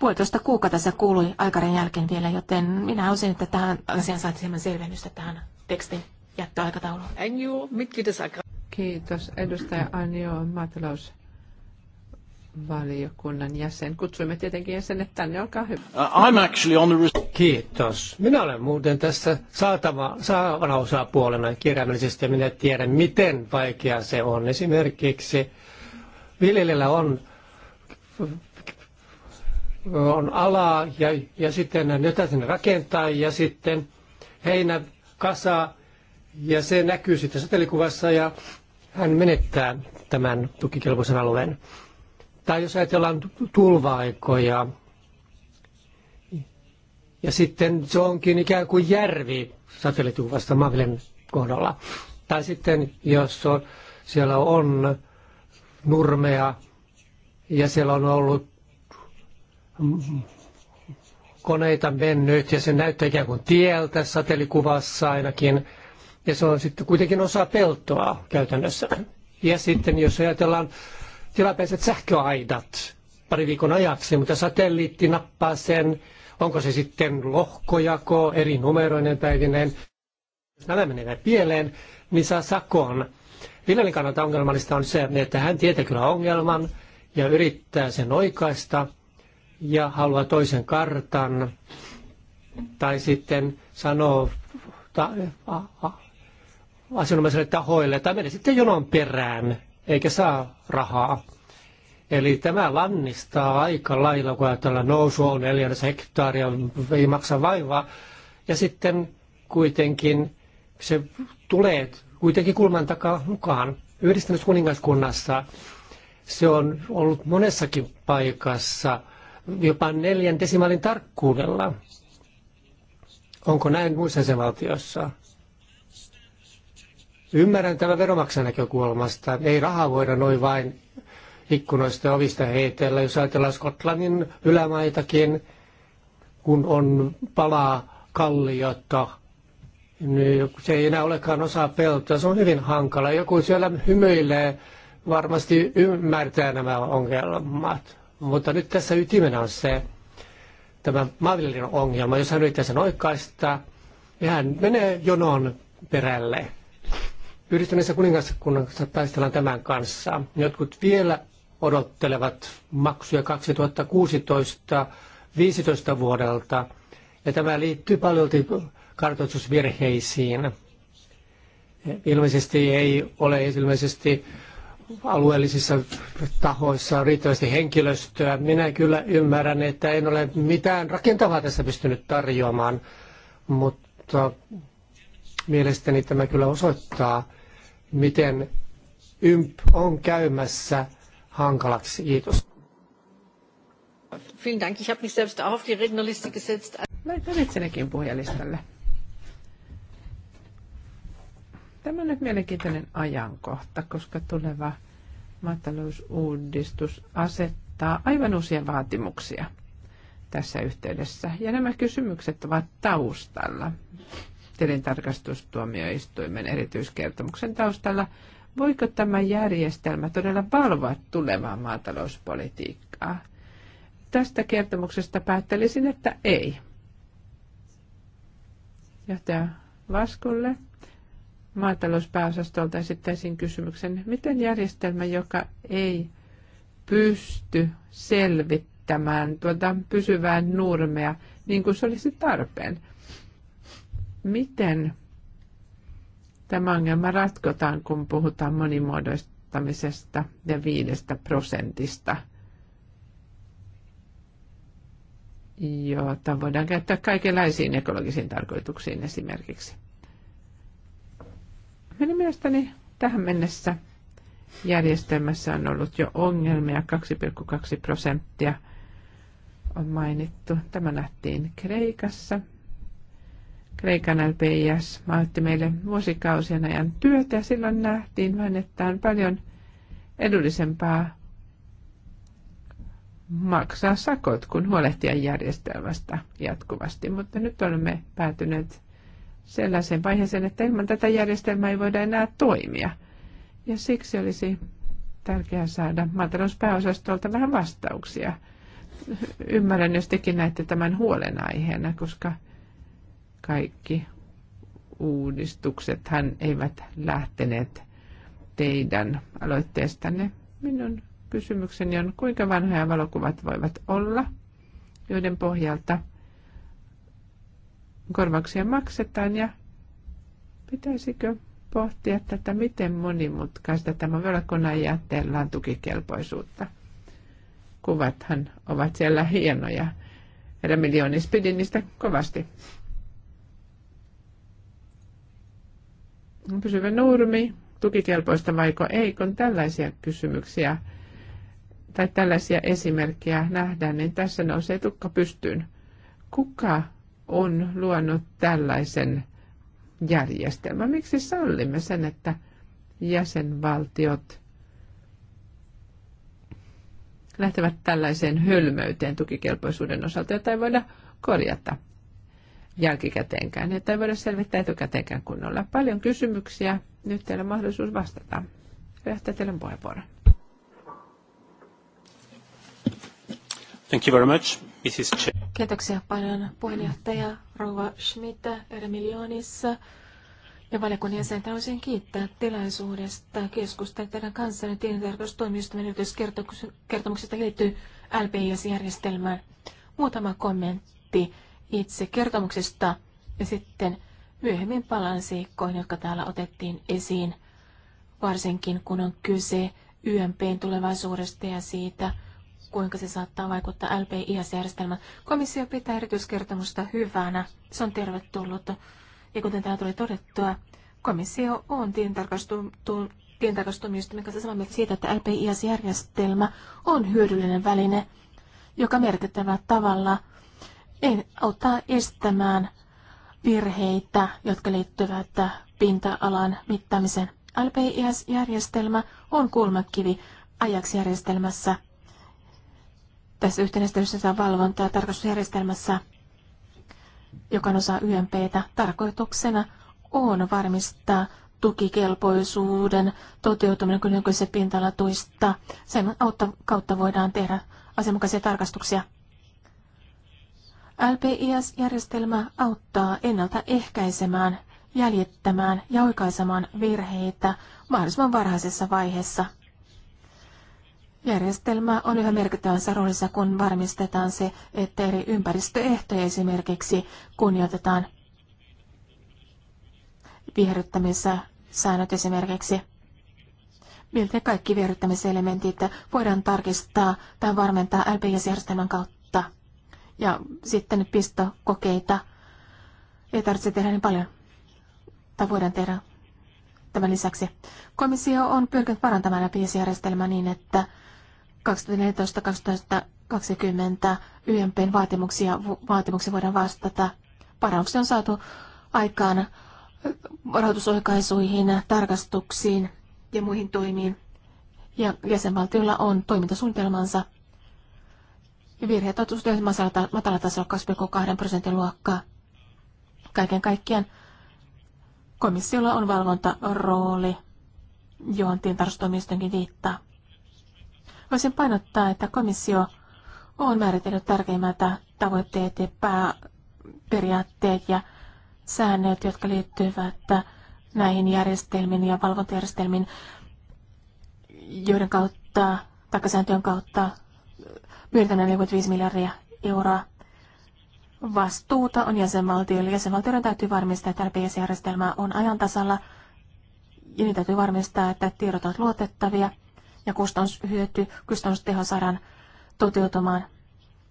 S4: Puolitoista kuukautta se kuului aikaren jälkeen vielä, joten minä haluaisin, että tähän asiaan saat hieman selvennystä tähän tekstin jättöaikatauluun.
S2: Kiitos. Edustaja Anjo on valiokunnan jäsen. Kutsuimme tietenkin jäsenet tänne, olkaa hyvä.
S5: Uh, I'm actually on the... Kiitos. Minä olen muuten tässä saatava, saavana osapuolena kirjaimellisesti ja minä tiedän, miten vaikea se on. Esimerkiksi viljelijällä on, on alaa ja, ja sitten jotain sen rakentaa ja sitten heinä kasaa ja se näkyy sitten satelikuvassa ja hän menettää tämän tukikelpoisen alueen. Tai jos ajatellaan tulva-aikoja, ja sitten se onkin ikään kuin järvi satelliituvasta Mavilen kohdalla. Tai sitten jos on, siellä on nurmea ja siellä on ollut koneita mennyt ja se näyttää ikään kuin tieltä satelliikuvassa ainakin. Ja se on sitten kuitenkin osa peltoa käytännössä. Ja sitten jos ajatellaan tilapäiset sähköaidat pari viikon ajaksi, mutta satelliitti nappaa sen, onko se sitten lohkojako, eri numeroinen päivinen. Jos nämä menevät pieleen, niin saa sakon. Viljelijän kannalta ongelmallista on se, että hän tietää kyllä ongelman ja yrittää sen oikaista ja haluaa toisen kartan tai sitten sanoo ta, a, a, asianomaiselle tahoille tai menee sitten jonon perään eikä saa rahaa. Eli tämä lannistaa aika lailla, kun ajatellaan nousu on neljännes hektaaria, ei maksa vaivaa. Ja sitten kuitenkin se tulee kuitenkin kulman takaa mukaan. Yhdistyneessä kuningaskunnassa se on ollut monessakin paikassa jopa neljän desimaalin tarkkuudella. Onko näin muissa jäsenvaltioissa? Ymmärrän tämän veromaksan näkökulmasta. Ei rahaa voida noin vain ikkunoista ja ovista heitellä. Jos ajatellaan Skotlannin ylämaitakin, kun on palaa kalliota, niin se ei enää olekaan osa peltoa. Se on hyvin hankala. Joku siellä hymyilee, varmasti ymmärtää nämä ongelmat. Mutta nyt tässä ytimenä on se, tämä maanviljelijän ongelma. Jos hän yrittää sen oikaista, niin hän menee jonon perälle. Yhdistyneessä kuningaskunnassa taistellaan tämän kanssa. Jotkut vielä odottelevat maksuja 2016 2015 vuodelta, ja tämä liittyy paljon kartoitusvirheisiin. Ilmeisesti ei ole ilmeisesti alueellisissa tahoissa riittävästi henkilöstöä. Minä kyllä ymmärrän, että en ole mitään rakentavaa tässä pystynyt tarjoamaan, mutta mielestäni tämä kyllä osoittaa, miten YMP on käymässä hankalaksi. Kiitos.
S1: Vielen Dank. Ich habe mich selbst auch auf die Rednerliste gesetzt. Laitan
S2: itsenäkin puhujalistalle. Tämä on nyt mielenkiintoinen ajankohta, koska tuleva maatalousuudistus asettaa aivan uusia vaatimuksia tässä yhteydessä. Ja nämä kysymykset ovat taustalla tilintarkastustuomioistuimen erityiskertomuksen taustalla. Voiko tämä järjestelmä todella valvoa tulevaa maatalouspolitiikkaa? Tästä kertomuksesta päättelisin, että ei. Johtaja Vaskulle maatalouspääosastolta esittäisin kysymyksen, miten järjestelmä, joka ei pysty selvittämään tuota pysyvää nurmea niin kuin se olisi tarpeen – Miten tämä ongelma ratkotaan, kun puhutaan monimuodoistamisesta ja viidestä prosentista, jota voidaan käyttää kaikenlaisiin ekologisiin tarkoituksiin esimerkiksi. Minun mielestäni tähän mennessä järjestelmässä on ollut jo ongelmia, 2,2 prosenttia on mainittu. Tämä nähtiin Kreikassa Kreikan LPIS mahti meille vuosikausien ajan työtä ja silloin nähtiin vain, että on paljon edullisempaa maksaa sakot kuin huolehtia järjestelmästä jatkuvasti. Mutta nyt olemme päätyneet sellaiseen vaiheeseen, että ilman tätä järjestelmää ei voida enää toimia. Ja siksi olisi tärkeää saada maatalouspääosastolta vähän vastauksia. Ymmärrän, jos tekin näette tämän huolenaiheena, koska – kaikki uudistuksethan eivät lähteneet teidän aloitteestanne. Minun kysymykseni on, kuinka vanhoja valokuvat voivat olla, joiden pohjalta korvauksia maksetaan ja pitäisikö pohtia tätä, miten monimutkaista tämä voi olla, kun ajatellaan tukikelpoisuutta. Kuvathan ovat siellä hienoja. Herra miljoonis pidin niistä kovasti. pysyvä nurmi, tukikelpoista vaiko ei, kun tällaisia kysymyksiä tai tällaisia esimerkkejä nähdään, niin tässä nousee tukka pystyyn. Kuka on luonut tällaisen järjestelmän? Miksi sallimme sen, että jäsenvaltiot lähtevät tällaiseen hölmöyteen tukikelpoisuuden osalta, jota ei voida korjata? jälkikäteenkään. Että ei voida selvittää etukäteenkään kunnolla. Paljon kysymyksiä. Nyt teillä on mahdollisuus vastata. Johtaja teille puheenvuoron.
S3: Thank you very much. This is
S4: Kiitoksia paljon puheenjohtaja Rova Schmidt Miljoonissa ja valiokunnan jäsen haluaisin kiittää tilaisuudesta keskustella teidän kanssanne tilintarkastustoimistomen yhteiskertomuksesta liittyy LPIS-järjestelmään. Muutama kommentti itse kertomuksesta ja sitten myöhemmin palaan seikkoihin, jotka täällä otettiin esiin, varsinkin kun on kyse YMPn tulevaisuudesta ja siitä, kuinka se saattaa vaikuttaa LPIS-järjestelmään. Komissio pitää erityiskertomusta hyvänä. Se on tervetullut. Ja kuten täällä tuli todettua, komissio on mikä kanssa samaa siitä, että LPIS-järjestelmä on hyödyllinen väline, joka merkittävällä tavalla – auttaa estämään virheitä, jotka liittyvät pinta-alan mittaamiseen. LPIS-järjestelmä on kulmakivi ajaksjärjestelmässä. Tässä yhtenäistyössä valvonta- ja tarkastusjärjestelmässä, joka on osa YMPtä, tarkoituksena on varmistaa tukikelpoisuuden toteutuminen kun nykyisen pinta-alatuista. Sen kautta voidaan tehdä asianmukaisia tarkastuksia. LPIS-järjestelmä auttaa ennaltaehkäisemään, jäljittämään ja oikaisemaan virheitä mahdollisimman varhaisessa vaiheessa. Järjestelmä on yhä merkittävässä roolissa, kun varmistetaan se, että eri ympäristöehtoja esimerkiksi kunnioitetaan viherryttämissä säännöt esimerkiksi. Miltei kaikki viherryttämiselementit voidaan tarkistaa tai varmentaa LPS-järjestelmän kautta ja sitten pistokokeita ei tarvitse tehdä niin paljon, tai voidaan tehdä tämän lisäksi. Komissio on pyrkinyt parantamaan läpiesijärjestelmää niin, että 2014-2020 YMPn vaatimuksia, vaatimuksia voidaan vastata. Parannuksia on saatu aikaan rahoitusoikaisuihin, tarkastuksiin ja muihin toimiin. Ja jäsenvaltiolla on toimintasuunnitelmansa ja virheet ovat usein matalalla tasolla 2,2 prosentin luokkaa. Kaiken kaikkiaan komissiolla on valvontarooli, johon tilintarkastustoimistokin viittaa. Voisin painottaa, että komissio on määritellyt tärkeimmät tavoitteet ja pääperiaatteet ja säännöt, jotka liittyvät näihin järjestelmiin ja valvontajärjestelmiin, joiden kautta, takasääntöjen kautta pyydetään 45 miljardia euroa vastuuta on jäsenvaltioille. Jäsenvaltioiden täytyy varmistaa, että RPS-järjestelmä on ajan tasalla ja niin täytyy varmistaa, että tiedot ovat luotettavia ja kustannushyöty, kustannusteho saadaan toteutumaan.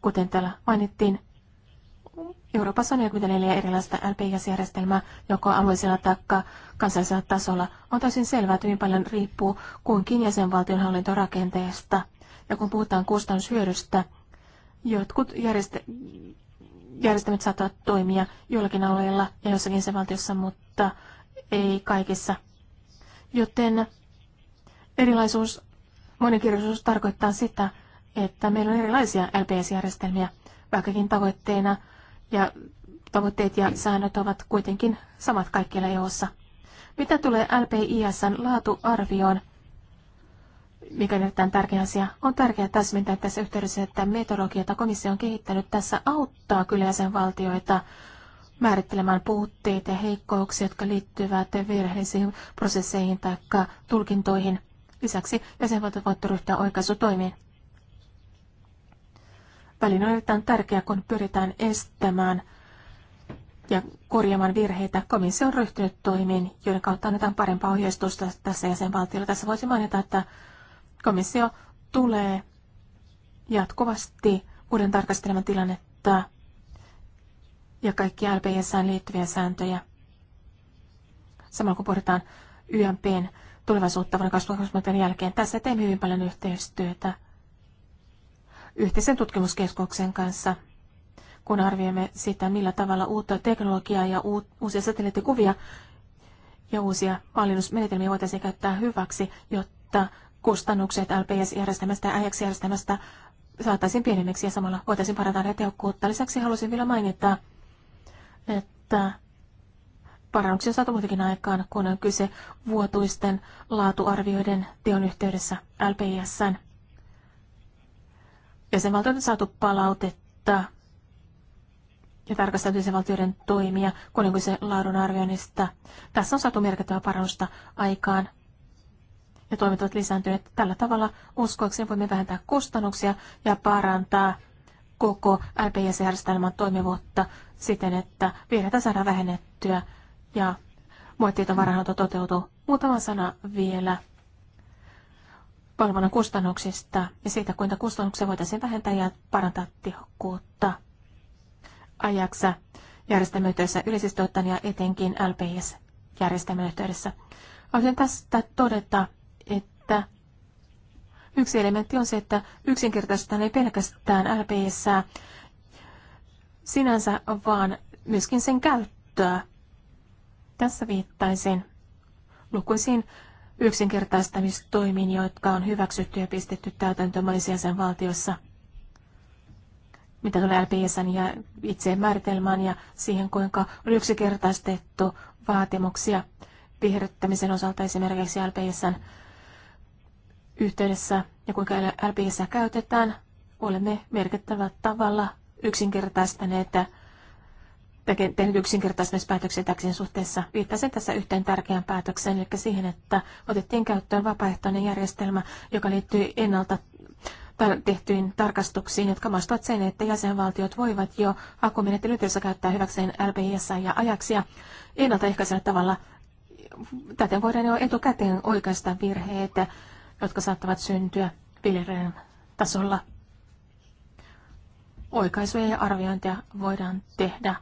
S4: Kuten täällä mainittiin, Euroopassa on 44 erilaista LPS-järjestelmää, joko alueellisella tai kansallisella tasolla. On täysin selvää, että hyvin paljon riippuu kunkin jäsenvaltion hallintorakenteesta – ja kun puhutaan kustannushyödystä, jotkut järjestä, järjestelmät saattavat toimia jollakin alueella ja jossakin se valtiossa, mutta ei kaikissa. Joten erilaisuus, monikirjallisuus tarkoittaa sitä, että meillä on erilaisia LPS-järjestelmiä, vaikkakin tavoitteena ja tavoitteet ja säännöt ovat kuitenkin samat kaikkialla EU:ssa. Mitä tulee LPISn laatuarvioon, mikä nyt on tärkeä asia, on tärkeää täsmentää tässä yhteydessä, että metodologia, jota komissio on kehittänyt, tässä auttaa kyllä jäsenvaltioita määrittelemään puutteet ja heikkouksia, jotka liittyvät virheisiin prosesseihin tai tulkintoihin. Lisäksi jäsenvaltio voi ryhtyä oikaisutoimiin. Väline on erittäin tärkeä, kun pyritään estämään ja korjaamaan virheitä. Komissio on ryhtynyt toimiin, joiden kautta annetaan parempaa ohjeistusta tässä jäsenvaltiolla. Tässä voisi mainita, että Komissio tulee jatkuvasti uuden tarkastelemaan tilannetta ja kaikki LPSään liittyviä sääntöjä. Samalla kun pohditaan YMPn tulevaisuutta vuoden 2020 jälkeen, tässä teemme hyvin paljon yhteistyötä yhteisen tutkimuskeskuksen kanssa, kun arvioimme sitä, millä tavalla uutta teknologiaa ja uusia satelliittikuvia ja uusia valinnusmenetelmiä voitaisiin käyttää hyväksi, jotta kustannukset LPS-järjestelmästä ja AX-järjestelmästä saataisiin pienemmiksi ja samalla voitaisiin parantaa tehokkuutta. Lisäksi haluaisin vielä mainita, että parannuksia on saatu muutenkin aikaan, kun on kyse vuotuisten laatuarvioiden teon yhteydessä LPISn. Jäsenvaltioiden on saatu palautetta ja tarkasteltu jäsenvaltioiden toimia, kun on kyse laadunarvioinnista. Tässä on saatu merkittävää parannusta aikaan ja toimet ovat lisääntyneet. Tällä tavalla uskoakseni voimme vähentää kustannuksia ja parantaa koko LPS-järjestelmän toimivuutta siten, että vihreitä saadaan vähennettyä ja muotieton toteutuu. Muutama sana vielä valvonnan kustannuksista ja siitä, kuinka kustannuksia voitaisiin vähentää ja parantaa tehokkuutta ajaksa järjestelmäyhteydessä yleisesti ottaen ja etenkin LPS-järjestelmäyhteydessä. Haluaisin tästä todeta, että yksi elementti on se, että yksinkertaistetaan ei pelkästään LPS sinänsä, vaan myöskin sen käyttöä. Tässä viittaisin lukuisiin yksinkertaistamistoimiin, jotka on hyväksytty ja pistetty täytäntöön monissa jäsenvaltioissa. Mitä tulee LPSn ja itse määritelmään ja siihen, kuinka on yksinkertaistettu vaatimuksia viherryttämisen osalta esimerkiksi LPSn yhteydessä ja kuinka LPIssä käytetään, olemme merkittävällä tavalla yksinkertaistaneet tehnyt päätöksiä taksin suhteessa. Viittasin tässä yhteen tärkeään päätökseen, eli siihen, että otettiin käyttöön vapaaehtoinen järjestelmä, joka liittyy ennalta tehtyihin tarkastuksiin, jotka mahdollistavat sen, että jäsenvaltiot voivat jo hakumenettelytyössä käyttää hyväkseen LPIS ja ajaksi ja ennaltaehkäisellä tavalla. Täten voidaan jo etukäteen oikeastaan virheitä jotka saattavat syntyä viljelijöiden tasolla. Oikaisuja ja arviointia voidaan tehdä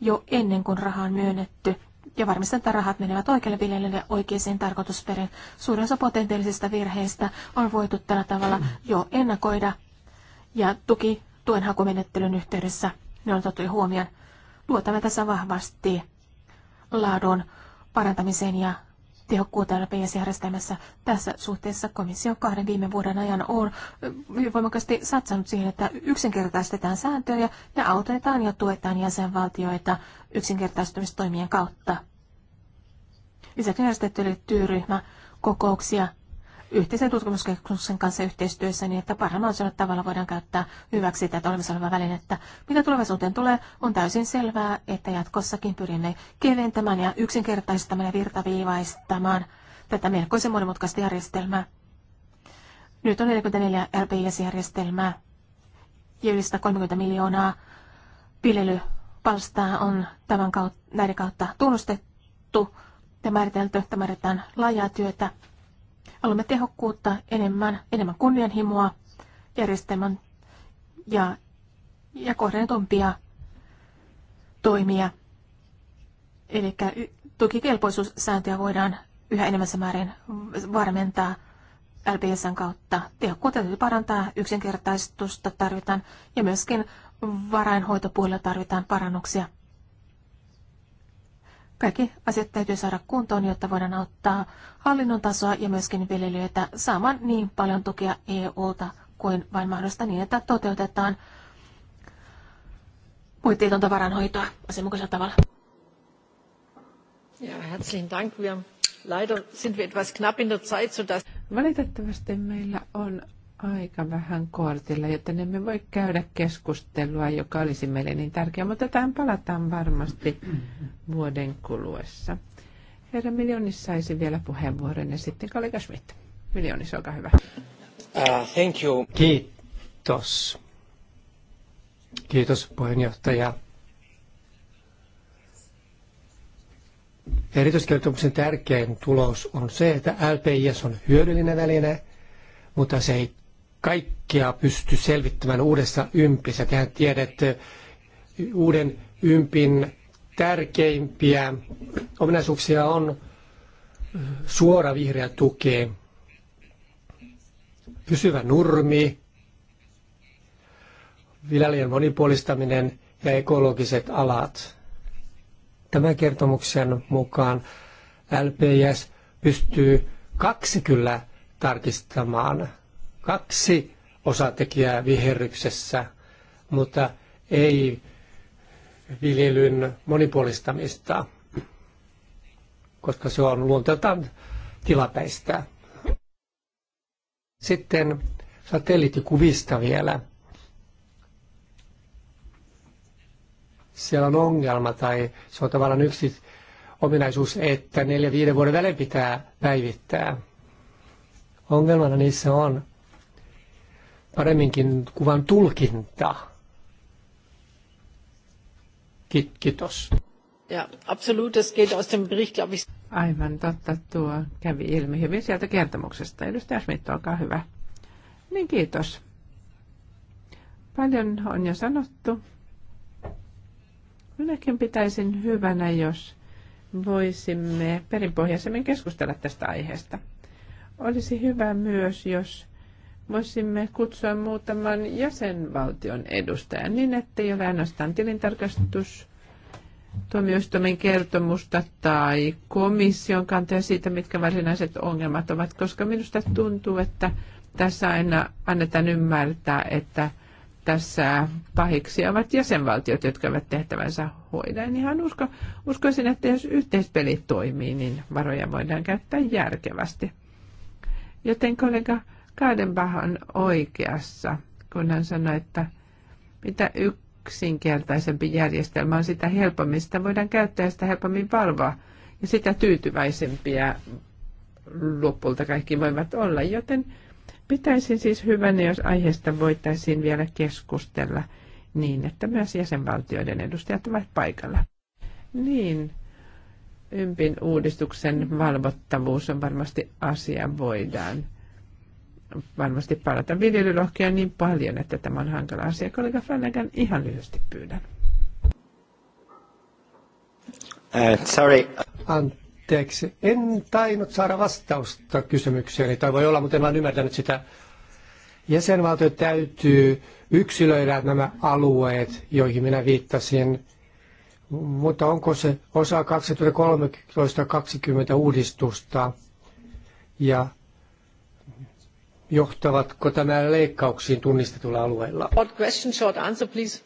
S4: jo ennen kuin raha on myönnetty ja varmistetaan, että rahat menevät oikealle viljelijälle oikeisiin tarkoitusperin Suurin osa potentiaalisista virheistä on voitu tällä tavalla jo ennakoida ja tuki tuen hakumenettelyn yhteydessä ne on otettu huomioon. Luotamme tässä vahvasti laadun parantamiseen ja tehokkuutta LPS-järjestelmässä. Tässä suhteessa komissio on kahden viime vuoden ajan on hyvin voimakkaasti satsannut siihen, että yksinkertaistetaan sääntöjä ja autetaan ja tuetaan jäsenvaltioita yksinkertaistumistoimien kautta. Lisäksi järjestetty työryhmä kokouksia yhteisen tutkimuskeskuksen kanssa yhteistyössä niin, että parhaimmalla tavalla voidaan käyttää hyväksi tätä olemassa olevaa välinettä. Mitä tulevaisuuteen tulee, on täysin selvää, että jatkossakin pyrimme keventämään ja yksinkertaistamaan ja virtaviivaistamaan tätä melkoisen monimutkaista järjestelmää. Nyt on 44 RPIS-järjestelmää ja yli 130 miljoonaa viljelypalstaa on tämän kautta, näiden kautta tunnustettu ja määritelty, Tämä määritetään laajaa työtä Haluamme tehokkuutta, enemmän, enemmän kunnianhimoa järjestelmän ja, ja kohdennetumpia toimia. Eli tukikelpoisuussääntöjä voidaan yhä enemmän määrin varmentaa LPSn kautta. Tehokkuutta täytyy parantaa, yksinkertaistusta tarvitaan ja myöskin varainhoitopuolella tarvitaan parannuksia. Kaikki asiat täytyy saada kuntoon, jotta voidaan auttaa hallinnon tasoa ja myöskin viljelijöitä saamaan niin paljon tukea EUlta kuin vain mahdollista niin, että toteutetaan puitteetonta varanhoitoa asianmukaisella tavalla.
S1: Ja, herzlichen Dank. Wir leider sind wir etwas knapp in der Zeit, sodass...
S2: Valitettavasti meillä on aika vähän kortilla, joten emme voi käydä keskustelua, joka olisi meille niin tärkeä, mutta tähän palataan varmasti vuoden kuluessa. Herra Miljonis saisi vielä puheenvuoron ja sitten kollega Schmidt. Miljonis, olkaa hyvä.
S5: Uh, thank you. Kiitos. Kiitos puheenjohtaja. Erityiskertomuksen tärkein tulos on se, että LPIS on hyödyllinen väline, mutta se ei kaikkea pysty selvittämään uudessa ympissä. Tehän tiedät uuden ympin tärkeimpiä ominaisuuksia on suora vihreä tuki, pysyvä nurmi, viljelijän monipuolistaminen ja ekologiset alat. Tämän kertomuksen mukaan LPS pystyy kaksi kyllä tarkistamaan kaksi osatekijää viherryksessä, mutta ei viljelyn monipuolistamista, koska se on luonteeltaan tilapäistä. Sitten satelliittikuvista vielä. Siellä on ongelma tai se on tavallaan yksi ominaisuus, että neljä viiden vuoden välein pitää päivittää. Ongelmana niissä on, paremminkin kuvan tulkinta. Kiitos.
S1: Ja, absolut, das geht aus dem Bericht, glaube ich.
S2: Aivan totta, tuo kävi ilmi hyvin sieltä kertomuksesta. Edustaja Schmidt, olkaa hyvä. Niin, kiitos. Paljon on jo sanottu. Minäkin pitäisin hyvänä, jos voisimme perinpohjaisemmin keskustella tästä aiheesta. Olisi hyvä myös, jos voisimme kutsua muutaman jäsenvaltion edustajan niin, että ei ole ainoastaan tilintarkastus tuomioistuimen kertomusta tai komission kantaa siitä, mitkä varsinaiset ongelmat ovat, koska minusta tuntuu, että tässä aina annetaan ymmärtää, että tässä pahiksi ovat jäsenvaltiot, jotka ovat tehtävänsä hoida. En ihan usko, uskoisin, että jos yhteispeli toimii, niin varoja voidaan käyttää järkevästi. Joten kollega Kaadenbach on oikeassa, kun hän sanoi, että mitä yksinkertaisempi järjestelmä on, sitä helpommin sitä voidaan käyttää ja sitä helpommin valvoa. Ja sitä tyytyväisempiä lopulta kaikki voivat olla, joten pitäisin siis hyvänä, jos aiheesta voitaisiin vielä keskustella niin, että myös jäsenvaltioiden edustajat ovat paikalla. Niin, ympin uudistuksen valvottavuus on varmasti asia voidaan varmasti palata viljelylohkeen niin paljon, että tämä
S5: on hankala asia. Kollega Flanagan, ihan lyhyesti pyydän.
S6: Uh, sorry.
S5: Anteeksi, en tainnut saada vastausta kysymykseen, tai voi olla, mutta en vaan ymmärtänyt sitä. Jäsenvaltio täytyy yksilöidä nämä alueet, joihin minä viittasin, mutta onko se osa 2013-2020 uudistusta? Ja johtavatko tämä leikkauksiin tunnistetulla alueella? Short question, short answer, please.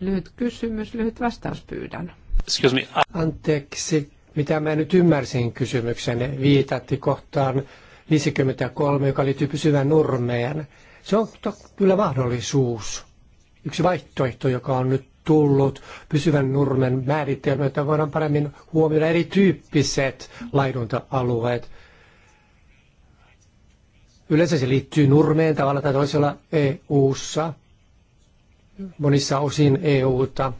S5: Lyhyt kysymys, lyhyt vastaus pyydän. Excuse me. Anteeksi, mitä mä nyt ymmärsin kysymyksen, viitatti kohtaan 53, joka liittyy pysyvän nurmeen. Se on kyllä mahdollisuus. Yksi vaihtoehto, joka on nyt tullut pysyvän nurmen määritelmä, että voidaan paremmin huomioida erityyppiset laidunta-alueet – Yleensä se liittyy nurmeen tavalla tai toisella EU-ssa, monissa osin EUta.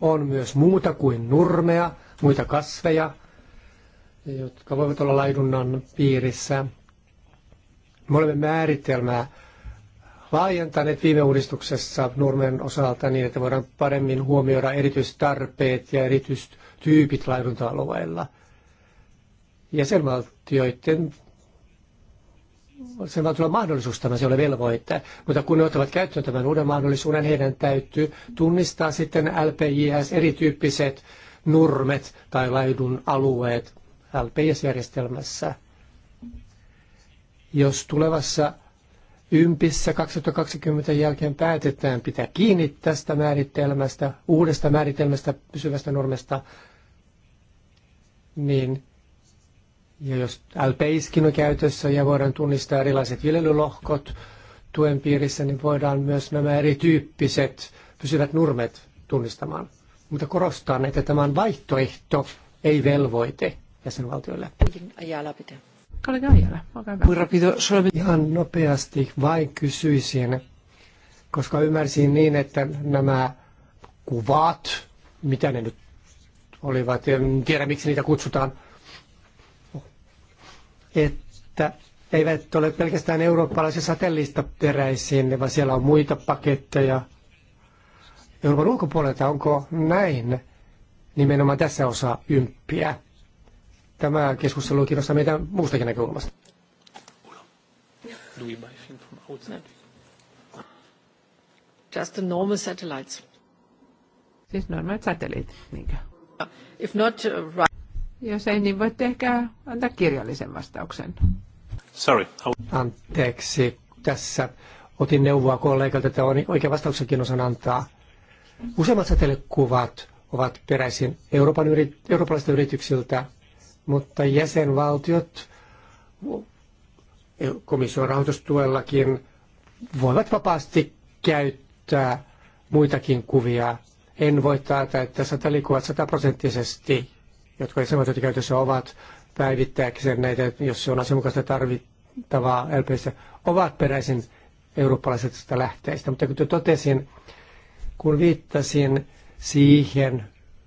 S5: On myös muuta kuin nurmea, muita kasveja, jotka voivat olla laidunnan piirissä. Me olemme määritelmää laajentaneet viime uudistuksessa nurmen osalta niin, että voidaan paremmin huomioida erityistarpeet ja erityistyypit laidunta-alueilla. Jäsenvaltioiden se on tulla mahdollisuus, tämä se ole velvoite. Mutta kun ne ottavat käyttöön tämän uuden mahdollisuuden, heidän täytyy tunnistaa sitten LPIS erityyppiset nurmet tai laidun alueet LPIS-järjestelmässä. Jos tulevassa ympissä 2020 jälkeen päätetään pitää kiinni tästä määritelmästä, uudesta määritelmästä, pysyvästä normesta, niin ja jos LPIskin on käytössä ja voidaan tunnistaa erilaiset viljelylohkot tuen piirissä, niin voidaan myös nämä erityyppiset pysyvät nurmet tunnistamaan. Mutta korostan, että tämä on vaihtoehto, ei velvoite jäsenvaltioille. pitää. Ihan nopeasti vain kysyisin, koska ymmärsin niin, että nämä kuvat, mitä ne nyt olivat, en tiedä miksi niitä kutsutaan, että eivät ole pelkästään eurooppalaisia satelliista peräisin, vaan siellä on muita paketteja Euroopan ulkopuolelta. Onko näin nimenomaan tässä osa ymppiä? Tämä keskustelu kiinnostaa meitä muustakin näkökulmasta.
S1: Just the normal satellites.
S2: Siis normaalit satelliit, niinkö? If not, uh, right. Jos ei, niin voitte ehkä antaa kirjallisen
S5: vastauksen. Sorry. Anteeksi, tässä otin neuvoa kollegalta, että oikea vastauksenkin osan antaa. Useimmat säteilekuvat ovat peräisin Euroopan yri- eurooppalaisilta yrityksiltä, mutta jäsenvaltiot e, komission rahoitustuellakin voivat vapaasti käyttää muitakin kuvia. En voi taata, että satelikuvat sataprosenttisesti jotka jäsenvaltiot käytössä ovat päivittääkseen näitä, jos se on asianmukaista tarvittavaa LPS, ovat peräisin eurooppalaisesta lähteistä. Mutta kuten totesin, kun viittasin siihen,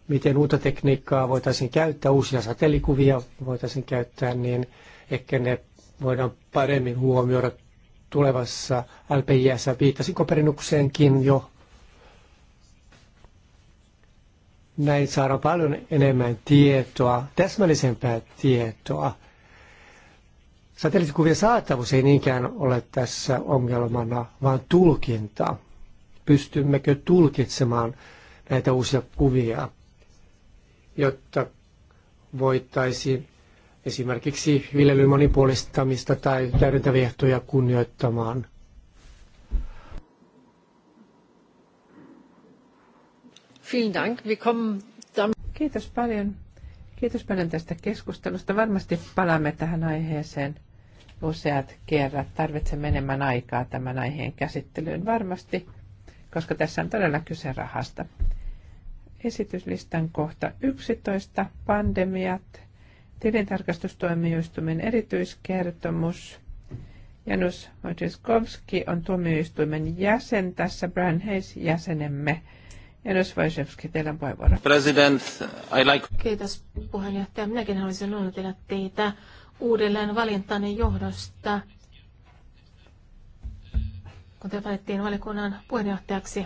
S5: miten uutta tekniikkaa voitaisiin käyttää, uusia satellikuvia voitaisiin käyttää, niin ehkä ne voidaan paremmin huomioida tulevassa LPIS. Viittasin koperennukseenkin jo Näin saadaan paljon enemmän tietoa, täsmällisempää tietoa. Satelliittikuvien saatavuus ei niinkään ole tässä ongelmana, vaan tulkinta. Pystymmekö tulkitsemaan näitä uusia kuvia, jotta voitaisiin esimerkiksi viljelyn monipuolistamista tai täydentäviehtoja kunnioittamaan.
S2: Vielen Dank. Wir kommen Kiitos paljon. Kiitos paljon tästä keskustelusta. Varmasti palaamme tähän aiheeseen useat kerrat. Tarvitsemme enemmän aikaa tämän aiheen käsittelyyn varmasti, koska tässä on todella kyse rahasta. Esityslistan kohta 11. Pandemiat. Tilintarkastustuomioistuimen erityiskertomus. Janus Wojciechowski on tuomioistuimen jäsen tässä, Brian Hayes jäsenemme.
S3: President, I like...
S4: Kiitos puheenjohtaja. Minäkin haluaisin onnitella teitä uudelleen valintanne johdosta, kun te valittiin valikunnan puheenjohtajaksi.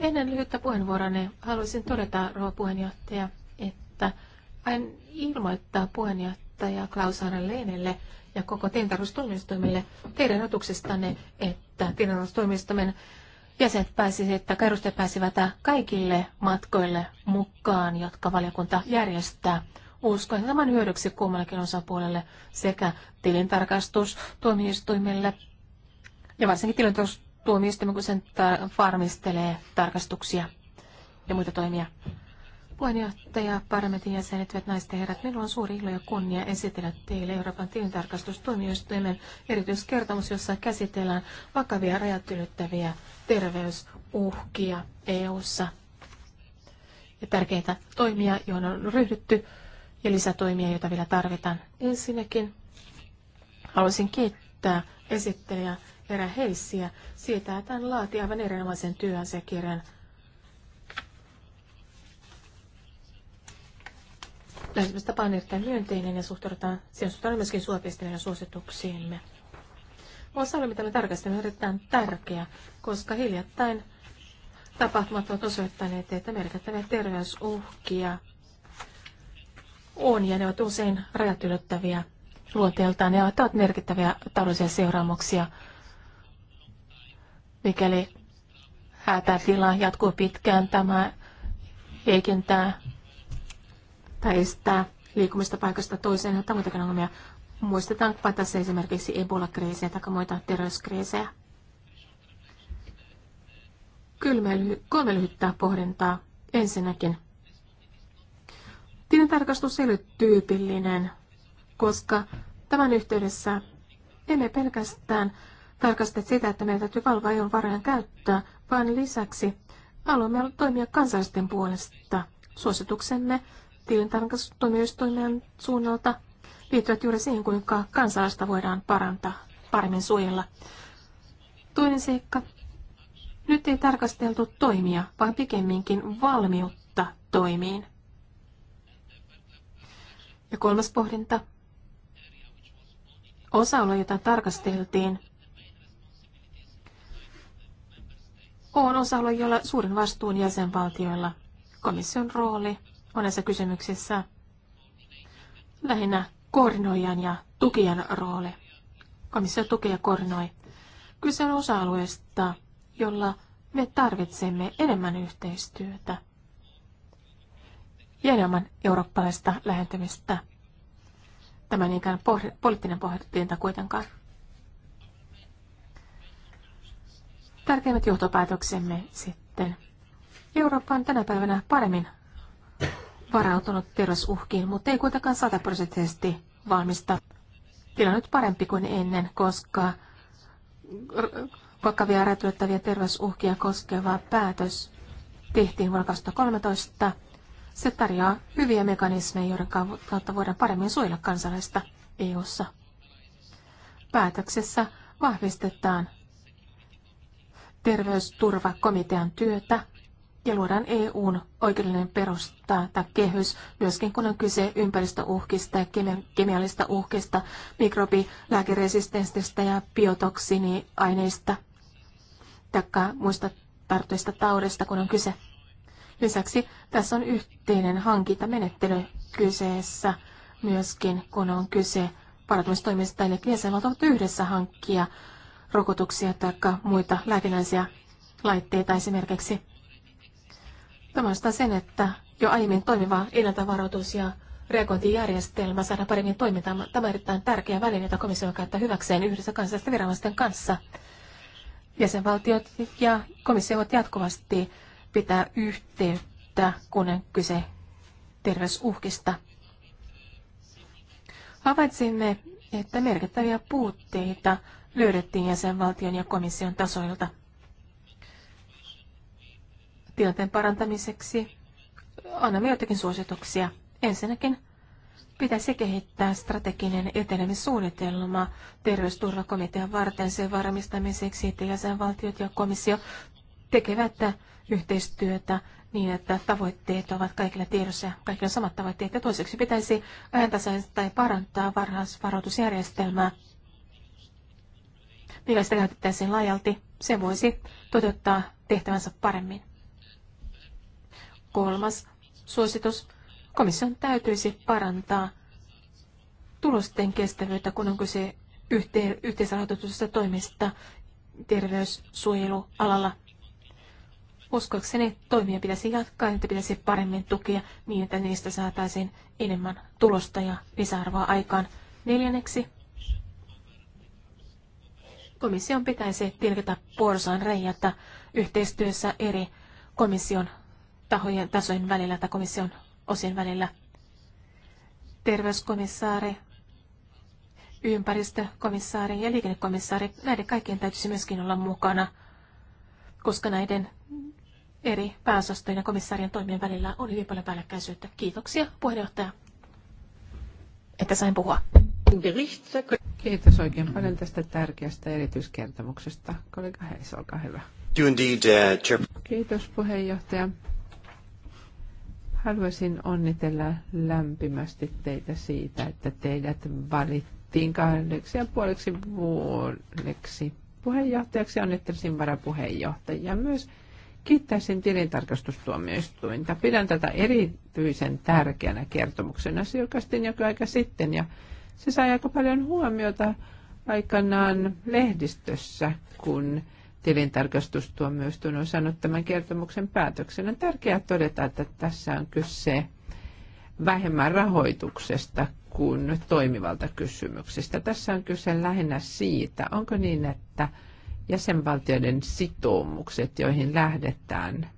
S4: Ennen lyhyttä puheenvuoronne haluaisin todeta, rouva puheenjohtaja, että ain ilmoittaa puheenjohtaja Klaus Leinelle ja koko tintarustoimistoimille teidän otuksestanne, että tintarustoimistoimen jäsenet pääsisivät, että edustajat pääsivät kaikille matkoille mukaan, jotka valiokunta järjestää. Uskon, että tämän hyödyksi kummallekin osapuolelle sekä tilintarkastus ja varsinkin tilintarkastus kun sen tar- varmistelee tarkastuksia ja muita toimia. Puheenjohtaja, parlamentin jäsenet, hyvät naiset ja herrat, minulla on suuri ilo ja kunnia esitellä teille Euroopan tilintarkastustuomioistuimen erityiskertomus, jossa käsitellään vakavia rajat ylittäviä terveysuhkia EU-ssa ja tärkeitä toimia, joihin on ryhdytty ja lisätoimia, joita vielä tarvitaan. Ensinnäkin haluaisin kiittää esittelijä Erä Heissiä siitä, että hän laati aivan erinomaisen työasiakirjan – lähestymistapa on erittäin myönteinen ja suhtaudutaan, siihen suhtaudutaan myöskin suopistelujen suosituksiimme. Osalle, mitä me tarkastelemme, on erittäin tärkeä, koska hiljattain tapahtumat ovat osoittaneet, että merkittäviä terveysuhkia on ja ne ovat usein rajat ylittäviä luonteeltaan. ja ovat merkittäviä taloudellisia seuraamuksia, mikäli hätätila jatkuu pitkään. Tämä heikentää tai estää liikkumista paikasta toiseen, mutta muitakin ongelmia. muistetaan tässä esimerkiksi Ebola-kriisiä tai muita terveyskriisejä. Kolme lyhyttä pohdintaa. Ensinnäkin, tilintarkastus ei ole tyypillinen, koska tämän yhteydessä emme pelkästään tarkasta sitä, että meidän täytyy valvoa EUn varojen käyttöä, vaan lisäksi haluamme toimia kansallisten puolesta. Suosituksemme tilintarkastustuomioistuimen suunnalta liittyvät juuri siihen, kuinka kansalaista voidaan parantaa, paremmin suojella. Toinen seikka. Nyt ei tarkasteltu toimia, vaan pikemminkin valmiutta toimiin. Ja kolmas pohdinta. Osa-alue, jota tarkasteltiin, on osa-alue, jolla suurin vastuun jäsenvaltioilla komission rooli – monessa kysymyksessä lähinnä koordinoijan ja tukijan rooli. Komissio tukee ja koordinoi. Kyse on osa-alueesta, jolla me tarvitsemme enemmän yhteistyötä ja enemmän eurooppalaista lähentymistä. Tämä niinkään pohd- poliittinen pohdinta kuitenkaan. Tärkeimmät johtopäätöksemme sitten. Eurooppa on tänä päivänä paremmin varautunut terrorisuhkiin, mutta ei kuitenkaan sataprosenttisesti valmista. Tilanne on parempi kuin ennen, koska vakavia räätylöttäviä terveysuhkia koskeva päätös tehtiin vuonna 2013. Se tarjoaa hyviä mekanismeja, joiden kautta voidaan paremmin suojella kansalaista EU-ssa. Päätöksessä vahvistetaan terveysturvakomitean työtä ja luodaan EUn oikeudellinen perusta tai kehys, myöskin kun on kyse ympäristöuhkista ja kemiallista uhkista, mikrobilääkeresistenssistä ja biotoksiniaineista tai muista tartuista taudista, kun on kyse. Lisäksi tässä on yhteinen hankintamenettely kyseessä myöskin, kun on kyse parantumistoimista, eli jäsenvaltiot ovat yhdessä hankkia rokotuksia tai muita lääkinnällisiä laitteita esimerkiksi Tämä sen, että jo aiemmin toimiva ennaltavaroitus ja reagointijärjestelmä saada paremmin toimintaan. Tämä on erittäin tärkeä väline, jota komissio käyttää hyväkseen yhdessä kansallisten viranomaisten kanssa. Jäsenvaltiot ja komissio voivat jatkuvasti pitää yhteyttä, kun on kyse terveysuhkista. Havaitsimme, että merkittäviä puutteita löydettiin jäsenvaltion ja komission tasoilta tilanteen parantamiseksi annamme joitakin suosituksia. Ensinnäkin pitäisi kehittää strateginen etenemissuunnitelma terveysturvakomitean varten sen varmistamiseksi, että jäsenvaltiot ja komissio tekevät yhteistyötä niin, että tavoitteet ovat kaikilla tiedossa ja kaikilla samat tavoitteet. Ja toiseksi pitäisi ajantasaista tai parantaa varhaisvaroitusjärjestelmää. Millaista käytettäisiin laajalti, se voisi toteuttaa tehtävänsä paremmin. Kolmas suositus. Komission täytyisi parantaa tulosten kestävyyttä, kun on kyse yhteen, yhteisrahoitetusta toimista terveyssuojelualalla. Uskoakseni toimia pitäisi jatkaa, että pitäisi paremmin tukea niin, että niistä saataisiin enemmän tulosta ja lisäarvoa aikaan. Neljänneksi, komission pitäisi tilkata porsaan reijätä yhteistyössä eri komission tahojen tasojen välillä tai komission osien välillä. Terveyskomissaari, ympäristökomissaari ja liikennekomissaari, näiden kaikkien täytyisi myöskin olla mukana, koska näiden eri pääosastojen ja komissaarien toimien välillä on hyvin paljon päällekkäisyyttä. Kiitoksia puheenjohtaja, että sain puhua.
S2: Kiitos oikein paljon tästä tärkeästä erityiskertomuksesta. Kollega Heis, olkaa hyvä.
S7: Uh,
S2: Kiitos puheenjohtaja. Haluaisin onnitella lämpimästi teitä siitä, että teidät valittiin kahdeksi ja puoleksi vuodeksi puheenjohtajaksi. Onnittelisin varapuheenjohtajia myös. Kiittäisin tilintarkastustuomioistuinta. Pidän tätä erityisen tärkeänä kertomuksena. Se julkaistiin joku aika sitten ja se sai aika paljon huomiota aikanaan lehdistössä, kun tuon on saanut tämän kertomuksen päätöksen. On tärkeää todeta, että tässä on kyse vähemmän rahoituksesta kuin toimivalta kysymyksistä. Tässä on kyse lähinnä siitä, onko niin, että jäsenvaltioiden sitoumukset, joihin lähdetään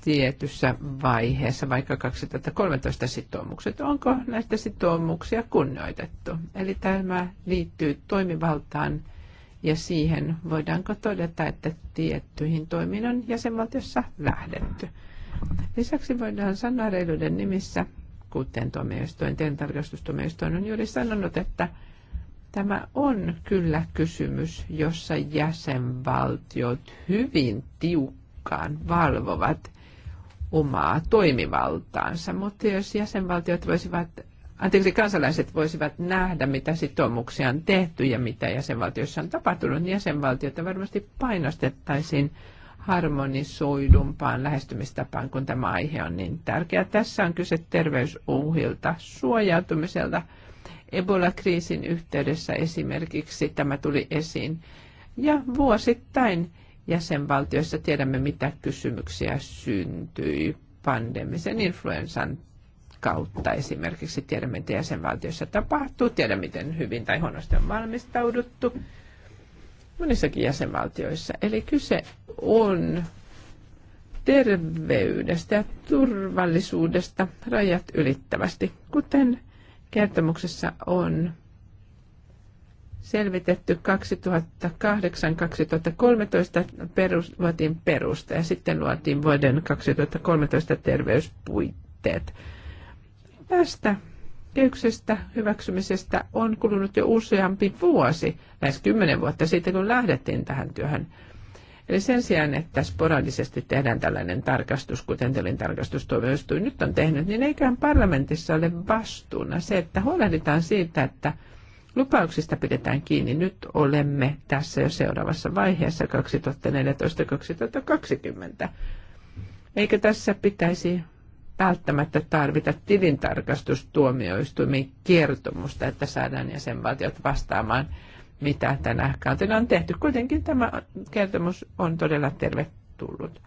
S2: tietyssä vaiheessa, vaikka 2013 sitoumukset. Onko näistä sitoumuksia kunnioitettu? Eli tämä liittyy toimivaltaan ja siihen voidaanko todeta, että tiettyihin toimiin on jäsenvaltiossa lähdetty. Lisäksi voidaan sanoa reiluuden nimissä, kuten tuomioistuin, tarkastustuomioistuin on juuri sanonut, että tämä on kyllä kysymys, jossa jäsenvaltiot hyvin tiukkaan valvovat omaa toimivaltaansa, mutta jos jäsenvaltiot voisivat, anteeksi kansalaiset voisivat nähdä, mitä sitoumuksia on tehty ja mitä jäsenvaltioissa on tapahtunut, niin jäsenvaltiota varmasti painostettaisiin harmonisoidumpaan lähestymistapaan, kun tämä aihe on niin tärkeä. Tässä on kyse terveysuhilta suojautumiselta. Ebola-kriisin yhteydessä esimerkiksi tämä tuli esiin. Ja vuosittain jäsenvaltioissa tiedämme, mitä kysymyksiä syntyi pandemisen influensan kautta esimerkiksi tiedämme, mitä jäsenvaltioissa tapahtuu, tiedämme, miten hyvin tai huonosti on valmistauduttu monissakin jäsenvaltioissa. Eli kyse on terveydestä ja turvallisuudesta rajat ylittävästi, kuten kertomuksessa on selvitetty 2008-2013 perus, luotiin perusta ja sitten luotiin vuoden 2013 terveyspuitteet. Tästä kehyksestä hyväksymisestä on kulunut jo useampi vuosi, lähes kymmenen vuotta siitä, kun lähdettiin tähän työhön. Eli sen sijaan, että sporadisesti tehdään tällainen tarkastus, kuten tarkastustuomioistuin nyt on tehnyt, niin eiköhän parlamentissa ole vastuuna se, että huolehditaan siitä, että – Lupauksista pidetään kiinni. Nyt olemme tässä jo seuraavassa vaiheessa 2014-2020. Eikö tässä pitäisi välttämättä tarvita tilintarkastustuomioistuimen kertomusta, että saadaan jäsenvaltiot vastaamaan, mitä tänä kautena on tehty. Kuitenkin tämä kertomus on todella tervetullut.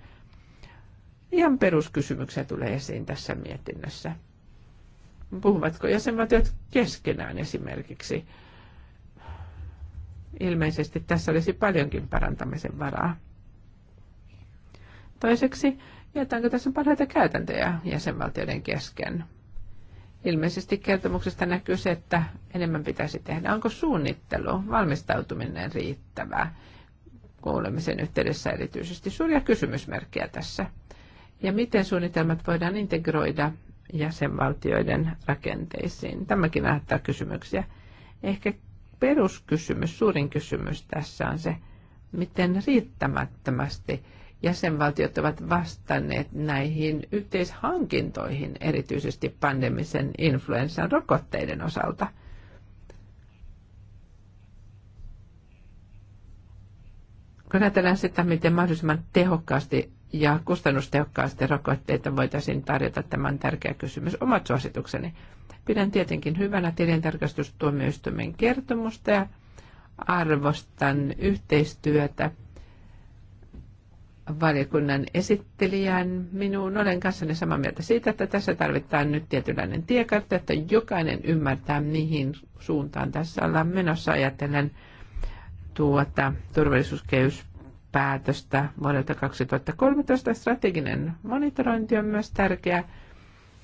S2: Ihan peruskysymyksiä tulee esiin tässä mietinnössä. Puhuvatko jäsenvaltiot keskenään esimerkiksi? Ilmeisesti tässä olisi paljonkin parantamisen varaa. Toiseksi, jätäänkö tässä parhaita käytäntöjä jäsenvaltioiden kesken? Ilmeisesti kertomuksesta näkyy se, että enemmän pitäisi tehdä. Onko suunnittelu, valmistautuminen riittävää? Kuulemisen yhteydessä erityisesti suuria kysymysmerkkejä tässä. Ja miten suunnitelmat voidaan integroida jäsenvaltioiden rakenteisiin? Tämäkin näyttää kysymyksiä. Ehkä peruskysymys, suurin kysymys tässä on se, miten riittämättömästi jäsenvaltiot ovat vastanneet näihin yhteishankintoihin, erityisesti pandemisen influenssan rokotteiden osalta. Kun ajatellaan sitä, miten mahdollisimman tehokkaasti ja kustannustehokkaasti rokotteita voitaisiin tarjota. tämän tärkeä kysymys. Omat suositukseni. Pidän tietenkin hyvänä tilintarkastustuomioistuimen kertomusta ja arvostan yhteistyötä valiokunnan esittelijän. Minun olen kanssani samaa mieltä siitä, että tässä tarvitaan nyt tietynlainen tiekartta, että jokainen ymmärtää, mihin suuntaan tässä ollaan menossa ajatellen tuota turvallisuuskehys päätöstä vuodelta 2013. Strateginen monitorointi on myös tärkeää.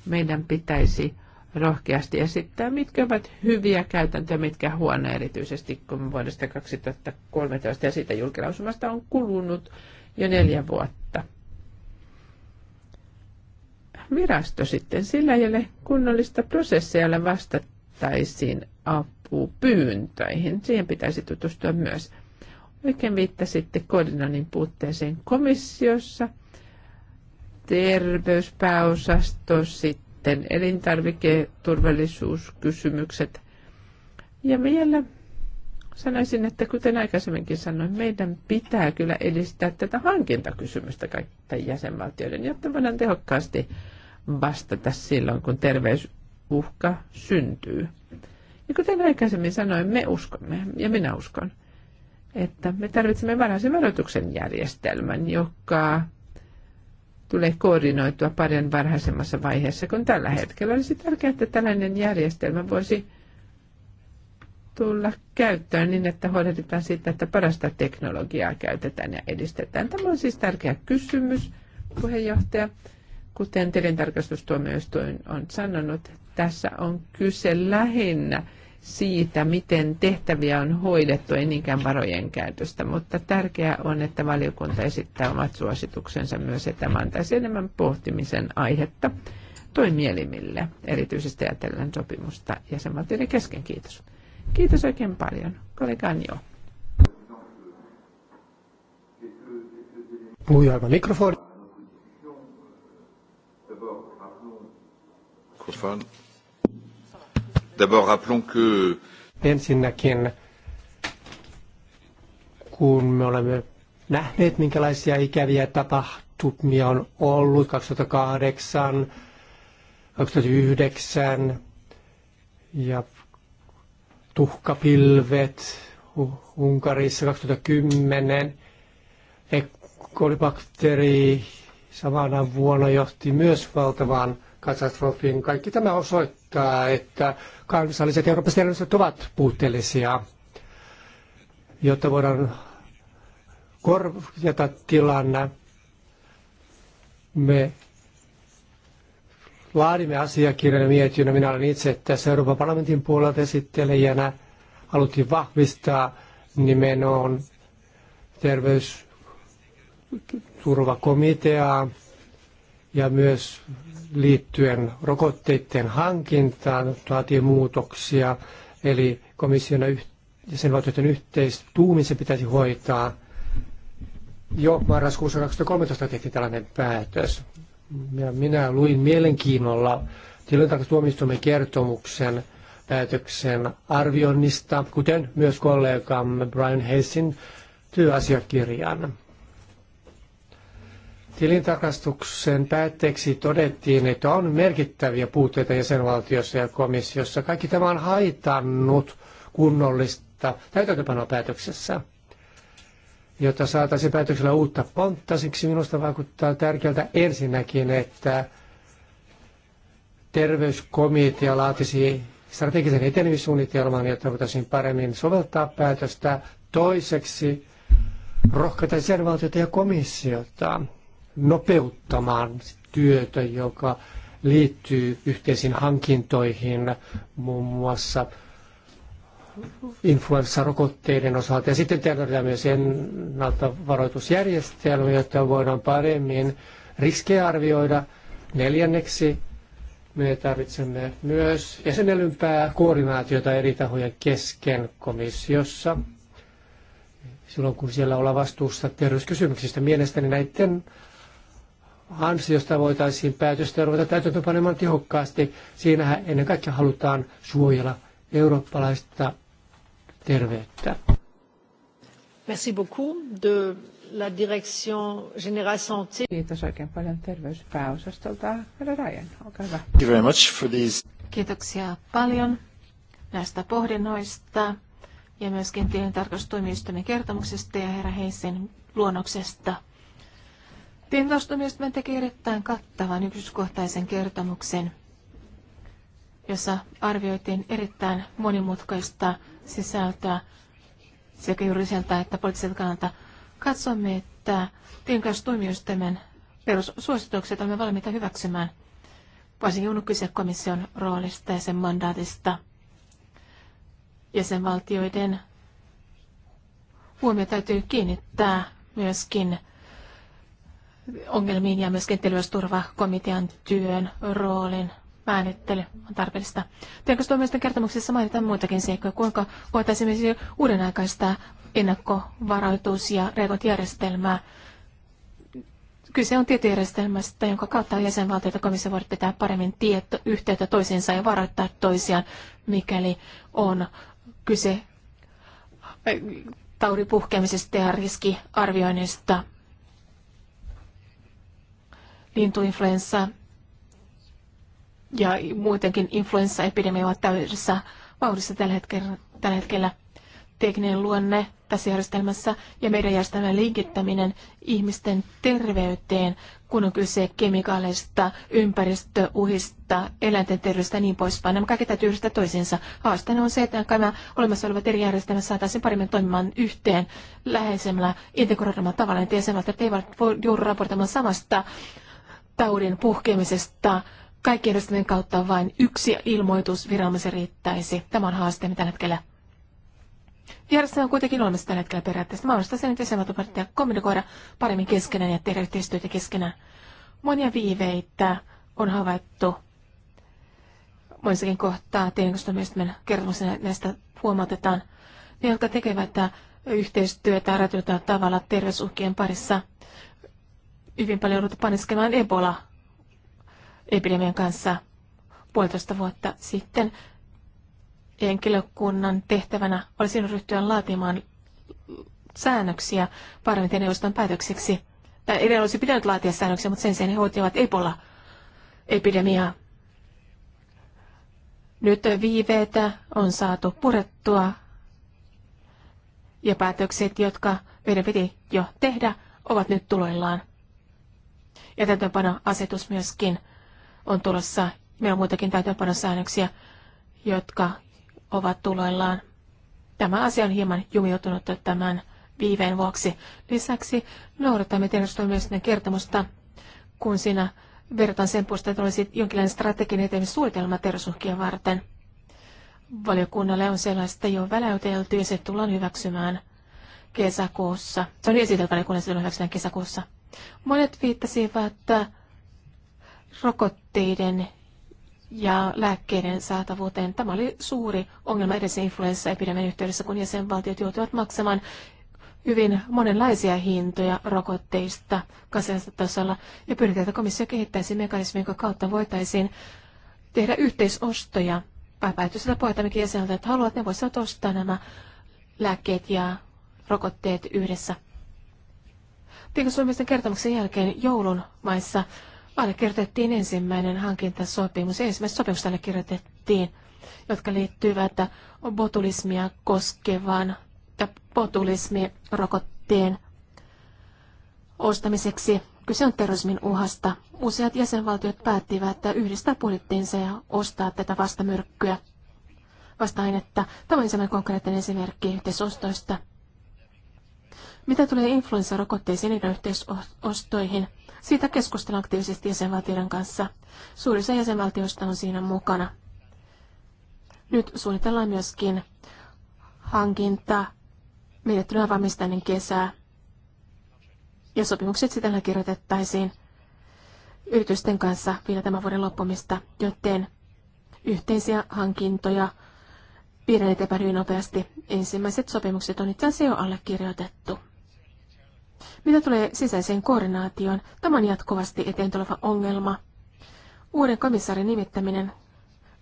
S2: Meidän pitäisi rohkeasti esittää, mitkä ovat hyviä käytäntöjä, mitkä huonoja, erityisesti kun vuodesta 2013 ja siitä julkilausumasta on kulunut jo neljä vuotta. Virasto sitten, sillä ei ole kunnollista prosessia, jolla vastattaisiin apupyyntöihin. Siihen pitäisi tutustua myös. Oikein viittasitte koordinoinnin puutteeseen komissiossa, terveyspääosasto sitten, elintarviketurvallisuuskysymykset. Ja vielä sanoisin, että kuten aikaisemminkin sanoin, meidän pitää kyllä edistää tätä hankintakysymystä kaikkien jäsenvaltioiden, jotta voidaan tehokkaasti vastata silloin, kun terveysuhka syntyy. Ja kuten aikaisemmin sanoin, me uskomme, ja minä uskon, että me tarvitsemme varhaisen varoituksen järjestelmän, joka tulee koordinoitua paljon varhaisemmassa vaiheessa kuin tällä hetkellä. Olisi tärkeää, että tällainen järjestelmä voisi tulla käyttöön niin, että huolehditaan siitä, että parasta teknologiaa käytetään ja edistetään. Tämä on siis tärkeä kysymys, puheenjohtaja. Kuten tilintarkastustuomioistuin on sanonut, tässä on kyse lähinnä – siitä, miten tehtäviä on hoidettu, eninkään varojen käytöstä, mutta tärkeää on, että valiokunta esittää omat suosituksensa myös, että tämä antaisi enemmän pohtimisen aihetta toimielimille, erityisesti ajatellen sopimusta jäsenvaltioiden kesken. Kiitos. Kiitos oikein paljon. Kollegaan jo.
S5: mikrofoni? Mikrofon. D'abord, rappelons que... Ensinnäkin, kun me olemme nähneet, minkälaisia ikäviä tapahtumia on ollut 2008, 2009 ja tuhkapilvet Unkarissa 2010. E- kolibakteeri samana vuonna johti myös valtavaan katastrofiin. Kaikki tämä osoittaa, osoittaa, että kansalliset Euroopan järjestelmät ovat puutteellisia, jotta voidaan korjata tilanne. Me laadimme asiakirjan ja mietinnön. Minä olen itse tässä Euroopan parlamentin puolelta esittelijänä. Haluttiin vahvistaa nimenomaan terveysturvakomiteaa ja myös liittyen rokotteiden hankintaan saatiin muutoksia, eli komission ja sen valtioiden yhteistuumin se pitäisi hoitaa. Jo marraskuussa 2013 tehtiin tällainen päätös. Ja minä luin mielenkiinnolla tilintarkastustuomioistuimen kertomuksen päätöksen arvioinnista, kuten myös kollegamme Brian Hessin työasiakirjan. Tilintarkastuksen päätteeksi todettiin, että on merkittäviä puutteita jäsenvaltiossa ja komissiossa. Kaikki tämä on haitannut kunnollista täytäntöpanopäätöksessä, jotta saataisiin päätöksellä uutta pontta. Siksi minusta vaikuttaa tärkeältä ensinnäkin, että terveyskomitea laatisi strategisen etenemissuunnitelman, jotta voitaisiin paremmin soveltaa päätöstä. Toiseksi rohkaita jäsenvaltiota ja komissiota nopeuttamaan työtä, joka liittyy yhteisiin hankintoihin, muun muassa influenssarokotteiden osalta. Ja sitten tehdään myös ennaltavaroitusjärjestelmiä, jotta voidaan paremmin riskejä arvioida. Neljänneksi me tarvitsemme myös jäsenelympää koordinaatiota eri tahojen kesken komissiossa, silloin kun siellä ollaan vastuussa terveyskysymyksistä. Mielestäni näiden ansiosta voitaisiin päätöstä ruveta täytäntöön panemaan tehokkaasti. Siinähän ennen kaikkea halutaan suojella eurooppalaista terveyttä.
S1: Merci beaucoup de la direction générale santé. Kiitos oikein
S4: paljon terveyspääosastolta. Herra Rajan, olkaa hyvä. Thank
S8: you very much for these.
S4: Kiitoksia paljon näistä pohdinnoista ja myöskin tilintarkastustoimistomme kertomuksesta ja herra Heisen luonnoksesta. Tilintarkastustuomioistuin teki erittäin kattavan yksityiskohtaisen kertomuksen, jossa arvioitiin erittäin monimutkaista sisältöä sekä juridiselta että poliittiselta kannalta. Katsomme, että tilintarkastustuomioistuimen perussuositukset olemme valmiita hyväksymään, varsinkin kun kyse komission roolista ja sen mandaatista. Jäsenvaltioiden huomio täytyy kiinnittää myöskin ongelmiin ja myöskin terveysturvakomitean työn roolin määrittely on tarpeellista. Työkastuomioisten kertomuksessa mainitaan muitakin seikkoja, kuinka voitaisiin esimerkiksi uuden aikaista ennakkovaroitus- ja reagointijärjestelmää. Kyse on tietojärjestelmästä, jonka kautta jäsenvaltioita komissio voivat pitää paremmin tieto, yhteyttä toisiinsa ja varoittaa toisiaan, mikäli on kyse äh, taudin puhkeamisesta ja riskiarvioinnista lintuinfluenssa ja muutenkin influenssaepidemia ovat täydessä vauhdissa tällä hetkellä, tällä hetkellä tekninen luonne tässä järjestelmässä ja meidän järjestelmän linkittäminen ihmisten terveyteen, kun on kyse kemikaaleista, ympäristöuhista, eläinten terveydestä ja niin poispäin. Nämä kaikki täytyy yhdistää toisiinsa. Haasteena on se, että nämä olemassa olevat eri järjestelmät saataisiin paremmin toimimaan yhteen läheisemmällä integroidulla tavalla, niin että ei voi joudu raportoimaan samasta taudin puhkeamisesta kaikkien edustajien kautta vain yksi ilmoitus viranomaisen riittäisi. Tämä on haaste tällä hetkellä. Järjestelmä on kuitenkin olemassa tällä hetkellä periaatteessa. olen sen, että jäsenvaltiopartia kommunikoida paremmin keskenään ja tehdä yhteistyötä keskenään. Monia viiveitä on havaittu monissakin kohtaa tiedonkustomiestamme kertomus näistä huomautetaan. Ne, jotka tekevät yhteistyötä rajoitetaan tavalla terveysuhkien parissa, hyvin paljon jouduttu paniskelemaan Ebola-epidemian kanssa puolitoista vuotta sitten. Henkilökunnan tehtävänä oli ryhtyä laatimaan säännöksiä parlamentin neuvoston päätökseksi. Tai edellä olisi pitänyt laatia säännöksiä, mutta sen sijaan he hoitivat Ebola-epidemiaa. Nyt viiveitä on saatu purettua ja päätökset, jotka meidän piti jo tehdä, ovat nyt tuloillaan. Ja asetus myöskin on tulossa. Meillä on muitakin täytäntöönpanosäännöksiä, jotka ovat tuloillaan. Tämä asia on hieman jumiutunut tämän viiveen vuoksi. Lisäksi noudatamme tiedostomiesten kertomusta, kun siinä verrataan sen puolesta, että olisi jonkinlainen strateginen eteenpäin suunnitelma terrosuhkia varten. Valiokunnalle on sellaista jo väläytelty ja se tullaan hyväksymään kesäkuussa. Se on esitelty valiokunnan silloin hyväksymään kesäkuussa. Monet viittasivat rokotteiden ja lääkkeiden saatavuuteen. Tämä oli suuri ongelma edessä influenssaepidemian yhteydessä, kun jäsenvaltiot joutuivat maksamaan hyvin monenlaisia hintoja rokotteista kansallisella tasolla ja pyritään, että komissio kehittäisi mekanismin, jonka kautta voitaisiin tehdä yhteisostoja päätösellä pohjalta, mikä jäsenvaltiot haluavat, ne voisivat ostaa nämä lääkkeet ja rokotteet yhdessä suomesta kertomuksen jälkeen joulun maissa allekirjoitettiin ensimmäinen hankintasopimus. Ensimmäiset sopimukset allekirjoitettiin, jotka liittyvät botulismia koskevaan tai botulismirokotteen ostamiseksi. Kyse on terrorismin uhasta. Useat jäsenvaltiot päättivät että yhdistää budjettiinsa ja ostaa tätä vastamyrkkyä. Vasta-ainetta. Tämä on ensimmäinen konkreettinen esimerkki yhteisostoista. Mitä tulee influenssarokotteisiin ja yhteisostoihin, siitä keskustellaan aktiivisesti jäsenvaltioiden kanssa. Suurin osa jäsenvaltioista on siinä mukana. Nyt suunnitellaan myöskin hankinta menettelyä avaamista ennen kesää. Ja sopimukset sitten kirjoitettaisiin yritysten kanssa vielä tämän vuoden loppumista, joten yhteisiä hankintoja viedään eteenpäin nopeasti. Ensimmäiset sopimukset on itse asiassa jo allekirjoitettu. Mitä tulee sisäiseen koordinaatioon, tämä on jatkuvasti eteen tuleva ongelma. Uuden komissaarin nimittäminen,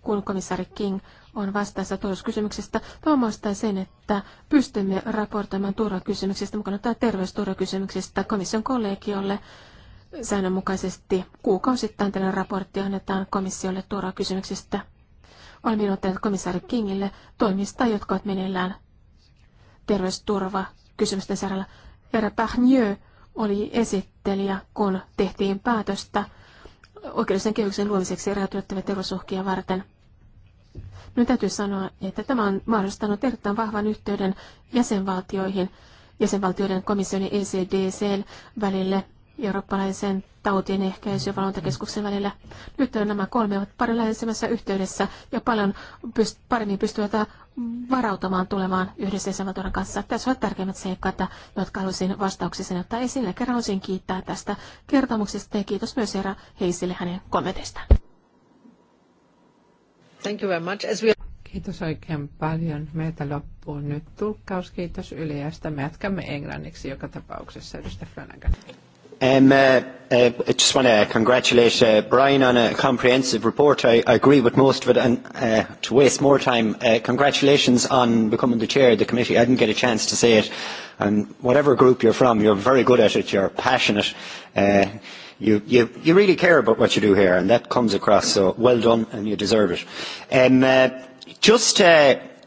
S4: kun komissaari King on vastaassa turvallisuuskysymyksestä, tuomastaa sen, että pystymme raportoimaan turvakysymyksistä, mukaan ottaa terveysturvakysymyksistä komission kollegiolle säännönmukaisesti kuukausittain tällainen raportti annetaan komissiolle turvakysymyksistä. Olemme ilmoittaneet komissaari Kingille toimista, jotka ovat meneillään terveysturva kysymysten saralla. Herra Parnieu oli esittelijä, kun tehtiin päätöstä oikeudellisen kehyksen luomiseksi räätyyttäviä terveysuhkia varten. Nyt täytyy sanoa, että tämä on mahdollistanut erittäin vahvan yhteyden jäsenvaltioihin, jäsenvaltioiden komission ECDC ECDCn välille eurooppalaisen tautien ehkäisy- ja valvontakeskuksen välillä. Nyt nämä kolme ovat paljon läheisemmässä yhteydessä ja paljon pyst- paremmin pystyvät varautumaan tulemaan yhdessä Salvadoran kanssa. Tässä ovat tärkeimmät seikat, jotka haluaisin vastauksissa ottaa esille. Kerran haluaisin kiittää tästä kertomuksesta ja kiitos myös Eera Heisille hänen kommenteistaan.
S2: Thank you very much. As we... Kiitos oikein paljon. Meiltä loppuu nyt tulkkaus. Kiitos Yli me jatkamme englanniksi joka tapauksessa. Edustaja Flanagan.
S6: Um, uh, uh, I just want to congratulate uh, Brian on a comprehensive report. I, I agree with most of it, and uh, to waste more time, uh, congratulations on becoming the chair of the committee. I didn't get a chance to say it, and whatever group you're from, you're very good at it. You're passionate. Uh, you, you, you really care about what you do here, and that comes across. So well done, and you deserve it. Um, uh, just. Uh,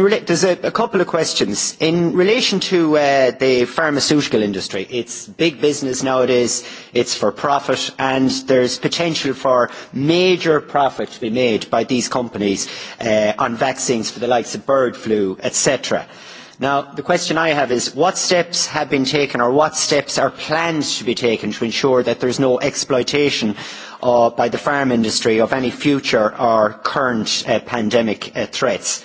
S6: there's a, couple of questions. In relation to uh, the pharmaceutical industry, it's big business nowadays, it's for profit, and there's potential for major profit to be made by these companies uh, on vaccines for the likes of bird flu, etc. Now, the question I have is, what steps have been taken or what steps are planned to be taken to ensure that there's no exploitation uh, by the pharma industry of any future or current pandemic threats?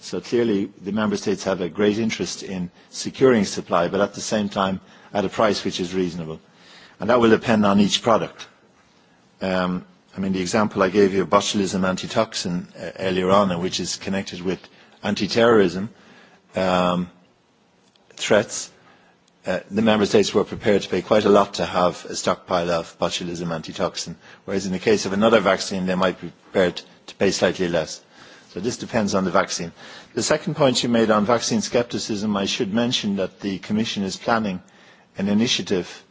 S8: So clearly, the member states have a great interest in securing supply, but at the same time, at a price which is reasonable. And that will depend on each product. Um, I mean, the example I gave you of botulism antitoxin uh, earlier on, which is connected with anti-terrorism um, threats, uh, the member states were prepared to pay quite a lot to have a stockpile of botulism antitoxin, whereas in the case of another vaccine, they might be prepared to pay slightly less. So this depends on the vaccine. The second point you made on vaccine skepticism, I should mention that the Commission is planning an initiative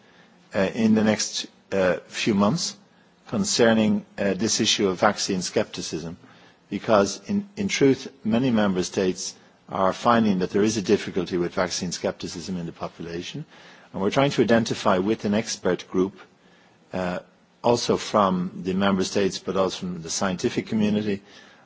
S8: uh, in the next uh, few months concerning uh, this issue of vaccine skepticism, because in, in truth, many member states are finding that there is a difficulty with vaccine skepticism in the population. And we're trying to identify with an expert group, uh, also from the member states, but also from the scientific community,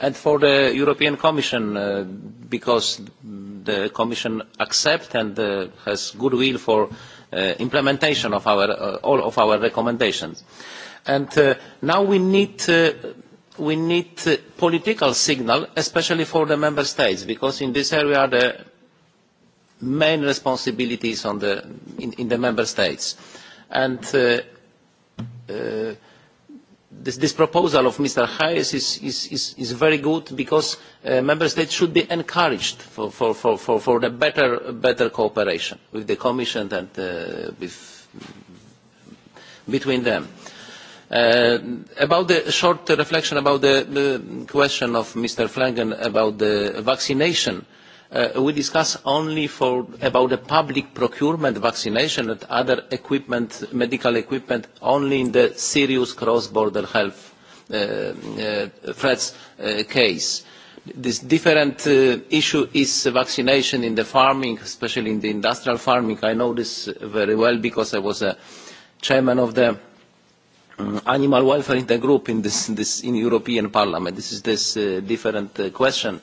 S3: and for the European Commission, uh, because the Commission accepts and uh, has goodwill for uh, implementation of our, uh, all of our recommendations. And uh, now we need, uh, we need uh, political signal, especially for the Member States, because in this area the main responsibilities on the, in, in the Member States. And uh, uh, this, this proposal of Mr. Hayes is, is, is, is very good because uh, member states should be encouraged for, for, for, for, for the better, better cooperation with the Commission and uh, with, between them. Uh, about the short reflection about the, the question of Mr. Flanagan about the vaccination, uh, Uh, we discuss only for, about the public procurement, vaccination and other equipment, medical equipment, only in the serious cross-border health uh, uh, threats uh, case. This different uh, issue is vaccination in the farming, especially in the industrial farming. I know this very well because I was a chairman of the uh, animal welfare intergroup in, in this, in European Parliament. This is this different question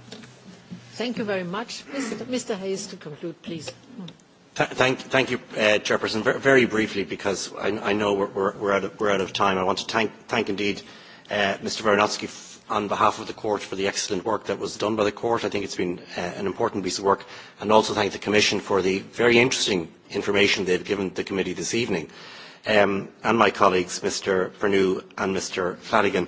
S1: Thank you very much. Mr. Hayes, to conclude, please.
S3: thank, thank
S7: you, uh, Chairperson. Very, very briefly, because I, I know we're, we're, we're, out of, we're out of time, I want to thank, thank indeed uh, Mr. Veronatsky on behalf of the court for the excellent work that was done by the court. I think it's been uh, an important piece of work, and also thank the Commission for the very interesting information they've given the committee this evening. Um, and my colleagues, Mr. Pernew and Mr. Flanagan,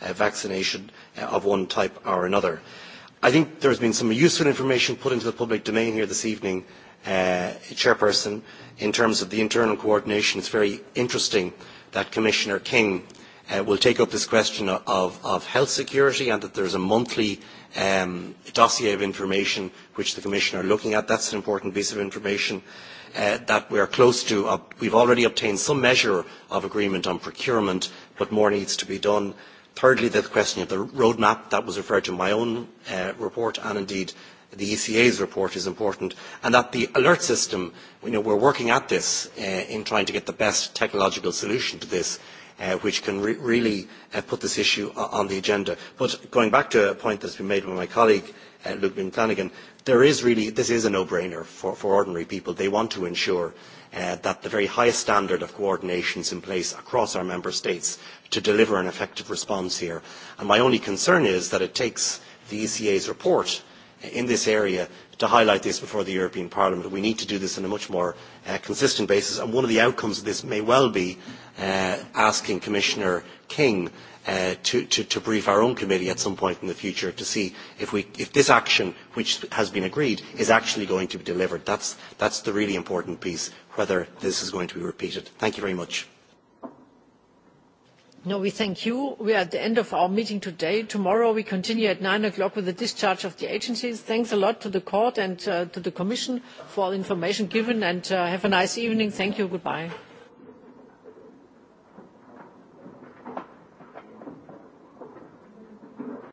S7: uh, vaccination uh, of one type or another. I think there has been some useful information put into the public domain here this evening, uh, Chairperson, in terms of the internal coordination. It's very interesting that Commissioner King uh, will take up this question of, of health security and that there's a monthly um, dossier of information which the Commission are looking at. That's an important piece of information uh, that we are close to. Uh, we've already obtained some measure of agreement on procurement, but more needs to be done. Thirdly, the question of the roadmap that was referred to in my own uh, report and indeed the ECA's report is important, and that the alert system, you know, we're working at this uh, in trying to get the best technological solution to this, uh, which can re- really uh, put this issue on the agenda. But going back to a point that's been made by my colleague, uh, Luke Flanagan, there is really, this is a no-brainer for, for ordinary people. They want to ensure Uh, that the very highest standard of coordination is in place across our member states to deliver an effective response here. And my only concern is that it takes the ECA's report in this area to highlight this before the European Parliament. We need to do this on a much more uh, consistent basis, and one of the outcomes of this may well be uh, asking Commissioner King uh, to, to, to brief our own committee at some point in the future to see if, we, if this action, which has been agreed, is actually going to be delivered. That's, that's the really important piece whether this is going to be repeated. Thank you very much.
S1: No, we thank you. We are at the end of our meeting today. Tomorrow we continue at 9 o'clock with the discharge of the agencies. Thanks a lot to the court and uh, to the commission for all information given and uh, have a nice evening. Thank you. Goodbye.